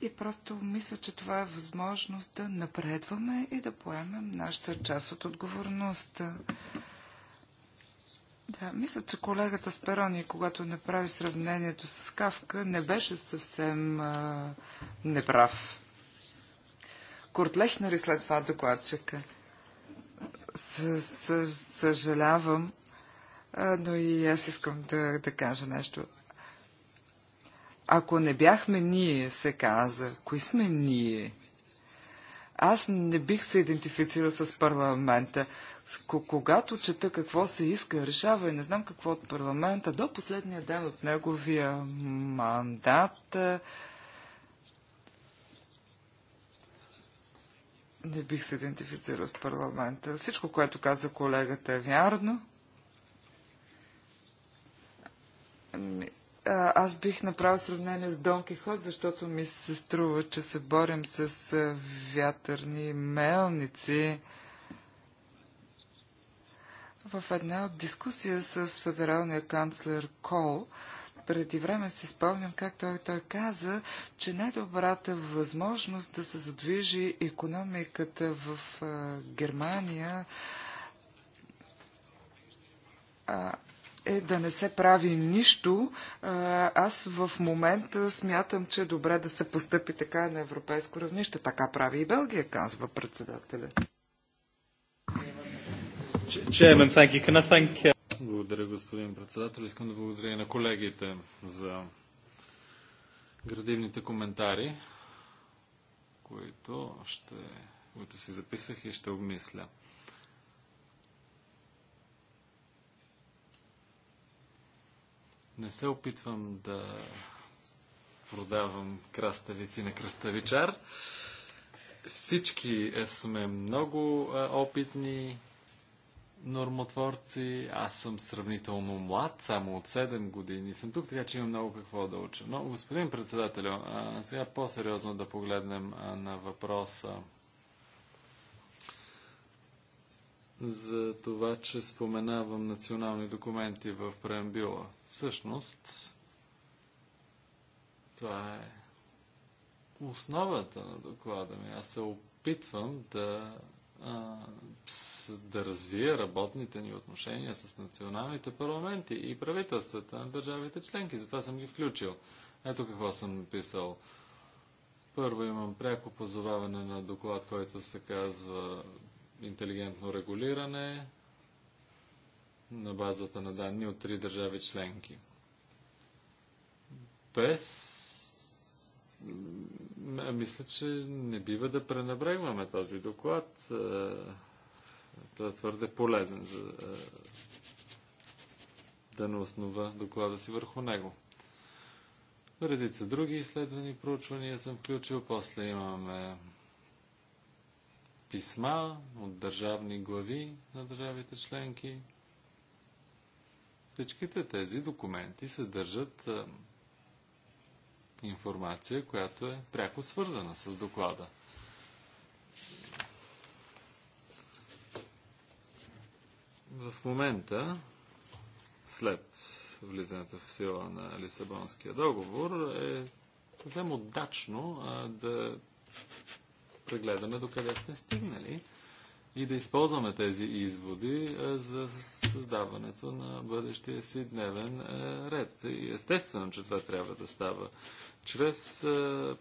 И просто мисля, че това е възможност да напредваме и да поемем нашата част от отговорността. Да, мисля, че колегата Сперони, когато направи сравнението с Кавка, не беше съвсем а, неправ. Курт Лехнер след това докладчика. С, с, съжалявам, а, но и аз искам да, да кажа нещо. Ако не бяхме ние, се каза, кои сме ние? Аз не бих се идентифицирал с парламента. Когато чета какво се иска, решава и не знам какво от парламента, до последния ден от неговия мандат, е, не бих се идентифицирал с парламента. Всичко, което каза колегата е вярно. Ами, аз бих направил сравнение с Дон Кихот, защото ми се струва, че се борим с вятърни мелници. В една дискусия с федералния канцлер Кол, преди време си спомням как той, той каза, че най-добрата възможност да се задвижи економиката в а, Германия а, е да не се прави нищо. Аз в момента смятам, че е добре да се постъпи така на европейско равнище. Така прави и Белгия, казва председателя. Chairman, thank you. Can I thank... Uh, благодаря, господин председател. Искам да благодаря и на колегите за градивните коментари, които, ще, които си записах и ще обмисля. Не се опитвам да продавам краставици на краставичар. Всички сме много опитни нормотворци. Аз съм сравнително млад, само от 7 години съм тук, така че имам много какво да уча. Но, господин председателю, сега по-сериозно да погледнем на въпроса за това, че споменавам национални документи в преамбюла. Всъщност, това е основата на доклада ми. Аз се опитвам да да развие работните ни отношения с националните парламенти и правителствата на държавите членки. Затова съм ги включил. Ето какво съм написал. Първо имам пряко позоваване на доклад, който се казва интелигентно регулиране на базата на данни от три държави членки. Без мисля, че не бива да пренебрегваме този доклад. Е, той е твърде полезен за е, да не основа доклада си върху него. Редица други изследвани проучвания съм включил. После имаме писма от държавни глави на държавите членки. Всичките тези документи съдържат е, информация, която е пряко свързана с доклада. В момента, след влизането в сила на Лисабонския договор, е съвсем удачно да прегледаме докъде сме стигнали и да използваме тези изводи за създаването на бъдещия си дневен ред. И естествено, че това трябва да става чрез е,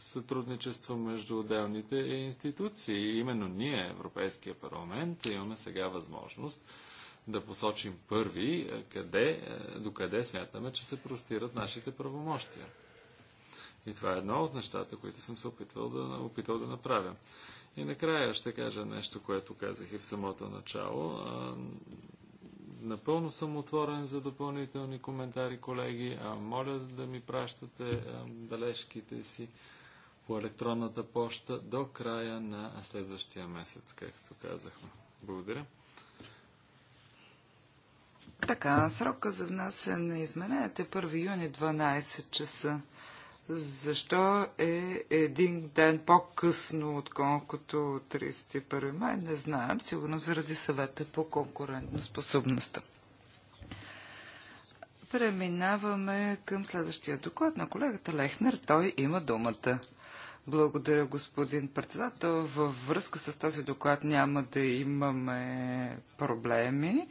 сътрудничество между отделните институции. Именно ние, Европейския парламент, имаме сега възможност да посочим първи е, къде, е, докъде смятаме, че се простират нашите правомощия. И това е едно от нещата, които съм се опитвал да, опитал да направя. И накрая ще кажа нещо, което казах и в самото начало. Напълно съм отворен за допълнителни коментари, колеги. А, моля да ми пращате а, далежките си по електронната поща до края на следващия месец, както казахме. Благодаря. Така, срока за внасяне на измененията е 1 юни 12 часа защо е един ден по-късно, отколкото 31 май, не знаем, сигурно заради съвета по конкурентно способността. Преминаваме към следващия доклад на колегата Лехнер. Той има думата. Благодаря, господин председател. Във връзка с този доклад няма да имаме проблеми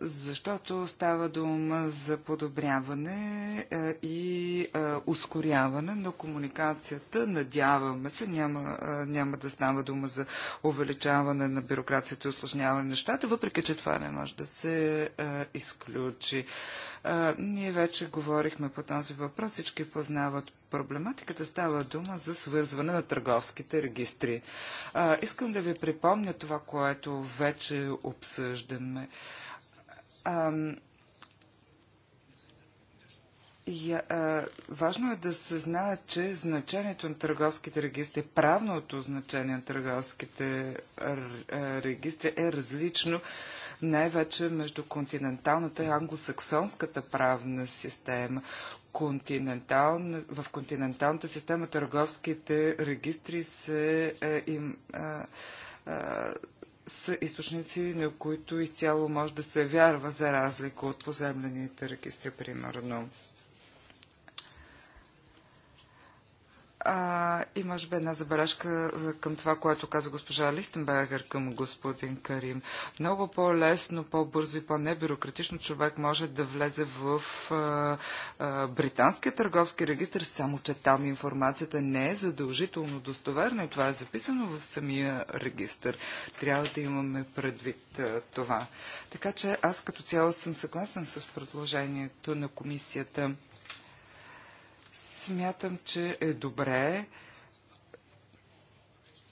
защото става дума за подобряване е, и е, ускоряване на комуникацията. Надяваме се, няма, е, няма да става дума за увеличаване на бюрокрацията и осложняване на нещата, въпреки че това не може да се изключи. Ние вече говорихме по този въпрос, всички познават проблематиката става дума за свързване на търговските регистри. А, искам да ви припомня това, което вече обсъждаме. А, и, а, важно е да се знае, че значението на търговските регистри, правното значение на търговските регистри е различно най-вече между континенталната и англосаксонската правна система. в континенталната система търговските регистри се е, им са източници, на които изцяло може да се вярва за разлика от поземлените регистри, примерно. А, имаш бе една забележка към това, което каза госпожа Лихтенбергер към господин Карим. Много по-лесно, по-бързо и по-небюрократично човек може да влезе в а, а, британския търговски регистр, само че там информацията не е задължително достоверна и това е записано в самия регистр. Трябва да имаме предвид а, това. Така че аз като цяло съм съгласен с предложението на комисията. Смятам, че е добре,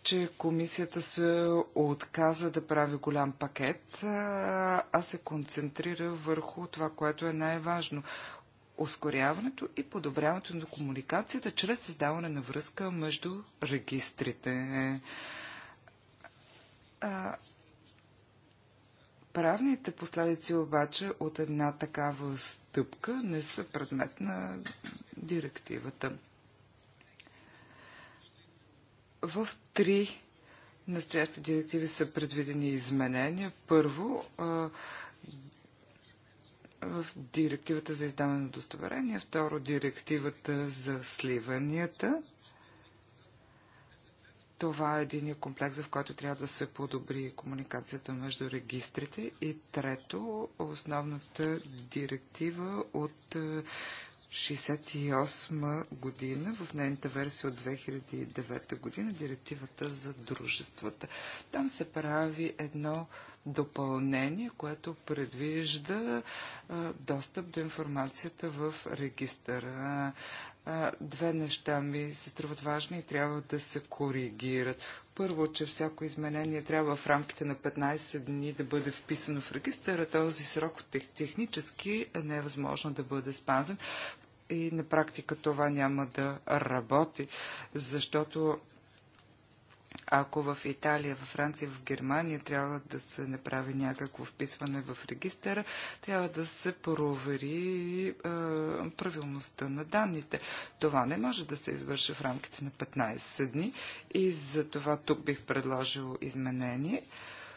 че комисията се отказа да прави голям пакет, а се концентрира върху това, което е най-важно ускоряването и подобряването на комуникацията чрез създаване на връзка между регистрите. Правните последици обаче от една такава стъпка не са предмет на директивата. В три настоящи директиви са предвидени изменения. Първо, в директивата за издаване на удостоверение, второ директивата за сливанията това е един комплекс, в който трябва да се подобри комуникацията между регистрите. И трето, основната директива от 68 е, година, в нейната версия от 2009 година, директивата за дружествата. Там се прави едно допълнение, което предвижда а, е, достъп до информацията в регистъра две неща ми се струват важни и трябва да се коригират. Първо, че всяко изменение трябва в рамките на 15 дни да бъде вписано в регистъра. Този срок технически е невъзможно да бъде спазен и на практика това няма да работи, защото ако в Италия, в Франция, в Германия трябва да се направи някакво вписване в регистъра, трябва да се провери е, правилността на данните. Това не може да се извърши в рамките на 15 дни и за това тук бих предложил изменение.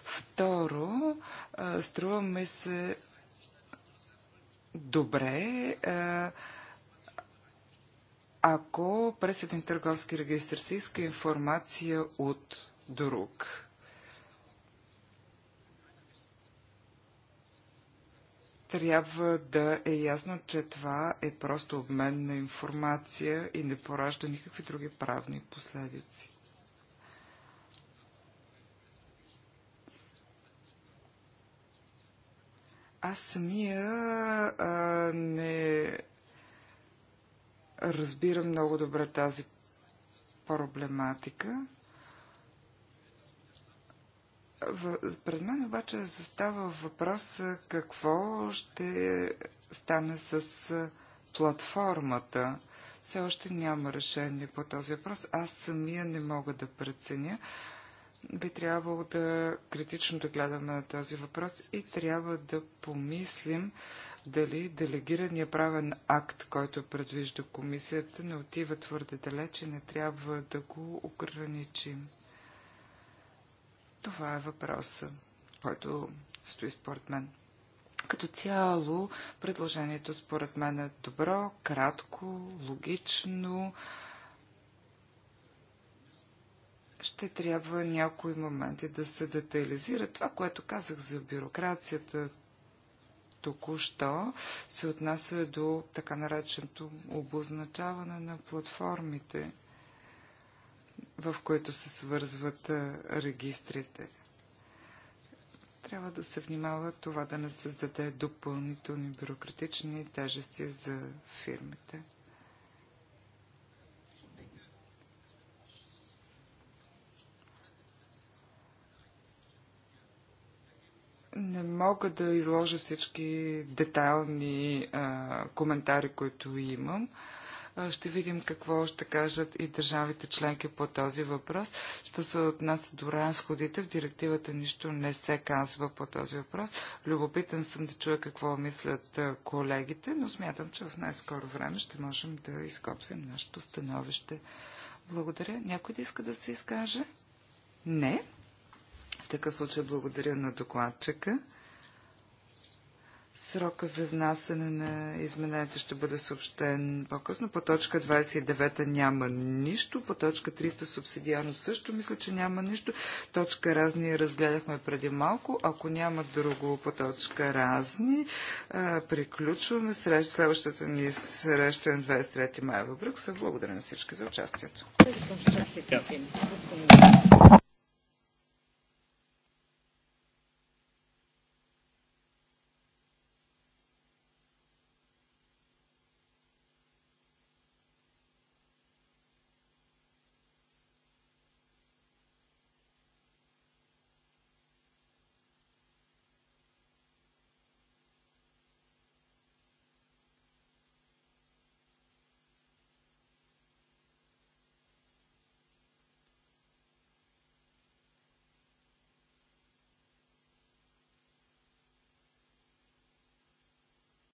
Второ, е, струваме се добре. Е, ако през един търговски регистр се иска информация от друг. Трябва да е ясно, че това е просто обмен на информация и не поражда никакви други правни последици. Аз самия а, не разбира много добре тази проблематика. Пред мен обаче застава въпрос какво ще стане с платформата. Все още няма решение по този въпрос. Аз самия не мога да преценя. Би трябвало да критично да гледаме на този въпрос и трябва да помислим дали делегирания правен акт, който предвижда комисията, не отива твърде далеч и не трябва да го ограничим. Това е въпроса, който стои според мен. Като цяло, предложението според мен е добро, кратко, логично. Ще трябва някои моменти да се детализира. Това, което казах за бюрокрацията, току-що се отнася до така нареченото обозначаване на платформите, в които се свързват регистрите. Трябва да се внимава това да не създаде допълнителни бюрократични тежести за фирмите. Не мога да изложа всички детайлни а, коментари, които имам. А, ще видим какво ще кажат и държавите членки по този въпрос. Що се отнася до разходите, в директивата нищо не се казва по този въпрос. Любопитен съм да чуя какво мислят колегите, но смятам, че в най-скоро време ще можем да изготвим нашето становище. Благодаря. Някой да иска да се изкаже? Не такъв случай благодаря на докладчика. Срока за внасене на измененията ще бъде съобщен по-късно. По точка 29 няма нищо. По точка 300 субсидиарно също мисля, че няма нищо. Точка разни разгледахме преди малко. Ако няма друго по точка разни, приключваме. Срещ, следващата ни среща е на 23 мая в Брюксел. Благодаря на всички за участието.